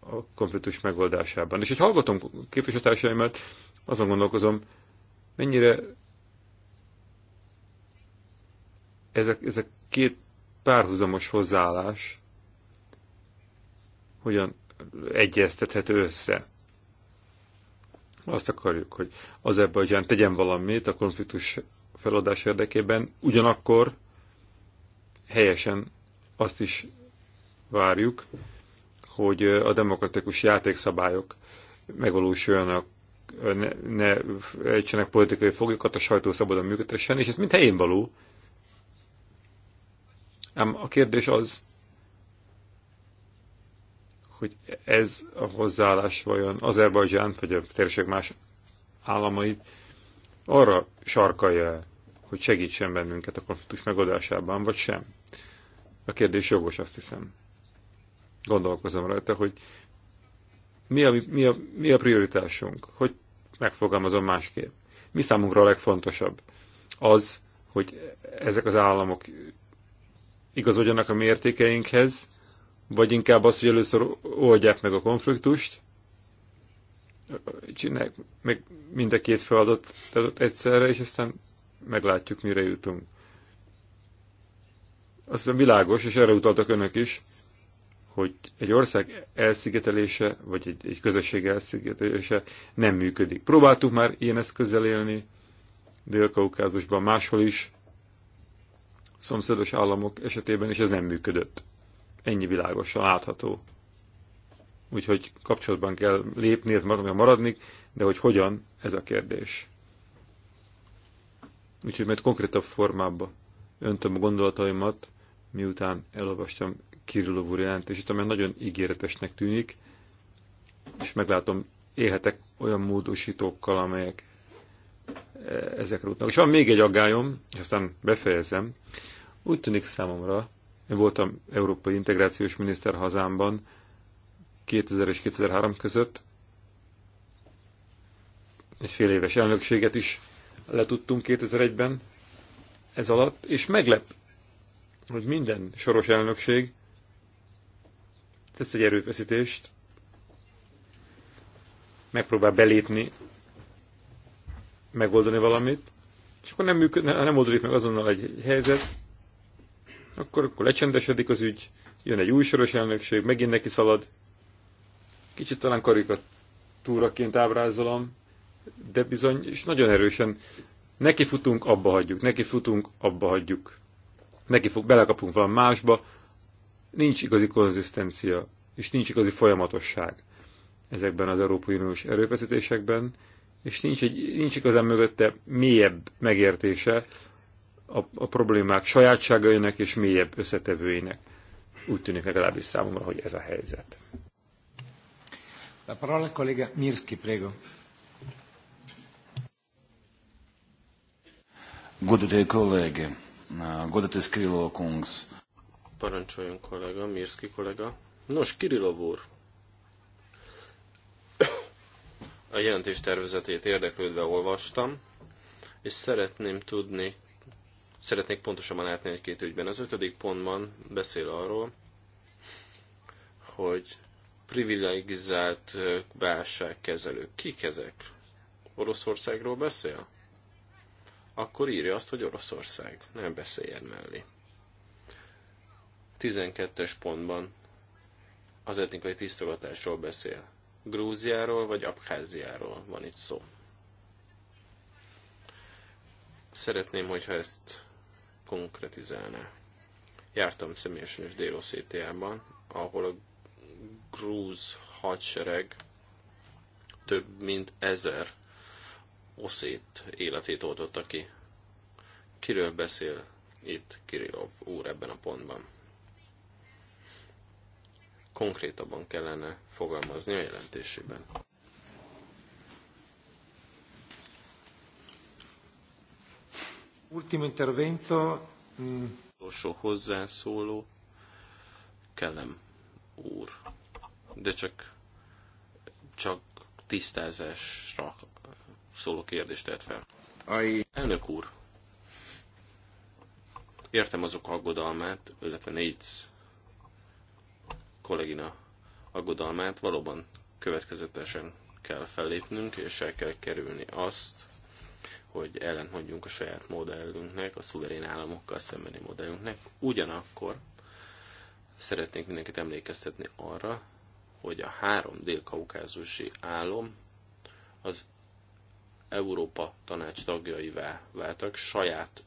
a konfliktus megoldásában. És hogy hallgatom képviselőtársaimat, azon gondolkozom, mennyire ez a, ez a két párhuzamos hozzáállás hogyan egyeztethető össze. Azt akarjuk, hogy az ebben hogy tegyen valamit a konfliktus feladás érdekében, ugyanakkor helyesen azt is várjuk, hogy a demokratikus játékszabályok megvalósuljanak, ne, ne ejtsenek politikai foglyokat, a sajtó szabadon működhessen, és ez mind helyén való. Ám a kérdés az, hogy ez a hozzáállás vajon Azerbajdzsán vagy a térség más államait arra sarkalja, hogy segítsen bennünket a konfliktus megoldásában, vagy sem. A kérdés jogos, azt hiszem. Gondolkozom rajta, hogy mi a, mi a, mi a prioritásunk, hogy megfogalmazom másképp. Mi számunkra a legfontosabb? Az, hogy ezek az államok igazodjanak a mértékeinkhez, vagy inkább az, hogy először oldják meg a konfliktust, csinálják meg mind a két feladatot egyszerre, és aztán meglátjuk, mire jutunk. Azt hiszem világos, és erre utaltak önök is, hogy egy ország elszigetelése, vagy egy, egy közösség elszigetelése nem működik. Próbáltuk már ilyen eszközzel élni, Dél-Kaukázusban máshol is, szomszédos államok esetében, és ez nem működött. Ennyi világosan látható. Úgyhogy kapcsolatban kell lépni, hát maradni, de hogy hogyan, ez a kérdés. Úgyhogy majd konkrétabb formába öntöm a gondolataimat miután elolvastam Kirillov és jelentését, amely nagyon ígéretesnek tűnik, és meglátom, élhetek olyan módosítókkal, amelyek e, ezekre utnak. És van még egy aggályom, és aztán befejezem. Úgy tűnik számomra, én voltam európai integrációs miniszter hazámban 2000 és 2003 között, egy fél éves elnökséget is letudtunk 2001-ben ez alatt, és meglep hogy minden soros elnökség tesz egy erőfeszítést, megpróbál belépni, megoldani valamit, és akkor nem, működ, nem oldódik meg azonnal egy helyzet, akkor, akkor lecsendesedik az ügy, jön egy új soros elnökség, megint neki szalad. Kicsit talán karikatúraként ábrázolom, de bizony, és nagyon erősen neki futunk, abba hagyjuk, neki futunk, abba hagyjuk neki fog, belekapunk valami másba, nincs igazi konzisztencia, és nincs igazi folyamatosság ezekben az Európai Uniós erőfeszítésekben, és nincs, egy, nincs igazán mögötte mélyebb megértése a, a problémák sajátságainak és mélyebb összetevőinek. Úgy tűnik legalábbis számomra, hogy ez a helyzet. La parola kollega Mirski, prego. day, kollége. Kungs. Parancsoljon kollega, Mirszki kollega. Nos, Kirillov úr, a jelentés tervezetét érdeklődve olvastam, és szeretném tudni, szeretnék pontosabban látni egy-két ügyben. Az ötödik pontban beszél arról, hogy privilegizált válságkezelők. Kik ezek? Oroszországról beszél? akkor írja azt, hogy Oroszország nem beszéljen mellé. 12-es pontban az etnikai tisztogatásról beszél. Grúziáról vagy Abkháziáról van itt szó. Szeretném, hogyha ezt konkretizálná. Jártam személyesen is dél ahol a grúz hadsereg több mint ezer oszét életét oltotta ki. Kiről beszél itt Kirillov úr ebben a pontban? Konkrétabban kellene fogalmazni a jelentésében. Ultimo intervento. Mm. Utolsó hozzászóló, Kellem úr. De csak, csak tisztázásra szóló kérdést tett fel. Aj. Elnök úr, értem azok aggodalmát, illetve négy kollégina aggodalmát, valóban következetesen kell fellépnünk, és el kell kerülni azt, hogy mondjunk a saját modellünknek, a szuverén államokkal szembeni modellünknek. Ugyanakkor szeretnénk mindenkit emlékeztetni arra, hogy a három dél-kaukázusi állom az Európa tanács tagjaivá váltak, saját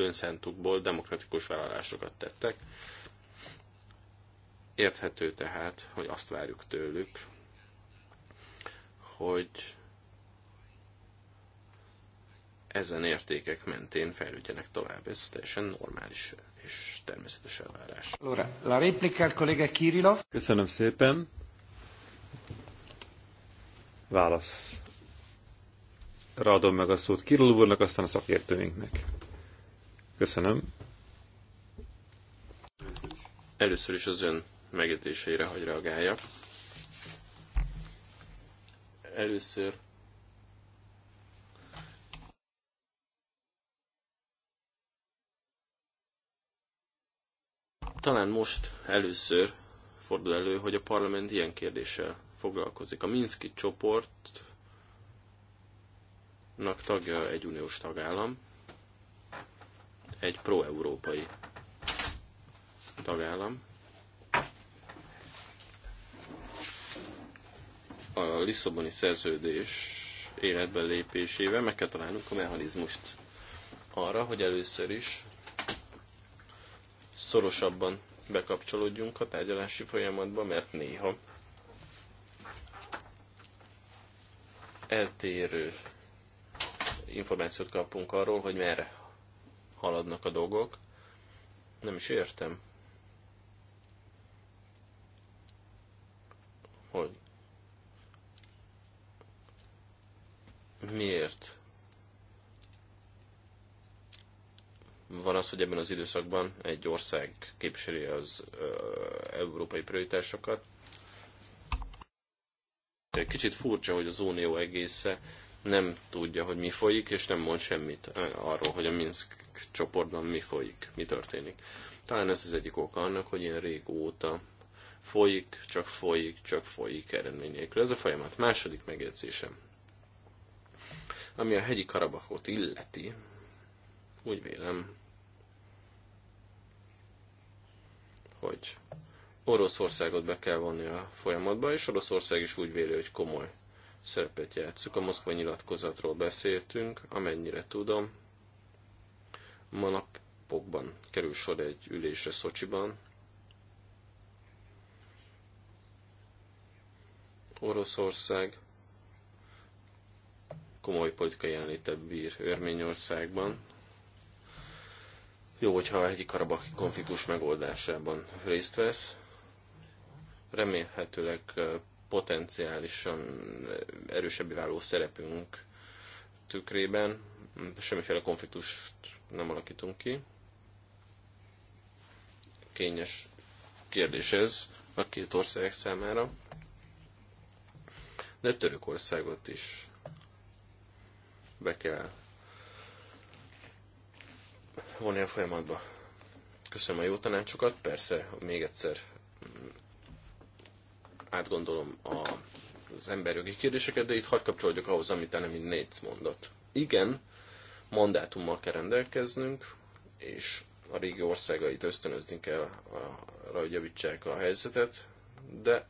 önszentukból demokratikus vállalásokat tettek. Érthető tehát, hogy azt várjuk tőlük, hogy ezen értékek mentén fejlődjenek tovább. Ez teljesen normális és természetes elvárás. Allora, la replica kollega Kirilov. Köszönöm szépen. Válasz ráadom meg a szót Kirill úrnak, aztán a szakértőinknek. Köszönöm. Először is az ön megjegyzéseire hagy reagálja. Először talán most először fordul elő, hogy a parlament ilyen kérdéssel foglalkozik. A Minszki csoport nak tagja egy uniós tagállam, egy pro-európai tagállam. A Lisszaboni szerződés életben lépésével meg kell találnunk a mechanizmust arra, hogy először is szorosabban bekapcsolódjunk a tárgyalási folyamatba, mert néha eltérő információt kapunk arról, hogy merre haladnak a dolgok. Nem is értem. Hogy miért van az, hogy ebben az időszakban egy ország képviseli az európai prioritásokat. Kicsit furcsa, hogy az unió egésze nem tudja, hogy mi folyik, és nem mond semmit arról, hogy a Minsk csoportban mi folyik, mi történik. Talán ez az egyik oka annak, hogy ilyen régóta folyik, csak folyik, csak folyik eredmény Ez a folyamat. Második megjegyzésem. Ami a hegyi karabakot illeti, úgy vélem, hogy Oroszországot be kell vonni a folyamatba, és Oroszország is úgy véli, hogy komoly szerepet játszuk. A Moszkva nyilatkozatról beszéltünk, amennyire tudom. Manapokban kerül sor egy ülésre Szocsiban. Oroszország komoly politikai jelenlétet bír Örményországban. Jó, hogyha egy karabaki konfliktus megoldásában részt vesz. Remélhetőleg potenciálisan erősebbé váló szerepünk tükrében. Semmiféle konfliktust nem alakítunk ki. Kényes kérdés ez a két ország számára, de Törökországot is be kell vonni a folyamatba. Köszönöm a jó tanácsokat, persze még egyszer átgondolom a, az emberjogi kérdéseket, de itt hagyd kapcsolódjak ahhoz, amit Enemi négy mondott. Igen, mandátummal kell rendelkeznünk, és a régi országait ösztönözni kell arra, hogy javítsák a helyzetet, de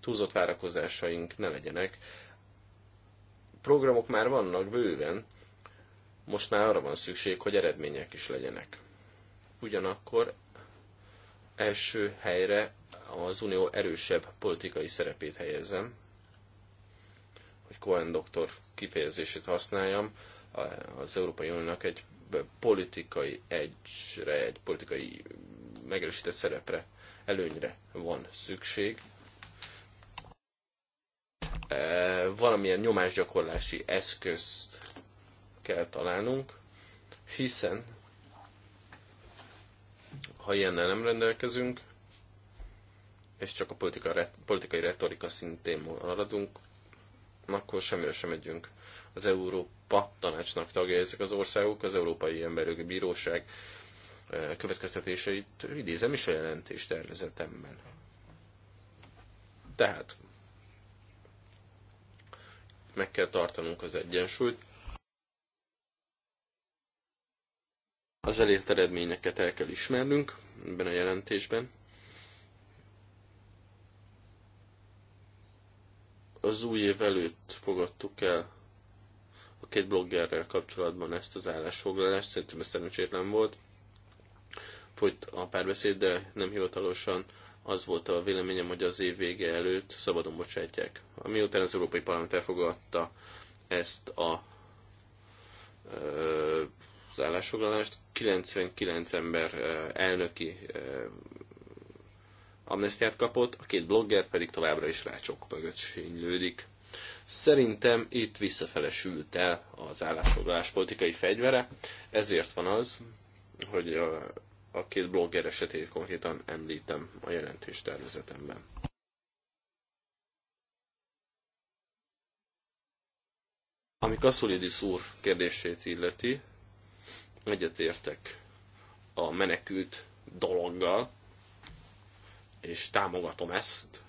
túlzott várakozásaink ne legyenek. Programok már vannak bőven, most már arra van szükség, hogy eredmények is legyenek. Ugyanakkor első helyre az Unió erősebb politikai szerepét helyezzem, hogy Cohen doktor kifejezését használjam, az Európai Uniónak egy politikai egyre, egy politikai megerősített szerepre, előnyre van szükség. E, valamilyen nyomásgyakorlási eszközt kell találnunk, hiszen ha ilyennel nem rendelkezünk, és csak a politika, politikai retorika szintén maradunk, akkor semmire sem megyünk. Az Európa tanácsnak tagja ezek az országok, az Európai Emberjogi Bíróság eh, következtetéseit idézem is a jelentés tervezetemben. Tehát meg kell tartanunk az egyensúlyt, az elért eredményeket el kell ismernünk ebben a jelentésben, az új év előtt fogadtuk el a két bloggerrel kapcsolatban ezt az állásfoglalást, szerintem ez szerencsétlen volt. Folyt a párbeszéd, de nem hivatalosan az volt a véleményem, hogy az év vége előtt szabadon bocsátják. Miután az Európai Parlament elfogadta ezt a az állásfoglalást, 99 ember elnöki amnestiát kapott, a két blogger pedig továbbra is rácsok mögött sínylődik. Szerintem itt visszafele sült el az állásfoglalás politikai fegyvere, ezért van az, hogy a, a két blogger esetét konkrétan említem a jelentés tervezetemben. Ami Kaszulidis úr kérdését illeti, egyetértek a menekült dologgal, és támogatom ezt.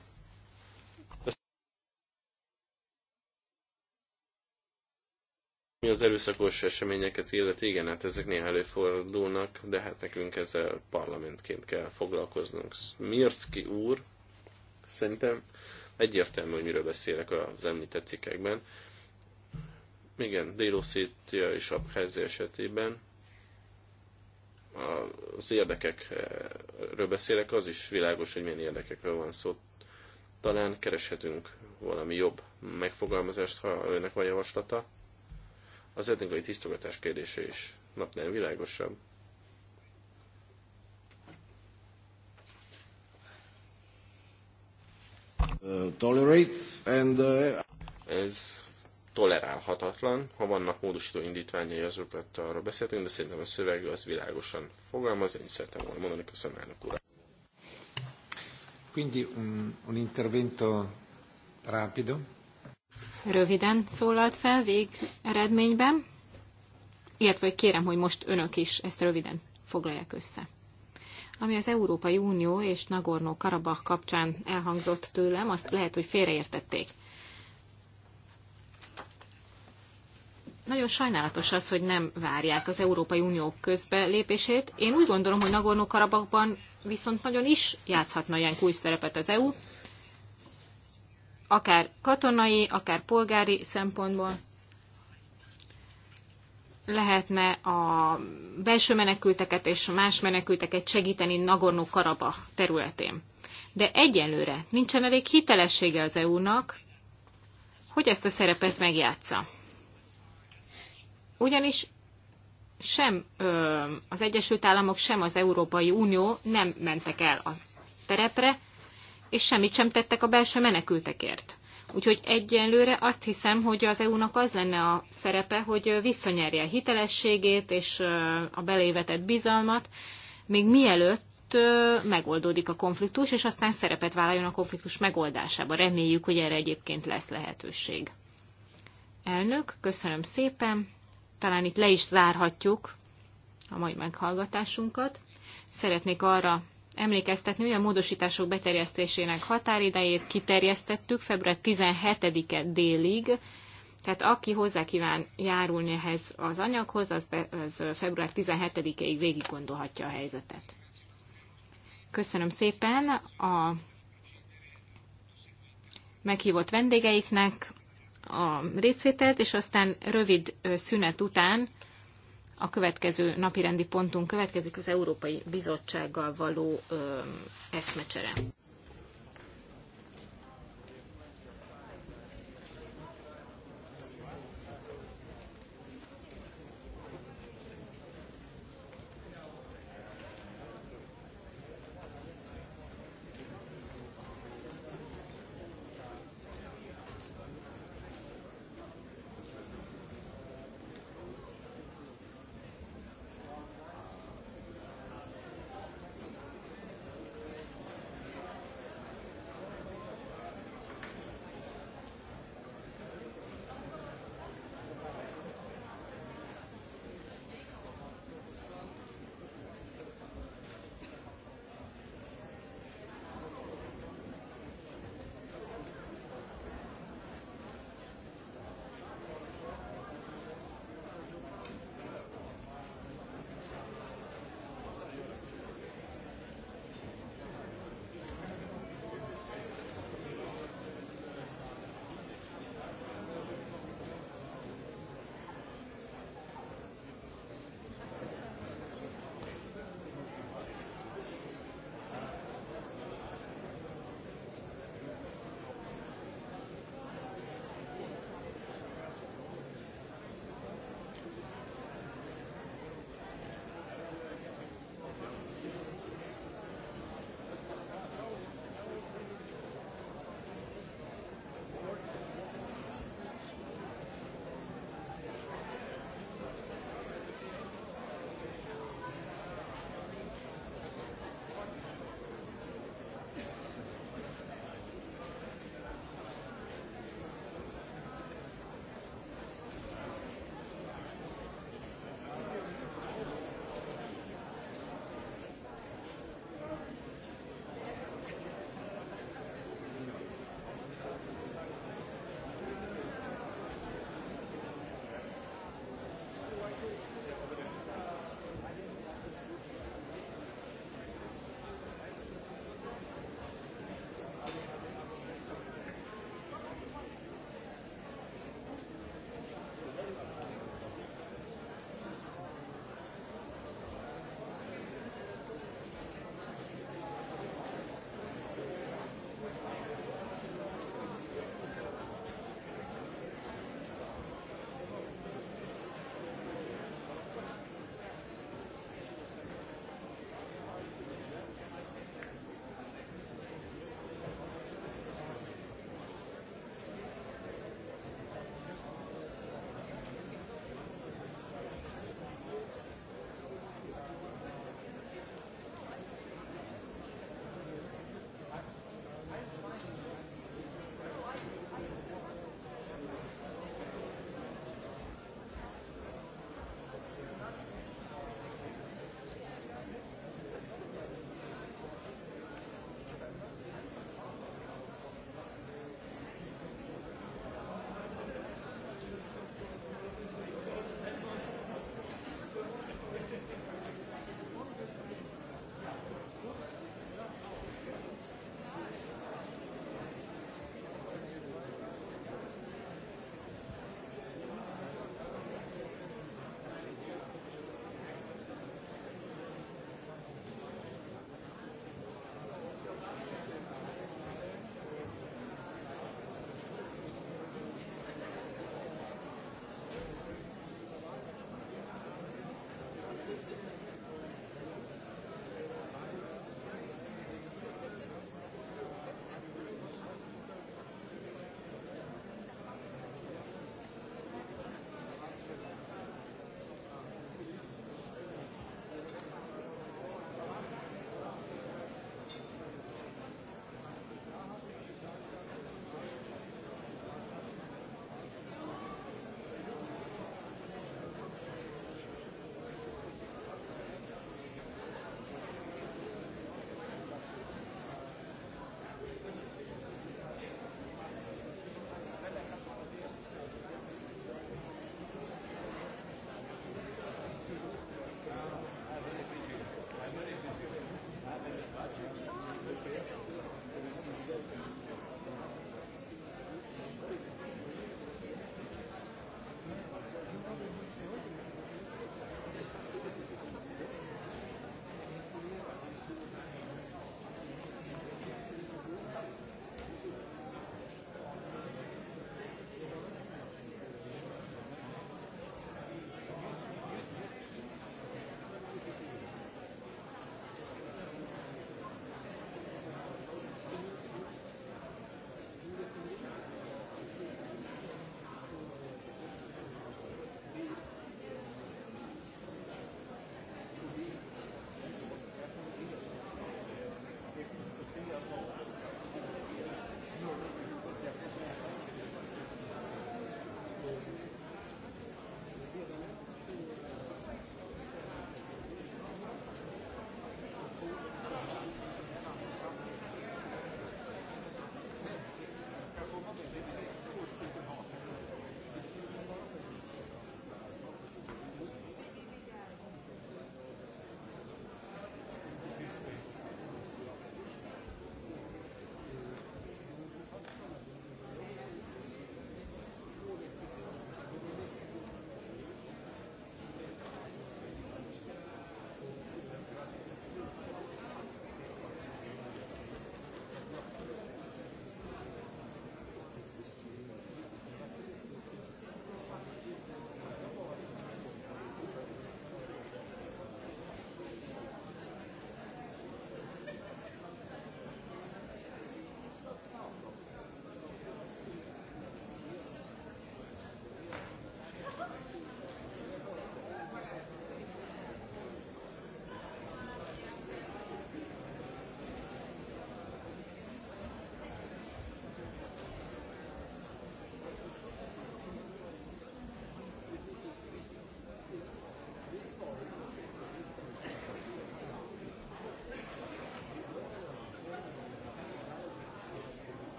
Mi az erőszakos eseményeket illeti, igen, hát ezek néha előfordulnak, de hát nekünk ezzel parlamentként kell foglalkoznunk. Mirszki úr, szerintem egyértelmű, hogy miről beszélek az említett cikkekben. Igen, Délószítja és Abkházia esetében az érdekekről beszélek, az is világos, hogy milyen érdekekről van szó. Talán kereshetünk valami jobb megfogalmazást, ha önnek van javaslata. Az etnikai tisztogatás kérdése is napnál világosabb. Uh, tolerate and uh... ez tolerálhatatlan. Ha vannak módosító indítványai, azokat arról beszéltünk, de szerintem a szöveg az világosan fogalmaz, én szeretem volna mondani, köszönöm elnök úr. Quindi un, un intervento rapido. Röviden szólalt fel vég eredményben, illetve kérem, hogy most önök is ezt röviden foglalják össze ami az Európai Unió és Nagorno-Karabakh kapcsán elhangzott tőlem, azt lehet, hogy félreértették. Nagyon sajnálatos az, hogy nem várják az Európai Unió közbe lépését. Én úgy gondolom, hogy Nagorno-Karabakban viszont nagyon is játszhatna ilyen kulcs szerepet az EU, akár katonai, akár polgári szempontból lehetne a belső menekülteket és más menekülteket segíteni nagorno karaba területén. De egyelőre nincsen elég hitelessége az EU-nak, hogy ezt a szerepet megjátsza. Ugyanis sem az Egyesült Államok, sem az Európai Unió nem mentek el a terepre, és semmit sem tettek a belső menekültekért. Úgyhogy egyenlőre azt hiszem, hogy az EU-nak az lenne a szerepe, hogy visszanyerje a hitelességét és a belévetett bizalmat, még mielőtt megoldódik a konfliktus, és aztán szerepet vállaljon a konfliktus megoldásába. Reméljük, hogy erre egyébként lesz lehetőség. Elnök, köszönöm szépen! talán itt le is zárhatjuk a mai meghallgatásunkat. Szeretnék arra emlékeztetni, hogy a módosítások beterjesztésének határidejét kiterjesztettük február 17-e délig, tehát aki hozzá kíván járulni ehhez az anyaghoz, az, az február 17-ig végig gondolhatja a helyzetet. Köszönöm szépen a meghívott vendégeiknek, a részvételt, és aztán rövid szünet után a következő napirendi pontunk következik az Európai Bizottsággal való eszmecsere.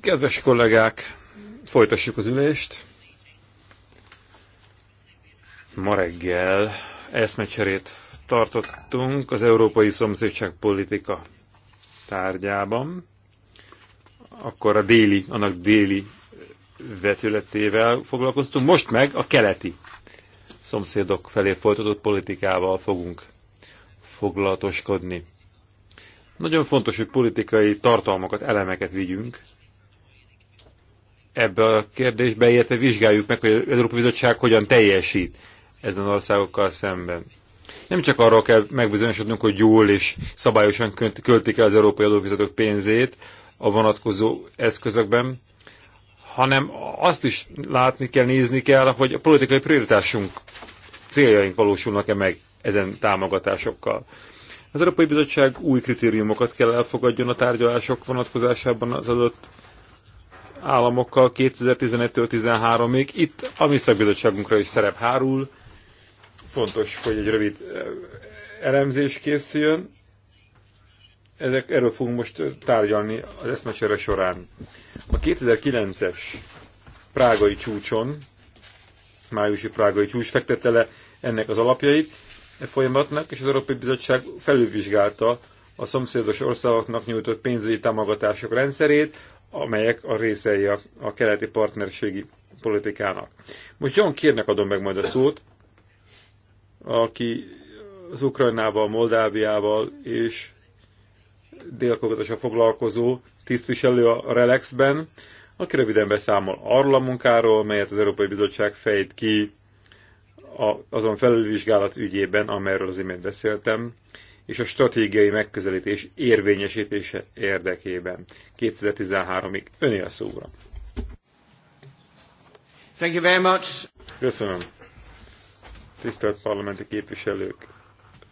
Kedves kollégák, folytassuk az ülést. Ma reggel eszmecserét tartottunk az Európai Szomszédság politika tárgyában. Akkor a déli, annak déli vetületével foglalkoztunk, most meg a keleti szomszédok felé folytatott politikával fogunk foglalatoskodni. Nagyon fontos, hogy politikai tartalmakat, elemeket vigyünk ebbe a kérdésbe, illetve vizsgáljuk meg, hogy az Európai Bizottság hogyan teljesít ezen országokkal szemben. Nem csak arról kell megbizonyosodnunk, hogy jól és szabályosan költik el az európai adófizetők pénzét a vonatkozó eszközökben, hanem azt is látni kell, nézni kell, hogy a politikai prioritásunk céljaink valósulnak-e meg ezen támogatásokkal. Az Európai Bizottság új kritériumokat kell elfogadjon a tárgyalások vonatkozásában az adott államokkal 2011-től 13-ig. Itt a mi szakbizottságunkra is szerep hárul. Fontos, hogy egy rövid eh, elemzés készüljön. Ezek, erről fogunk most tárgyalni az eszmecsere során. A 2009-es prágai csúcson, májusi prágai csúcs fektette le ennek az alapjait, e folyamatnak, és az Európai Bizottság felülvizsgálta a szomszédos országoknak nyújtott pénzügyi támogatások rendszerét, amelyek a részei a, a keleti partnerségi politikának. Most John Kérnek adom meg majd a szót, aki az Ukrajnával, Moldáviával és dél foglalkozó tisztviselő a Relexben, aki röviden beszámol arról a munkáról, melyet az Európai Bizottság fejt ki a, azon felülvizsgálat ügyében, amelyről az imént beszéltem, és a stratégiai megközelítés érvényesítése érdekében 2013-ig. a szóra. Thank you very much. Köszönöm. Tisztelt parlamenti képviselők,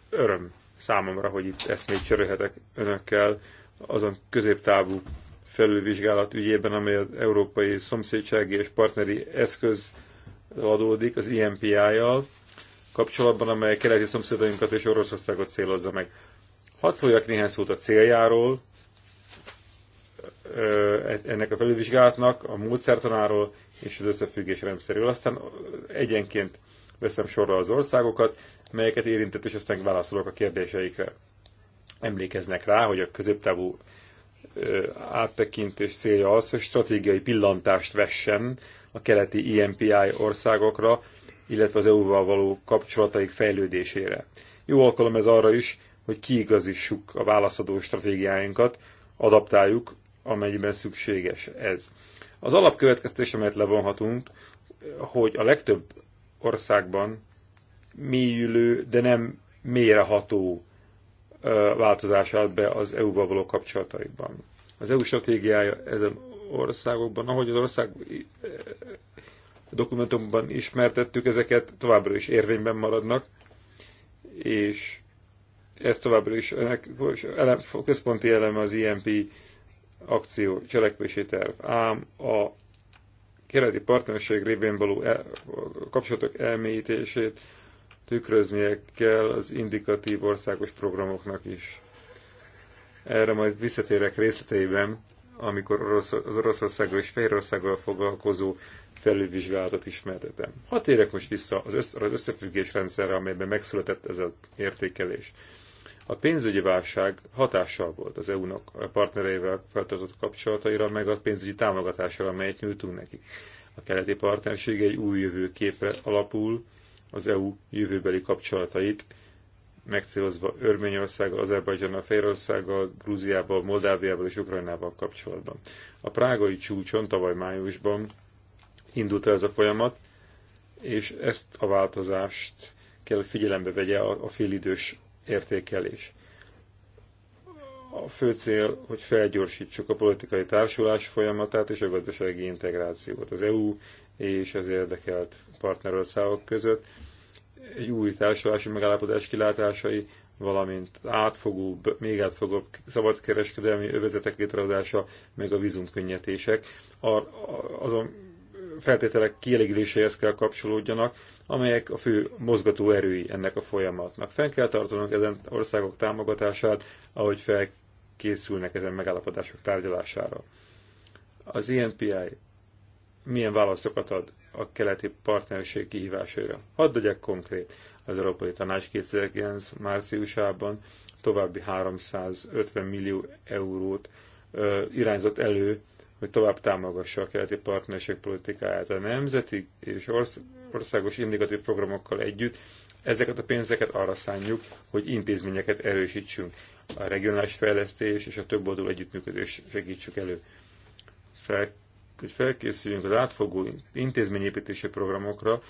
öröm számomra, hogy itt eszmét cserélhetek önökkel azon középtávú felülvizsgálat ügyében, amely az európai szomszédsági és partneri eszköz adódik az IMPI-jal kapcsolatban, amely keleti szomszédainkat és Oroszországot célozza meg. Hadd szóljak néhány szót a céljáról, e, ennek a felülvizsgálatnak, a módszertanáról és az összefüggés rendszerről. Aztán egyenként veszem sorra az országokat, melyeket érintett, és aztán válaszolok a kérdéseikre. Emlékeznek rá, hogy a középtávú áttekintés célja az, hogy stratégiai pillantást vessen a keleti IMPI e országokra, illetve az EU-val való kapcsolataik fejlődésére. Jó alkalom ez arra is, hogy kiigazítsuk a válaszadó stratégiáinkat, adaptáljuk, amennyiben szükséges ez. Az alapkövetkeztés, amelyet levonhatunk, hogy a legtöbb országban mélyülő, de nem mélyreható változását be az EU-val való kapcsolataikban. Az EU stratégiája ezen országokban, ahogy az ország eh, dokumentumban ismertettük, ezeket továbbra is érvényben maradnak, és ez továbbra is ennek elem, központi eleme az IMP akció cselekvési terv. Ám a keleti partnerség révén való el, kapcsolatok elmélyítését tükröznie kell az indikatív országos programoknak is. Erre majd visszatérek részleteiben amikor orosz, az Oroszországgal és Fehérországgal foglalkozó felülvizsgálatot ismertetem. Hadd térek most vissza az, össz, az összefüggés rendszerre, amelyben megszületett ez az értékelés. A pénzügyi válság hatással volt az EU-nak a partnereivel feltartott kapcsolataira, meg a pénzügyi támogatásra, amelyet nyújtunk neki. A keleti partnerség egy új jövőképre alapul, az EU jövőbeli kapcsolatait megcélozva Örményországgal, Azerbajdzsánnal, Fehérországgal, Grúziával, Moldáviával és Ukrajnával kapcsolatban. A prágai csúcson tavaly májusban indult el ez a folyamat, és ezt a változást kell figyelembe vegye a, a félidős értékelés. A fő cél, hogy felgyorsítsuk a politikai társulás folyamatát és a gazdasági integrációt az EU és az érdekelt partnerországok között, egy új társulási megállapodás kilátásai, valamint átfogóbb, még átfogóbb szabadkereskedelmi övezetek létrehozása, meg a vízumkönnyetések. A, a, azon feltételek kielégüléséhez kell kapcsolódjanak, amelyek a fő mozgató erői ennek a folyamatnak. Fenn kell tartanunk ezen országok támogatását, ahogy felkészülnek ezen megállapodások tárgyalására. Az INPI e milyen válaszokat ad a keleti partnerség kihívásaira. Hadd legyek konkrét. Az Európai Tanács 2009 márciusában további 350 millió eurót ö, irányzott elő, hogy tovább támogassa a keleti partnerség politikáját. A nemzeti és orsz- országos indikatív programokkal együtt ezeket a pénzeket arra szánjuk, hogy intézményeket erősítsünk. A regionális fejlesztés és a több oldalú együttműködés segítsük elő. Fel hogy felkészüljünk az átfogó intézményépítési programokra,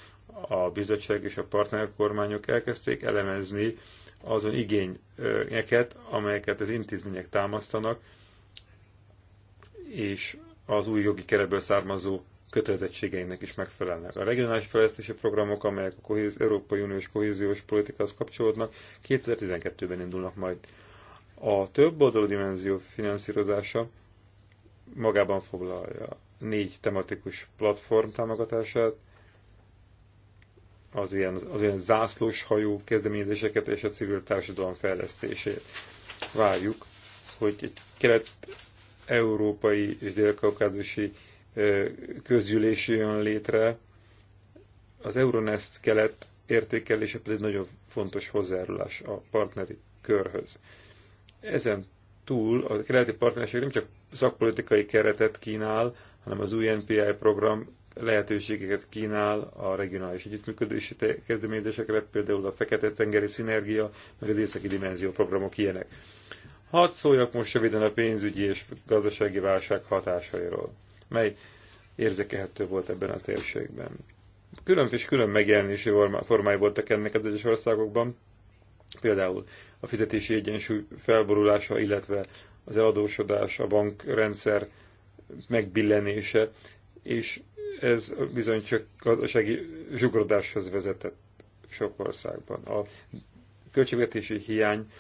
a bizottság és a partnerkormányok elkezdték elemezni azon igényeket, amelyeket az intézmények támasztanak, és az új jogi keretből származó kötelezettségeinek is megfelelnek. A regionális fejlesztési programok, amelyek a kohéz, Európai Uniós kohéziós politikához kapcsolódnak, 2012-ben indulnak majd. A több oldalú dimenzió finanszírozása magában foglalja négy tematikus platform támogatását, az ilyen, az ilyen zászlós hajó kezdeményezéseket és a civil társadalom fejlesztését. Várjuk, hogy egy kelet-európai és dél-kaukázusi közgyűlés jön létre. Az Euronest kelet értékelése pedig nagyon fontos hozzájárulás a partneri körhöz. Ezen túl a keleti partnerség nem csak szakpolitikai keretet kínál, hanem az új NPI program lehetőségeket kínál a regionális együttműködési kezdeményezésekre, például a Fekete-tengeri Szinergia, meg az Északi Dimenzió programok ilyenek. Hadd szóljak most röviden a pénzügyi és gazdasági válság hatásairól, mely érzékelhető volt ebben a térségben. Külön és külön megjelenési formái voltak ennek az egyes országokban, például a fizetési egyensúly felborulása, illetve az eladósodás, a bankrendszer megbillenése, és ez bizony csak gazdasági zsugorodáshoz vezetett sok országban. A költségvetési hiány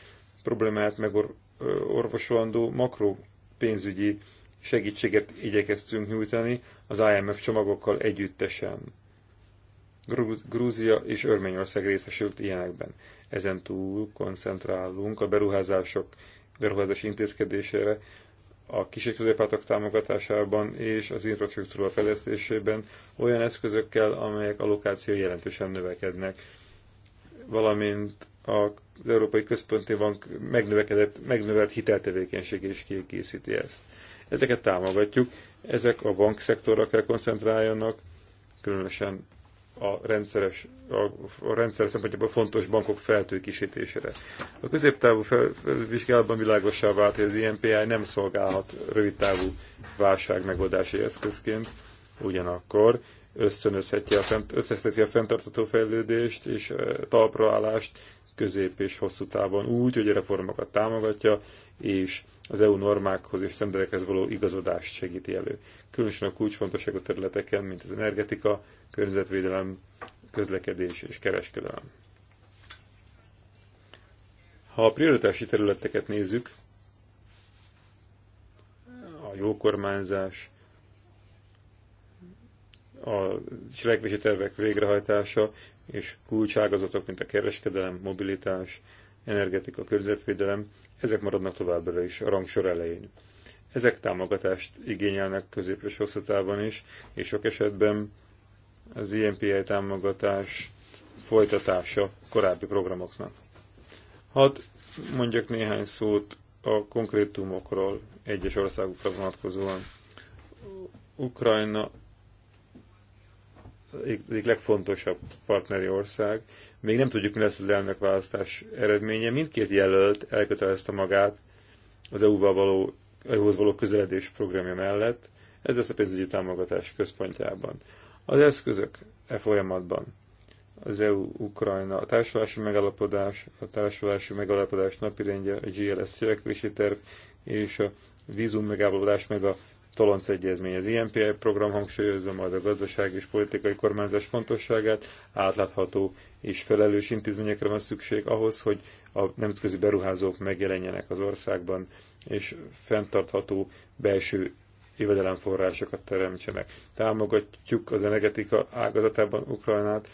problémáját megorvosolandó makro pénzügyi segítséget igyekeztünk nyújtani az IMF csomagokkal együttesen. Grúzia és Örményország részesült ilyenekben. Ezen túl koncentrálunk a beruházások beruházás intézkedésére, a kis és középvállalatok támogatásában és az infrastruktúra fejlesztésében olyan eszközökkel, amelyek allokáció jelentősen növekednek, valamint az Európai Központi Bank megnövekedett, megnövelt hiteltevékenység is kiegészíti ezt. Ezeket támogatjuk, ezek a bankszektorra kell koncentráljanak, különösen a rendszeres, a, a rendszer szempontjából fontos bankok feltőkisítésére. A középtávú vizsgálatban világosá vált, hogy az INPI nem szolgálhat rövidtávú válság megoldási eszközként, ugyanakkor ösztönözheti a, fent, a fenntartató fejlődést és e, talpraállást közép és hosszú távon úgy, hogy a reformokat támogatja, és az EU normákhoz és szenderekhez való igazodást segíti elő. Különösen a kulcsfontosságú területeken, mint az energetika, környezetvédelem, közlekedés és kereskedelem. Ha a prioritási területeket nézzük, a jó kormányzás, a cselekvési tervek végrehajtása és kulcságazatok, mint a kereskedelem, mobilitás, energetika, környezetvédelem, ezek maradnak továbbra is a rangsor elején. Ezek támogatást igényelnek közép és hosszú távon is, és sok esetben az IMPI támogatás folytatása korábbi programoknak. Hadd mondjak néhány szót a konkrétumokról egyes országokra vonatkozóan. Ukrajna egyik legfontosabb partneri ország. Még nem tudjuk, mi lesz az elnökválasztás eredménye. Mindkét jelölt elkötelezte magát az EU-val való, EU-hoz való közeledés programja mellett. Ez lesz a pénzügyi támogatás központjában. Az eszközök e folyamatban az EU-Ukrajna, a társulási megalapodás a társulási megalapodás napirendje, a GLS cselekvési terv és a vízum megállapodás meg a Tolonc Egyezmény. Az INPI program hangsúlyozza majd a gazdaság és politikai kormányzás fontosságát, átlátható és felelős intézményekre van szükség ahhoz, hogy a nemzetközi beruházók megjelenjenek az országban, és fenntartható belső jövedelemforrásokat teremtsenek. Támogatjuk az energetika ágazatában Ukrajnát,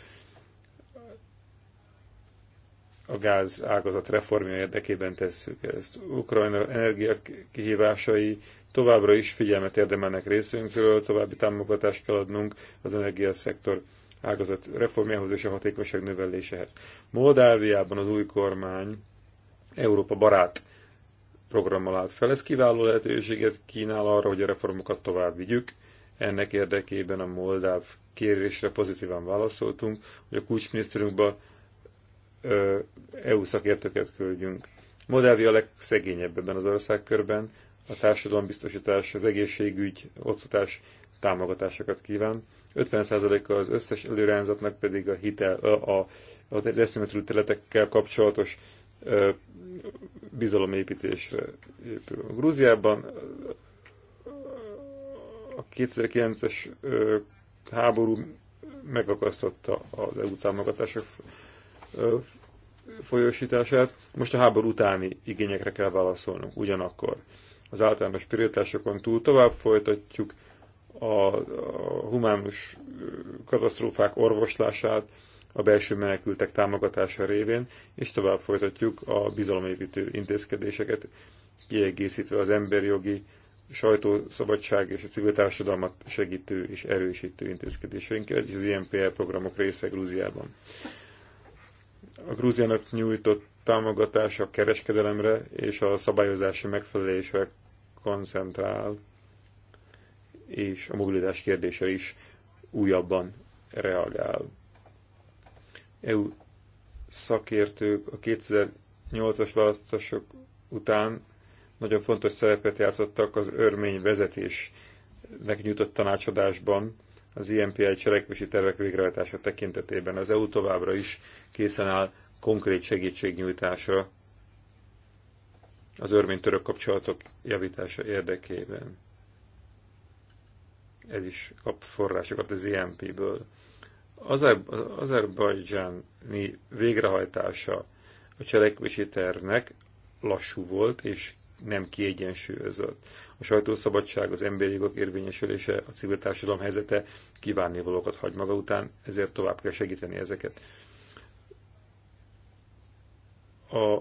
a gáz ágazat reformja érdekében tesszük ezt. Ukrajna energiakihívásai továbbra is figyelmet érdemelnek részünkről, további támogatást kell adnunk az energiaszektor ágazat reformjához és a hatékonyság növeléséhez. Moldáviában az új kormány Európa barát programmal állt fel. Ez kiváló lehetőséget kínál arra, hogy a reformokat tovább vigyük. Ennek érdekében a Moldáv kérésre pozitívan válaszoltunk, hogy a kulcsminiszterünkbe EU szakértőket küldjünk. Moldávia a legszegényebb ebben az országkörben, a társadalombiztosítás, az egészségügy, oktatás támogatásokat kíván. 50%-a az összes előrehányzatnak pedig a hitel, a, a, a területekkel kapcsolatos bizalomépítésre épül. Grúziában a 2009-es háború megakasztotta az EU támogatások folyósítását. Most a háború utáni igényekre kell válaszolnunk ugyanakkor. Az általános prioritásokon túl tovább folytatjuk a, a humánus katasztrófák orvoslását, a belső menekültek támogatása révén, és tovább folytatjuk a bizalomépítő intézkedéseket, kiegészítve az emberi jogi sajtószabadság és a civil társadalmat segítő és erősítő intézkedéseinket, és az INPR programok része Grúziában. A Grúziának nyújtott támogatás a kereskedelemre és a szabályozási megfelelésre koncentrál, és a mobilitás kérdése is újabban reagál. EU szakértők a 2008-as választások után nagyon fontos szerepet játszottak az örmény vezetésnek nyújtott tanácsadásban az IMPI cselekvési tervek végrehajtása tekintetében. Az EU továbbra is készen áll konkrét segítségnyújtásra az örmény-török kapcsolatok javítása érdekében. Ez is kap forrásokat az IMP-ből. Az Azerbajdzsáni végrehajtása a cselekvési tervnek lassú volt és nem kiegyensúlyozott. A sajtószabadság, az emberi jogok érvényesülése, a civil társadalom helyzete kívánnivalókat hagy maga után, ezért tovább kell segíteni ezeket. A,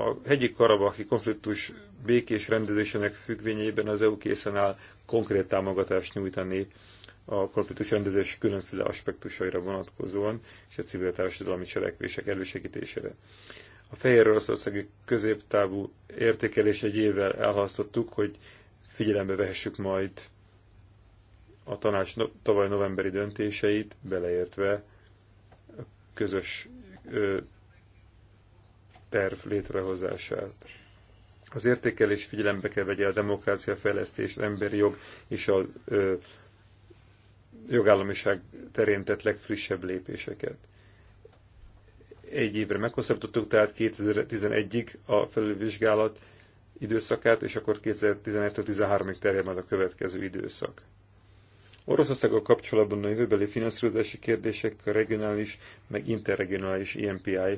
a hegyi karabaki konfliktus békés rendezésének függvényében az EU készen áll konkrét támogatást nyújtani a konfliktus rendezés különféle aspektusaira vonatkozóan és a civil társadalmi cselekvések elősegítésére. A Fehér Oroszországi középtávú értékelés egy évvel elhasztottuk, hogy figyelembe vehessük majd a tanács no tavaly novemberi döntéseit, beleértve a közös ö, terv létrehozását. Az értékelés figyelembe kell vegye a demokrácia fejlesztés, emberi jog és a ö, jogállamiság terén tett legfrissebb lépéseket. Egy évre meghosszabbítottuk, tehát 2011-ig a felülvizsgálat időszakát, és akkor 2011-13-ig terjed majd a következő időszak. Oroszországgal kapcsolatban a jövőbeli finanszírozási kérdések a regionális, meg interregionális IMPI e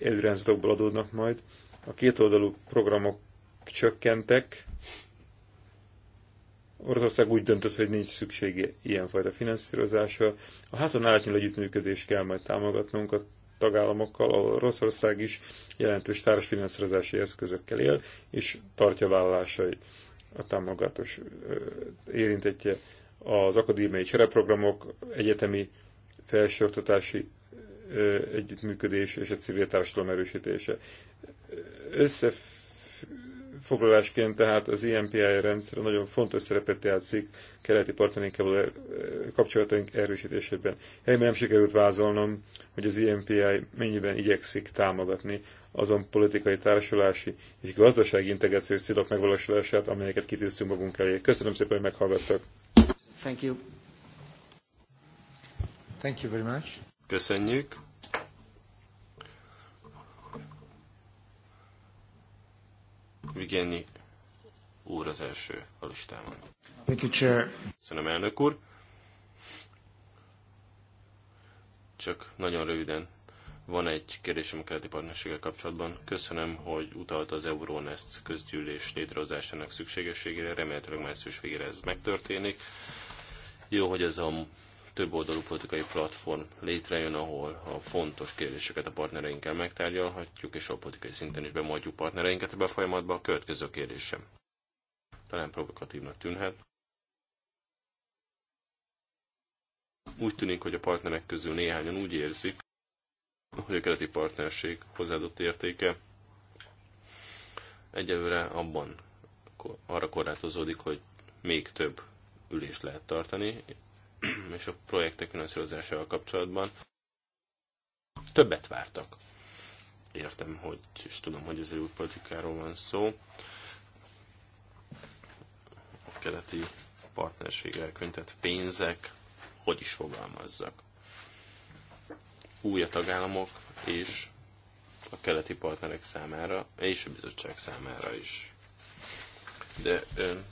előrendszatokból adódnak majd. A kétoldalú programok csökkentek, Oroszország úgy döntött, hogy nincs szüksége ilyenfajta finanszírozásra. A háton átnyúló együttműködést kell majd támogatnunk a tagállamokkal, ahol Oroszország is jelentős társfinanszírozási eszközökkel él, és tartja vállalásait a támogatós érintetje az akadémiai csereprogramok, egyetemi felsőoktatási együttműködés és a civil társadalom erősítése. Összef Foglalásként tehát az IMPI e rendszer nagyon fontos szerepet játszik keleti partnerinkkel er- kapcsolataink erősítésében. Helyben nem sikerült vázolnom, hogy az IMPI e mennyiben igyekszik támogatni azon politikai, társulási és gazdasági integrációs célok megvalósulását, amelyeket kitűztünk magunk elé. Köszönöm szépen, hogy meghallgattak. Thank you. Thank you very much. Köszönjük. Vigeni úr az első a listában. Thank you, Chair. Köszönöm, elnök úr. Csak nagyon röviden van egy kérdésem a keleti partnerséggel kapcsolatban. Köszönöm, hogy utalta az Euronest közgyűlés létrehozásának szükségességére. Remélhetőleg március végére ez megtörténik. Jó, hogy ez a több oldalú politikai platform létrejön, ahol a fontos kérdéseket a partnereinkkel megtárgyalhatjuk, és a politikai szinten is bemondjuk partnereinket ebbe a folyamatba. A következő kérdésem talán provokatívnak tűnhet. Úgy tűnik, hogy a partnerek közül néhányan úgy érzik, hogy a keleti partnerség hozzáadott értéke egyelőre abban arra korlátozódik, hogy még több ülést lehet tartani, és a projektek finanszírozásával kapcsolatban többet vártak. Értem, hogy, és tudom, hogy az EU politikáról van szó. A keleti partnerség könyvtett pénzek, hogy is fogalmazzak. Új a tagállamok, és a keleti partnerek számára, és a bizottság számára is. De ön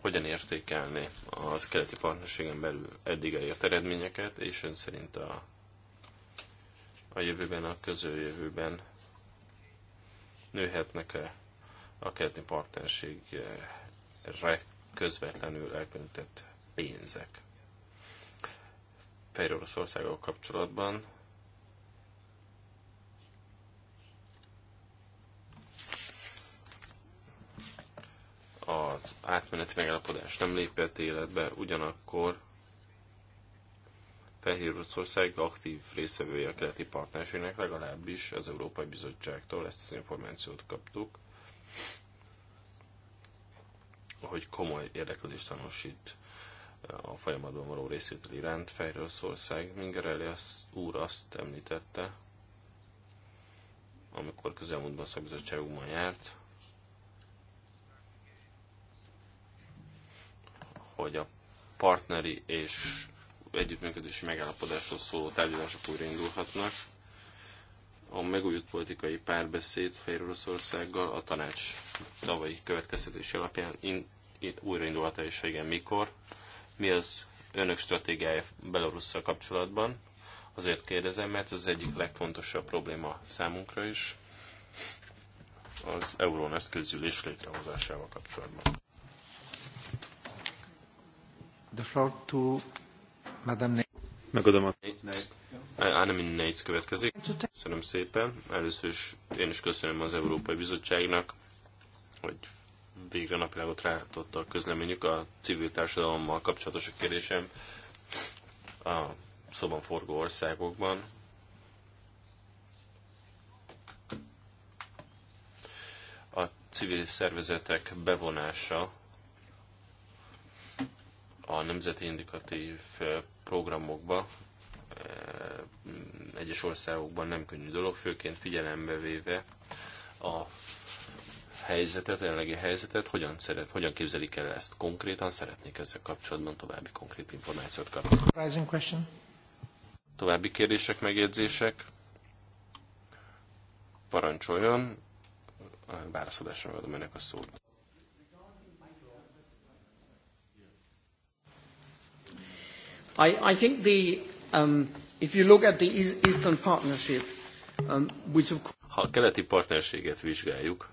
hogyan értékelni az keleti partnerségen belül eddig elért eredményeket, és ön szerint a, a jövőben, a közeljövőben nőhetnek-e a keleti partnerségre közvetlenül elkülönített pénzek. Fejről Oroszországgal kapcsolatban az átmeneti megállapodás nem lépett életbe, ugyanakkor Fehér Oroszország aktív résztvevője a keleti partnerségnek, legalábbis az Európai Bizottságtól ezt az információt kaptuk, hogy komoly érdeklődést tanúsít a folyamatban való részvétel iránt Fehér Oroszország. Mingerelli az úr azt említette, amikor közelmúltban szakbizottságunkban járt, hogy a partneri és együttműködési megállapodásról szóló tárgyalások újraindulhatnak. A megújult politikai párbeszéd Fehér Oroszországgal a tanács tavalyi következtetés alapján in, in, újraindulhat-e és igen mikor. Mi az önök stratégiája Belarusszal kapcsolatban? Azért kérdezem, mert ez az egyik legfontosabb probléma számunkra is az Euronest közülés létrehozásával kapcsolatban the floor to Madame Megadom a Annemin Nates következik. Köszönöm szépen. Először is én is köszönöm az Európai Bizottságnak, hogy végre napvilágot rátott a közleményük a civil társadalommal kapcsolatos a kérdésem a szoban forgó országokban. A civil szervezetek bevonása a nemzeti indikatív eh, programokba eh, egyes országokban nem könnyű dolog, főként figyelembe véve a helyzetet, a jelenlegi helyzetet, hogyan, szeret, hogyan képzelik el ezt konkrétan, szeretnék ezzel kapcsolatban további konkrét információt kapni. További kérdések, megjegyzések? Parancsoljon, válaszadásra adom ennek a szót. I, I think the, um, if you look at the Eastern Partnership, um, which of ha a keleti partnerséget vizsgáljuk,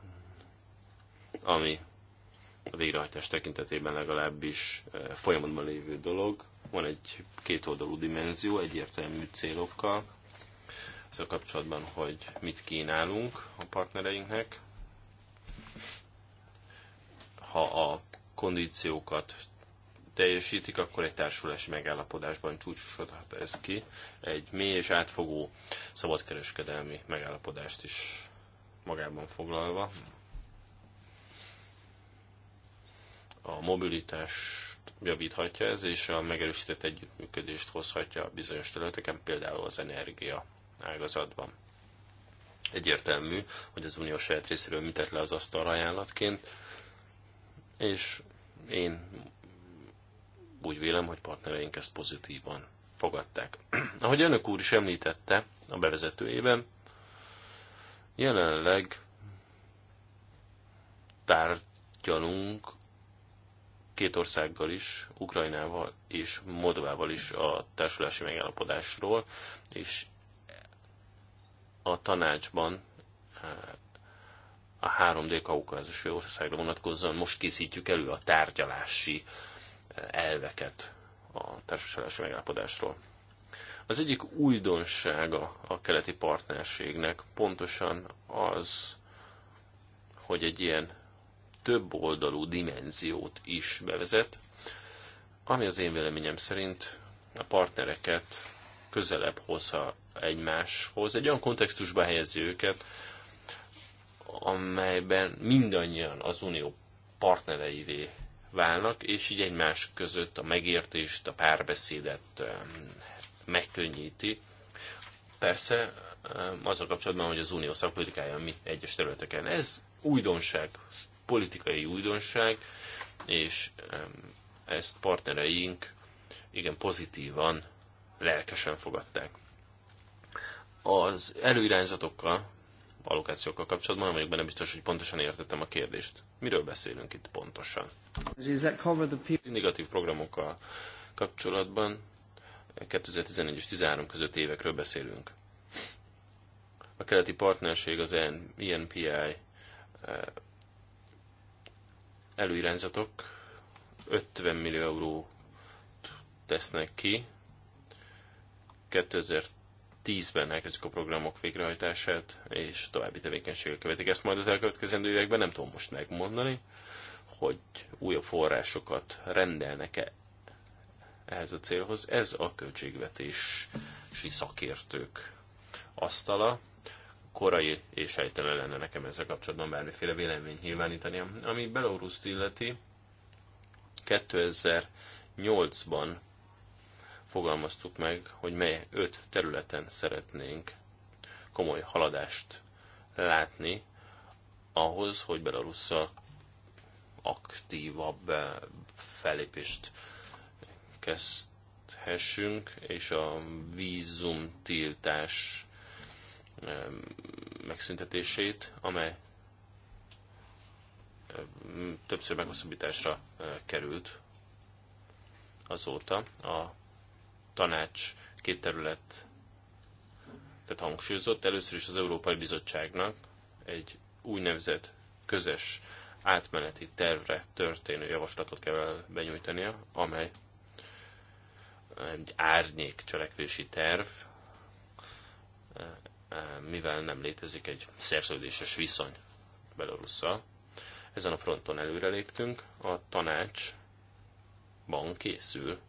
ami a végrehajtás tekintetében legalábbis eh, folyamatban lévő dolog, van egy kétoldalú dimenzió, egyértelmű célokkal, azzal kapcsolatban, hogy mit kínálunk a partnereinknek. Ha a kondíciókat teljesítik, akkor egy társulási megállapodásban csúcsosodhat ez ki. Egy mély és átfogó szabadkereskedelmi megállapodást is magában foglalva. A mobilitás javíthatja ez, és a megerősített együttműködést hozhatja bizonyos területeken, például az energia ágazatban. Egyértelmű, hogy az unió saját részéről mit le az asztal ajánlatként, és én úgy vélem, hogy partnereink ezt pozitívan fogadták. Ahogy önök úr is említette a bevezetőjében, jelenleg tárgyalunk két országgal is, Ukrajnával és Moldovával is a társulási megállapodásról, és a tanácsban eh, a 3D kaukázusi országra vonatkozóan most készítjük elő a tárgyalási elveket a társasági megállapodásról. Az egyik újdonsága a keleti partnerségnek pontosan az, hogy egy ilyen több oldalú dimenziót is bevezet, ami az én véleményem szerint a partnereket közelebb hozza egymáshoz, egy olyan kontextusba helyezi őket, amelyben mindannyian az unió partnereivé válnak, és így egymás között a megértést, a párbeszédet megkönnyíti. Persze a kapcsolatban, hogy az unió szakpolitikája mi egyes területeken. Ez újdonság, politikai újdonság, és ezt partnereink igen pozitívan, lelkesen fogadták. Az előirányzatokkal allokációkkal kapcsolatban, nem biztos, hogy pontosan értettem a kérdést. Miről beszélünk itt pontosan? Negatív programokkal kapcsolatban 2014 és 13 között évekről beszélünk. A keleti partnerség az INPI eh, előirányzatok 50 millió euró tesznek ki 2000 2010-ben elkezdjük a programok végrehajtását, és további tevékenységek követik ezt majd az elkövetkezendő években, nem tudom most megmondani, hogy újabb forrásokat rendelnek-e ehhez a célhoz. Ez a költségvetési szakértők asztala. Korai és helytelen lenne nekem ezzel kapcsolatban bármiféle vélemény nyilvánítani. Ami Belaruszt illeti, 2008-ban fogalmaztuk meg, hogy mely öt területen szeretnénk komoly haladást látni ahhoz, hogy Belarusszal aktívabb eh, fellépést kezdhessünk, és a vízum tiltás megszüntetését, amely többször meghosszabbításra eh, került azóta. A tanács két terület tehát hangsúlyozott. Először is az Európai Bizottságnak egy úgynevezett közös átmeneti tervre történő javaslatot kell benyújtania, amely egy árnyék cselekvési terv, eh, eh, mivel nem létezik egy szerződéses viszony Belorusszal. Ezen a fronton előreléptünk, a tanácsban készül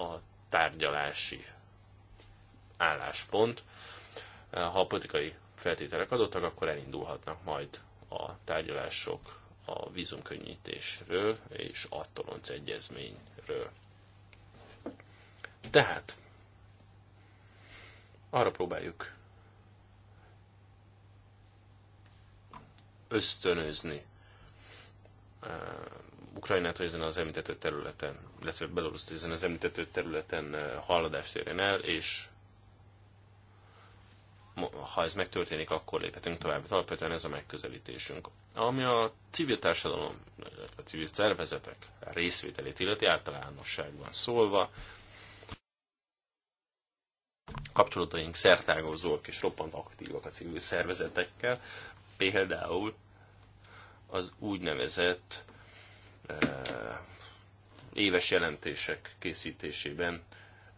a tárgyalási álláspont. Ha a politikai feltételek adottak, akkor elindulhatnak majd a tárgyalások a vízumkönnyítésről és a Tolonc egyezményről. Tehát arra próbáljuk ösztönözni hogy ezen az említető területen, illetve Belarus ezen az említető területen eh, halladást érjen el, és ha ez megtörténik, akkor léphetünk tovább. Alapvetően ez a megközelítésünk. Ami a civil társadalom, illetve a civil szervezetek részvételét illeti általánosságban szólva, kapcsolataink szertágozók és roppant aktívak a civil szervezetekkel, például az úgynevezett Eh, éves jelentések készítésében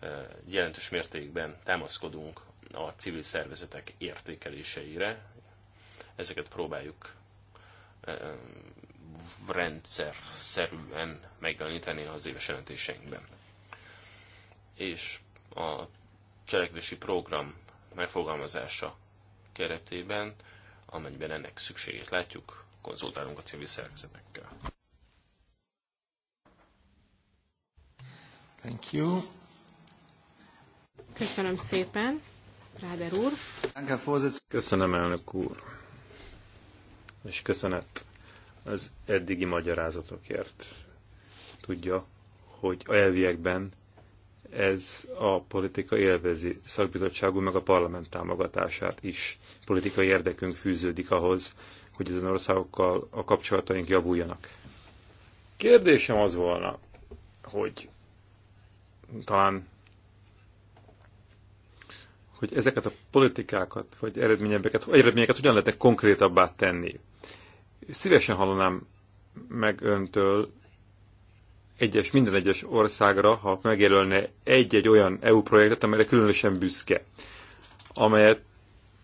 eh, jelentős mértékben támaszkodunk a civil szervezetek értékeléseire. Ezeket próbáljuk eh, rendszer szerűen megjeleníteni az éves jelentéseinkben. És a cselekvési program megfogalmazása keretében, amennyiben ennek szükségét látjuk, konzultálunk a civil szervezetekkel. Thank you. Köszönöm szépen, Ráder úr. Köszönöm, elnök úr. És köszönet az eddigi magyarázatokért. Tudja, hogy a elviekben ez a politika élvezi szakbizottságú, meg a parlament támogatását is. Politikai érdekünk fűződik ahhoz, hogy ezen országokkal a kapcsolataink javuljanak. Kérdésem az volna, hogy talán, hogy ezeket a politikákat, vagy eredményeket, eredményeket hogyan lehetne konkrétabbá tenni. Szívesen hallanám meg öntől egyes, minden egyes országra, ha megjelölne egy-egy olyan EU projektet, amelyre különösen büszke, amelyet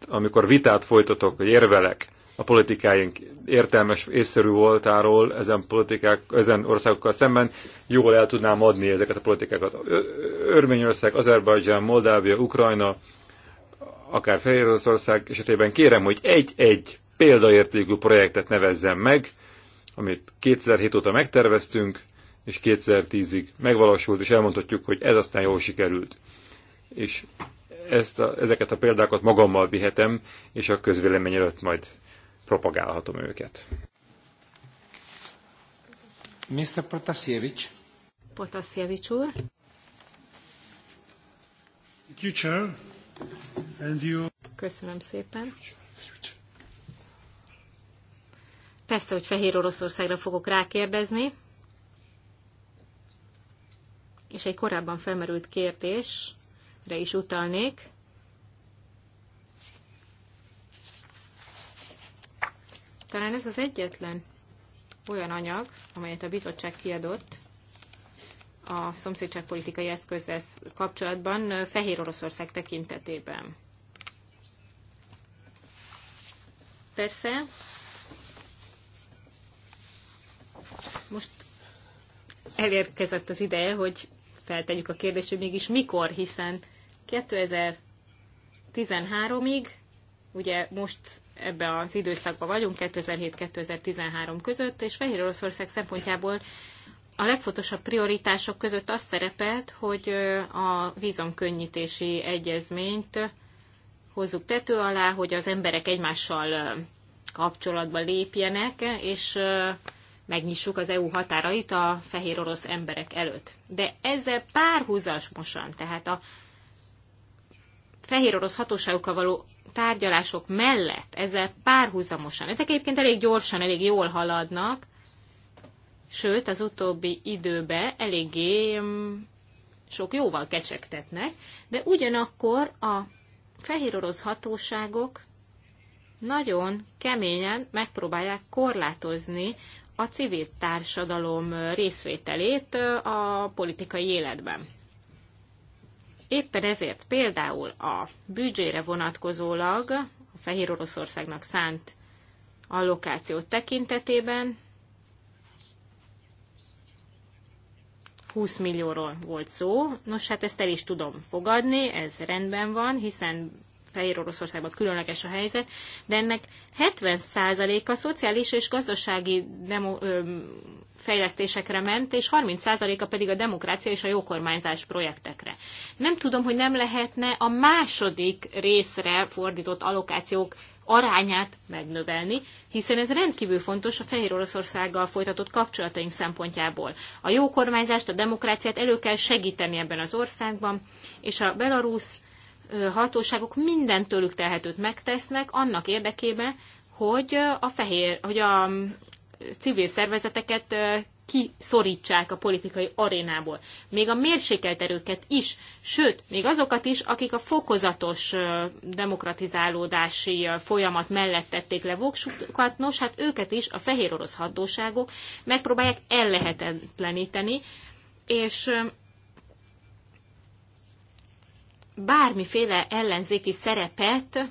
amikor vitát folytatok, vagy érvelek, a politikáink értelmes, észszerű voltáról ezen, politikák, ezen országokkal szemben jól el tudnám adni ezeket a politikákat. Örményország, Azerbajdzsán, Moldávia, Ukrajna, akár Fehéroroszország esetében kérem, hogy egy-egy példaértékű projektet nevezzem meg, amit 2007 óta megterveztünk, és 2010-ig megvalósult, és elmondhatjuk, hogy ez aztán jól sikerült. És ezt a, ezeket a példákat magammal vihetem, és a közvélemény előtt majd propagálhatom őket. Mr. Protasiewicz. Protasiewicz úr. Köszönöm szépen. Persze, hogy Fehér Oroszországra fogok rákérdezni. És egy korábban felmerült kérdésre is utalnék. Talán ez az egyetlen olyan anyag, amelyet a bizottság kiadott a szomszédságpolitikai eszközzel kapcsolatban Fehér Oroszország tekintetében. Persze, most elérkezett az ideje, hogy feltegyük a kérdést, hogy mégis mikor, hiszen 2013-ig, ugye most ebbe az időszakba vagyunk, 2007-2013 között, és Fehér Oroszország szempontjából a legfontosabb prioritások között az szerepelt, hogy a vízomkönnyítési egyezményt hozzuk tető alá, hogy az emberek egymással kapcsolatba lépjenek, és megnyissuk az EU határait a fehér orosz emberek előtt. De ezzel párhuzamosan, tehát a fehér orosz hatóságokkal való tárgyalások mellett, ezzel párhuzamosan, ezek egyébként elég gyorsan, elég jól haladnak, sőt az utóbbi időben eléggé mm, sok jóval kecsegtetnek, de ugyanakkor a fehér orosz hatóságok nagyon keményen megpróbálják korlátozni a civil társadalom részvételét a politikai életben. Éppen ezért például a büdzsére vonatkozólag a Fehér Oroszországnak szánt allokáció tekintetében 20 millióról volt szó. Nos, hát ezt el is tudom fogadni, ez rendben van, hiszen Fehér Oroszországban különleges a helyzet, de ennek 70% a szociális és gazdasági demo, ö, fejlesztésekre ment, és 30%-a pedig a demokrácia és a jókormányzás projektekre. Nem tudom, hogy nem lehetne a második részre fordított allokációk arányát megnövelni, hiszen ez rendkívül fontos a Fehér Oroszországgal folytatott kapcsolataink szempontjából. A jó kormányzást, a demokráciát elő kell segíteni ebben az országban, és a belarusz hatóságok minden tőlük telhetőt megtesznek annak érdekében, hogy a fehér, hogy a civil szervezeteket kiszorítsák a politikai arénából. Még a mérsékelt erőket is, sőt, még azokat is, akik a fokozatos demokratizálódási folyamat mellett tették le voksukat, nos, hát őket is a fehér orosz hatóságok megpróbálják ellehetetleníteni, és bármiféle ellenzéki szerepet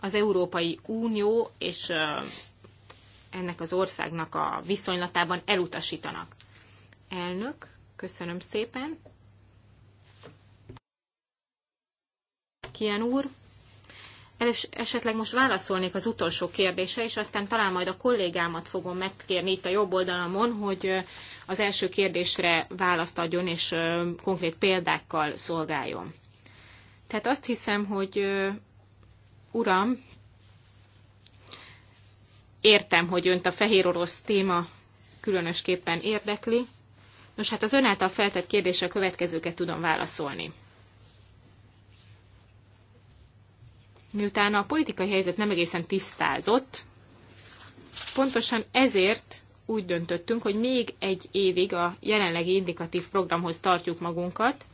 az Európai Unió és ennek az országnak a viszonylatában elutasítanak. Elnök, köszönöm szépen. Kien úr, és esetleg most válaszolnék az utolsó kérdése, és aztán talán majd a kollégámat fogom megkérni itt a jobb oldalamon, hogy az első kérdésre választ adjon, és konkrét példákkal szolgáljon. Tehát azt hiszem, hogy uram, értem, hogy önt a fehér orosz téma különösképpen érdekli. Nos, hát az ön által feltett kérdésre a következőket tudom válaszolni. Miután a politikai helyzet nem egészen tisztázott, pontosan ezért úgy döntöttünk, hogy még egy évig a jelenlegi indikatív programhoz tartjuk magunkat,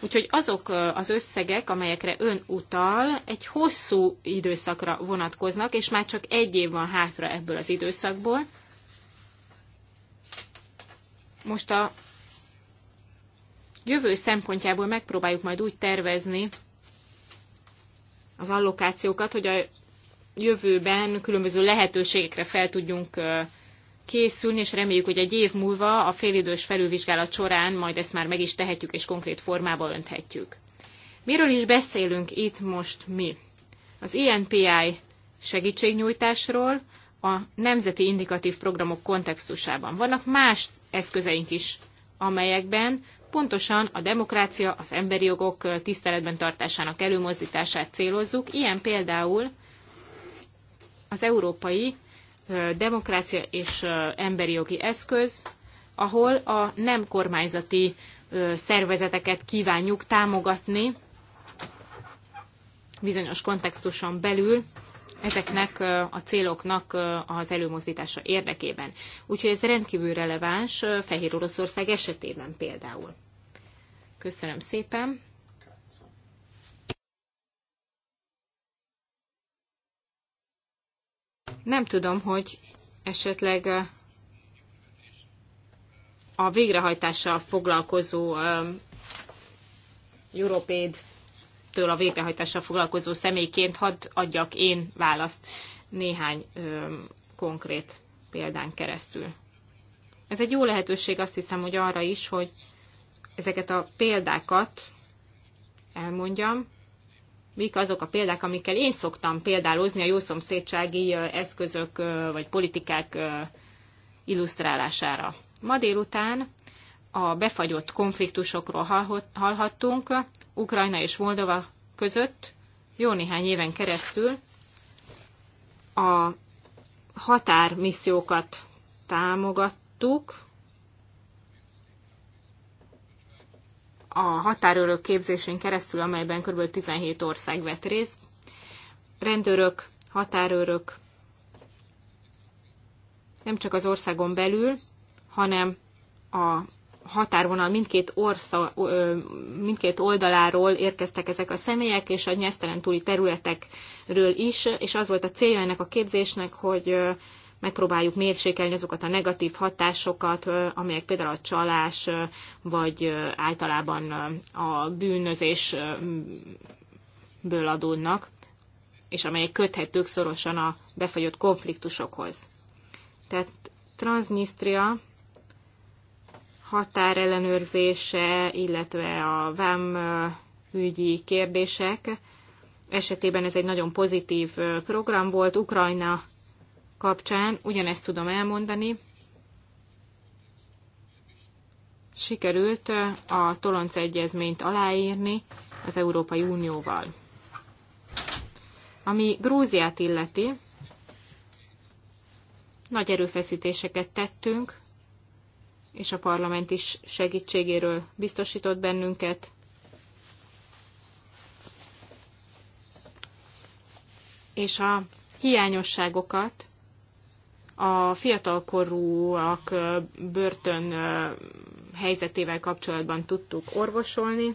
Úgyhogy azok az összegek, amelyekre ön utal, egy hosszú időszakra vonatkoznak, és már csak egy év van hátra ebből az időszakból. Most a jövő szempontjából megpróbáljuk majd úgy tervezni az allokációkat, hogy a jövőben különböző lehetőségekre fel tudjunk készülni, és reméljük, hogy egy év múlva a félidős felülvizsgálat során majd ezt már meg is tehetjük, és konkrét formába önthetjük. Miről is beszélünk itt most mi? Az INPI e segítségnyújtásról a nemzeti indikatív programok kontextusában. Vannak más eszközeink is, amelyekben pontosan a demokrácia, az emberi jogok tiszteletben tartásának előmozdítását célozzuk, ilyen például az Európai demokrácia és emberi jogi eszköz, ahol a nem kormányzati szervezeteket kívánjuk támogatni bizonyos kontextuson belül ezeknek a céloknak az előmozdítása érdekében. Úgyhogy ez rendkívül releváns Fehér Oroszország esetében például. Köszönöm szépen! Nem tudom, hogy esetleg a végrehajtással foglalkozó Európéd től a végrehajtással foglalkozó személyként hadd adjak én választ néhány konkrét példán keresztül. Ez egy jó lehetőség azt hiszem, hogy arra is, hogy ezeket a példákat elmondjam, mik azok a példák, amikkel én szoktam példálozni a jószomszédsági eszközök vagy politikák illusztrálására. Ma délután a befagyott konfliktusokról hallhattunk Ukrajna és Moldova között jó néhány éven keresztül a határmissziókat támogattuk, a határőrök képzésén keresztül, amelyben kb. 17 ország vett részt. Rendőrök, határőrök nem csak az országon belül, hanem a határvonal mindkét, orsza, mindkét oldaláról érkeztek ezek a személyek, és a nyesztelen túli területekről is, és az volt a célja ennek a képzésnek, hogy megpróbáljuk mérsékelni azokat a negatív hatásokat, amelyek például a csalás, vagy általában a bűnözésből adódnak, és amelyek köthetők szorosan a befagyott konfliktusokhoz. Tehát Transnistria határellenőrzése, illetve a VAM ügyi kérdések esetében ez egy nagyon pozitív program volt. Ukrajna kapcsán ugyanezt tudom elmondani. Sikerült uh, a Tolonc egyezményt aláírni az Európai Unióval. Ami Grúziát illeti, nagy erőfeszítéseket tettünk, és a parlament is segítségéről biztosított bennünket. És a hiányosságokat a fiatalkorúak börtön helyzetével kapcsolatban tudtuk orvosolni.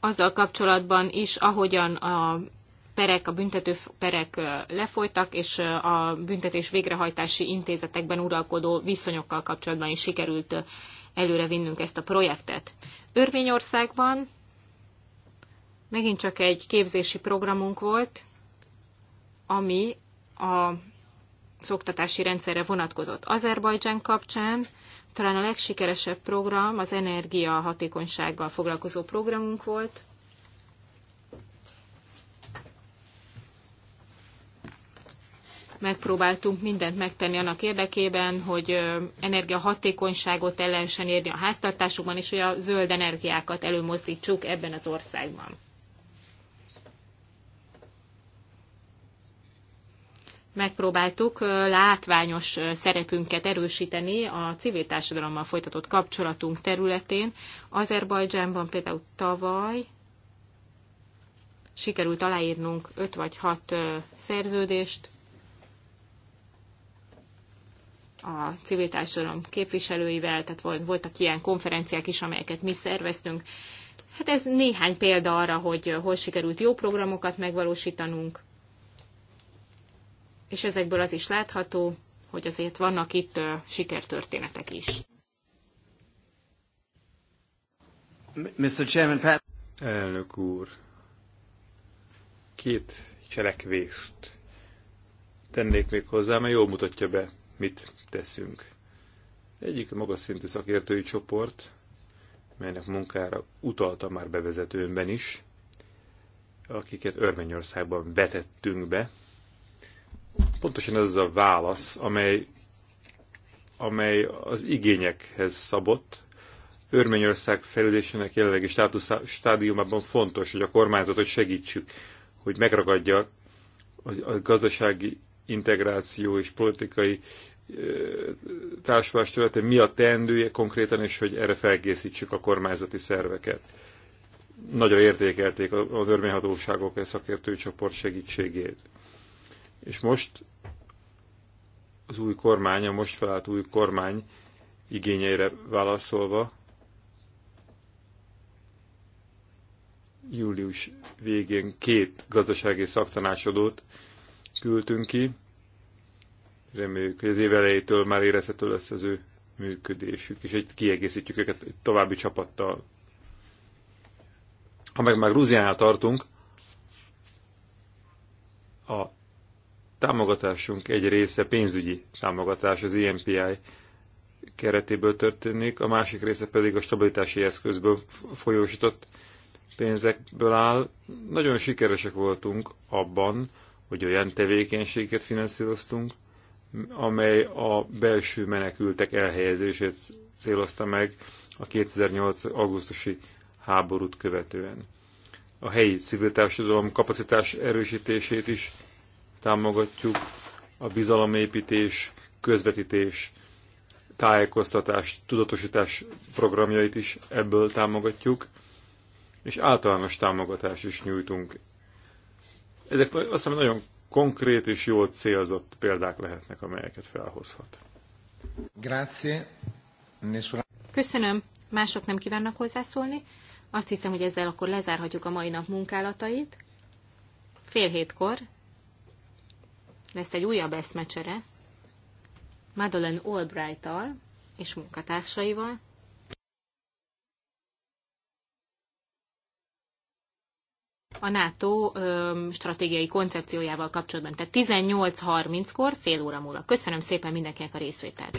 Azzal kapcsolatban is, ahogyan a perek, a büntető perek lefolytak, és a büntetés végrehajtási intézetekben uralkodó viszonyokkal kapcsolatban is sikerült előre vinnünk ezt a projektet. Örményországban Megint csak egy képzési programunk volt, ami a szoktatási rendszerre vonatkozott. Azerbajdzsán kapcsán talán a legsikeresebb program az energia hatékonysággal foglalkozó programunk volt. Megpróbáltunk mindent megtenni annak érdekében, hogy energiahatékonyságot el lehessen érni a háztartásokban, és hogy a zöld energiákat előmozdítsuk ebben az országban. megpróbáltuk látványos szerepünket erősíteni a civil társadalommal folytatott kapcsolatunk területén. Azerbajdzsánban például tavaly sikerült aláírnunk 5 vagy 6 szerződést a civil társadalom képviselőivel, tehát voltak ilyen konferenciák is, amelyeket mi szerveztünk. Hát ez néhány példa arra, hogy hol sikerült jó programokat megvalósítanunk, és ezekből az is látható, hogy azért vannak itt sikertörténetek is. Mr. Chairman, Pat... Elnök úr, két cselekvést tennék még hozzá, mert jól mutatja be, mit teszünk. Egyik a magas szintű szakértői csoport, melynek munkára utalta már bevezetőmben is, akiket Örményországban vetettünk be, pontosan ez a válasz, amely, amely az igényekhez szabott. Örményország fejlődésének jelenlegi stádiumában fontos, hogy a kormányzatot segítsük, hogy megragadja a gazdasági integráció és politikai társulás területe mi a teendője konkrétan, és hogy erre felkészítsük a kormányzati szerveket. Nagyon értékelték az örményhatóságok és szakértői csoport segítségét és most az új kormány, a most felállt új kormány igényeire válaszolva július végén két gazdasági szaktanácsadót küldtünk ki. Reméljük, hogy az év elejétől már érezhető lesz az ő működésük, és egy kiegészítjük őket egy további csapattal. Ha meg már Grúziánál tartunk, a támogatásunk egy része pénzügyi támogatás az IMPI e keretéből történik, a másik része pedig a stabilitási eszközből folyósított pénzekből áll. Nagyon sikeresek voltunk abban, hogy olyan tevékenységet finanszíroztunk, amely a belső menekültek elhelyezését célozta meg a 2008. augusztusi háborút követően. A helyi civil társadalom kapacitás erősítését is támogatjuk a bizalomépítés, közvetítés, tájékoztatás, tudatosítás programjait is ebből támogatjuk, és általános támogatást is nyújtunk. Ezek azt hiszem nagyon konkrét és jól célzott példák lehetnek, amelyeket felhozhat. Grazie. Köszönöm. Mások nem kívánnak hozzászólni. Azt hiszem, hogy ezzel akkor lezárhatjuk a mai nap munkálatait. Fél hétkor lesz egy újabb eszmecsere Madeleine Albright-tal és munkatársaival, a NATO ö, stratégiai koncepciójával kapcsolatban. Tehát 18.30-kor, fél óra múlva. Köszönöm szépen mindenkinek a részvételt.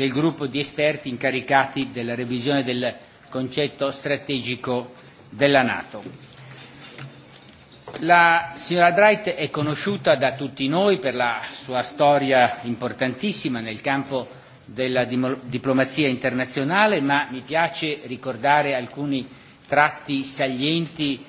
del gruppo di esperti incaricati della revisione del concetto strategico della Nato. La signora Bright è conosciuta da tutti noi per la sua storia importantissima nel campo della diplomazia internazionale, ma mi piace ricordare alcuni tratti salienti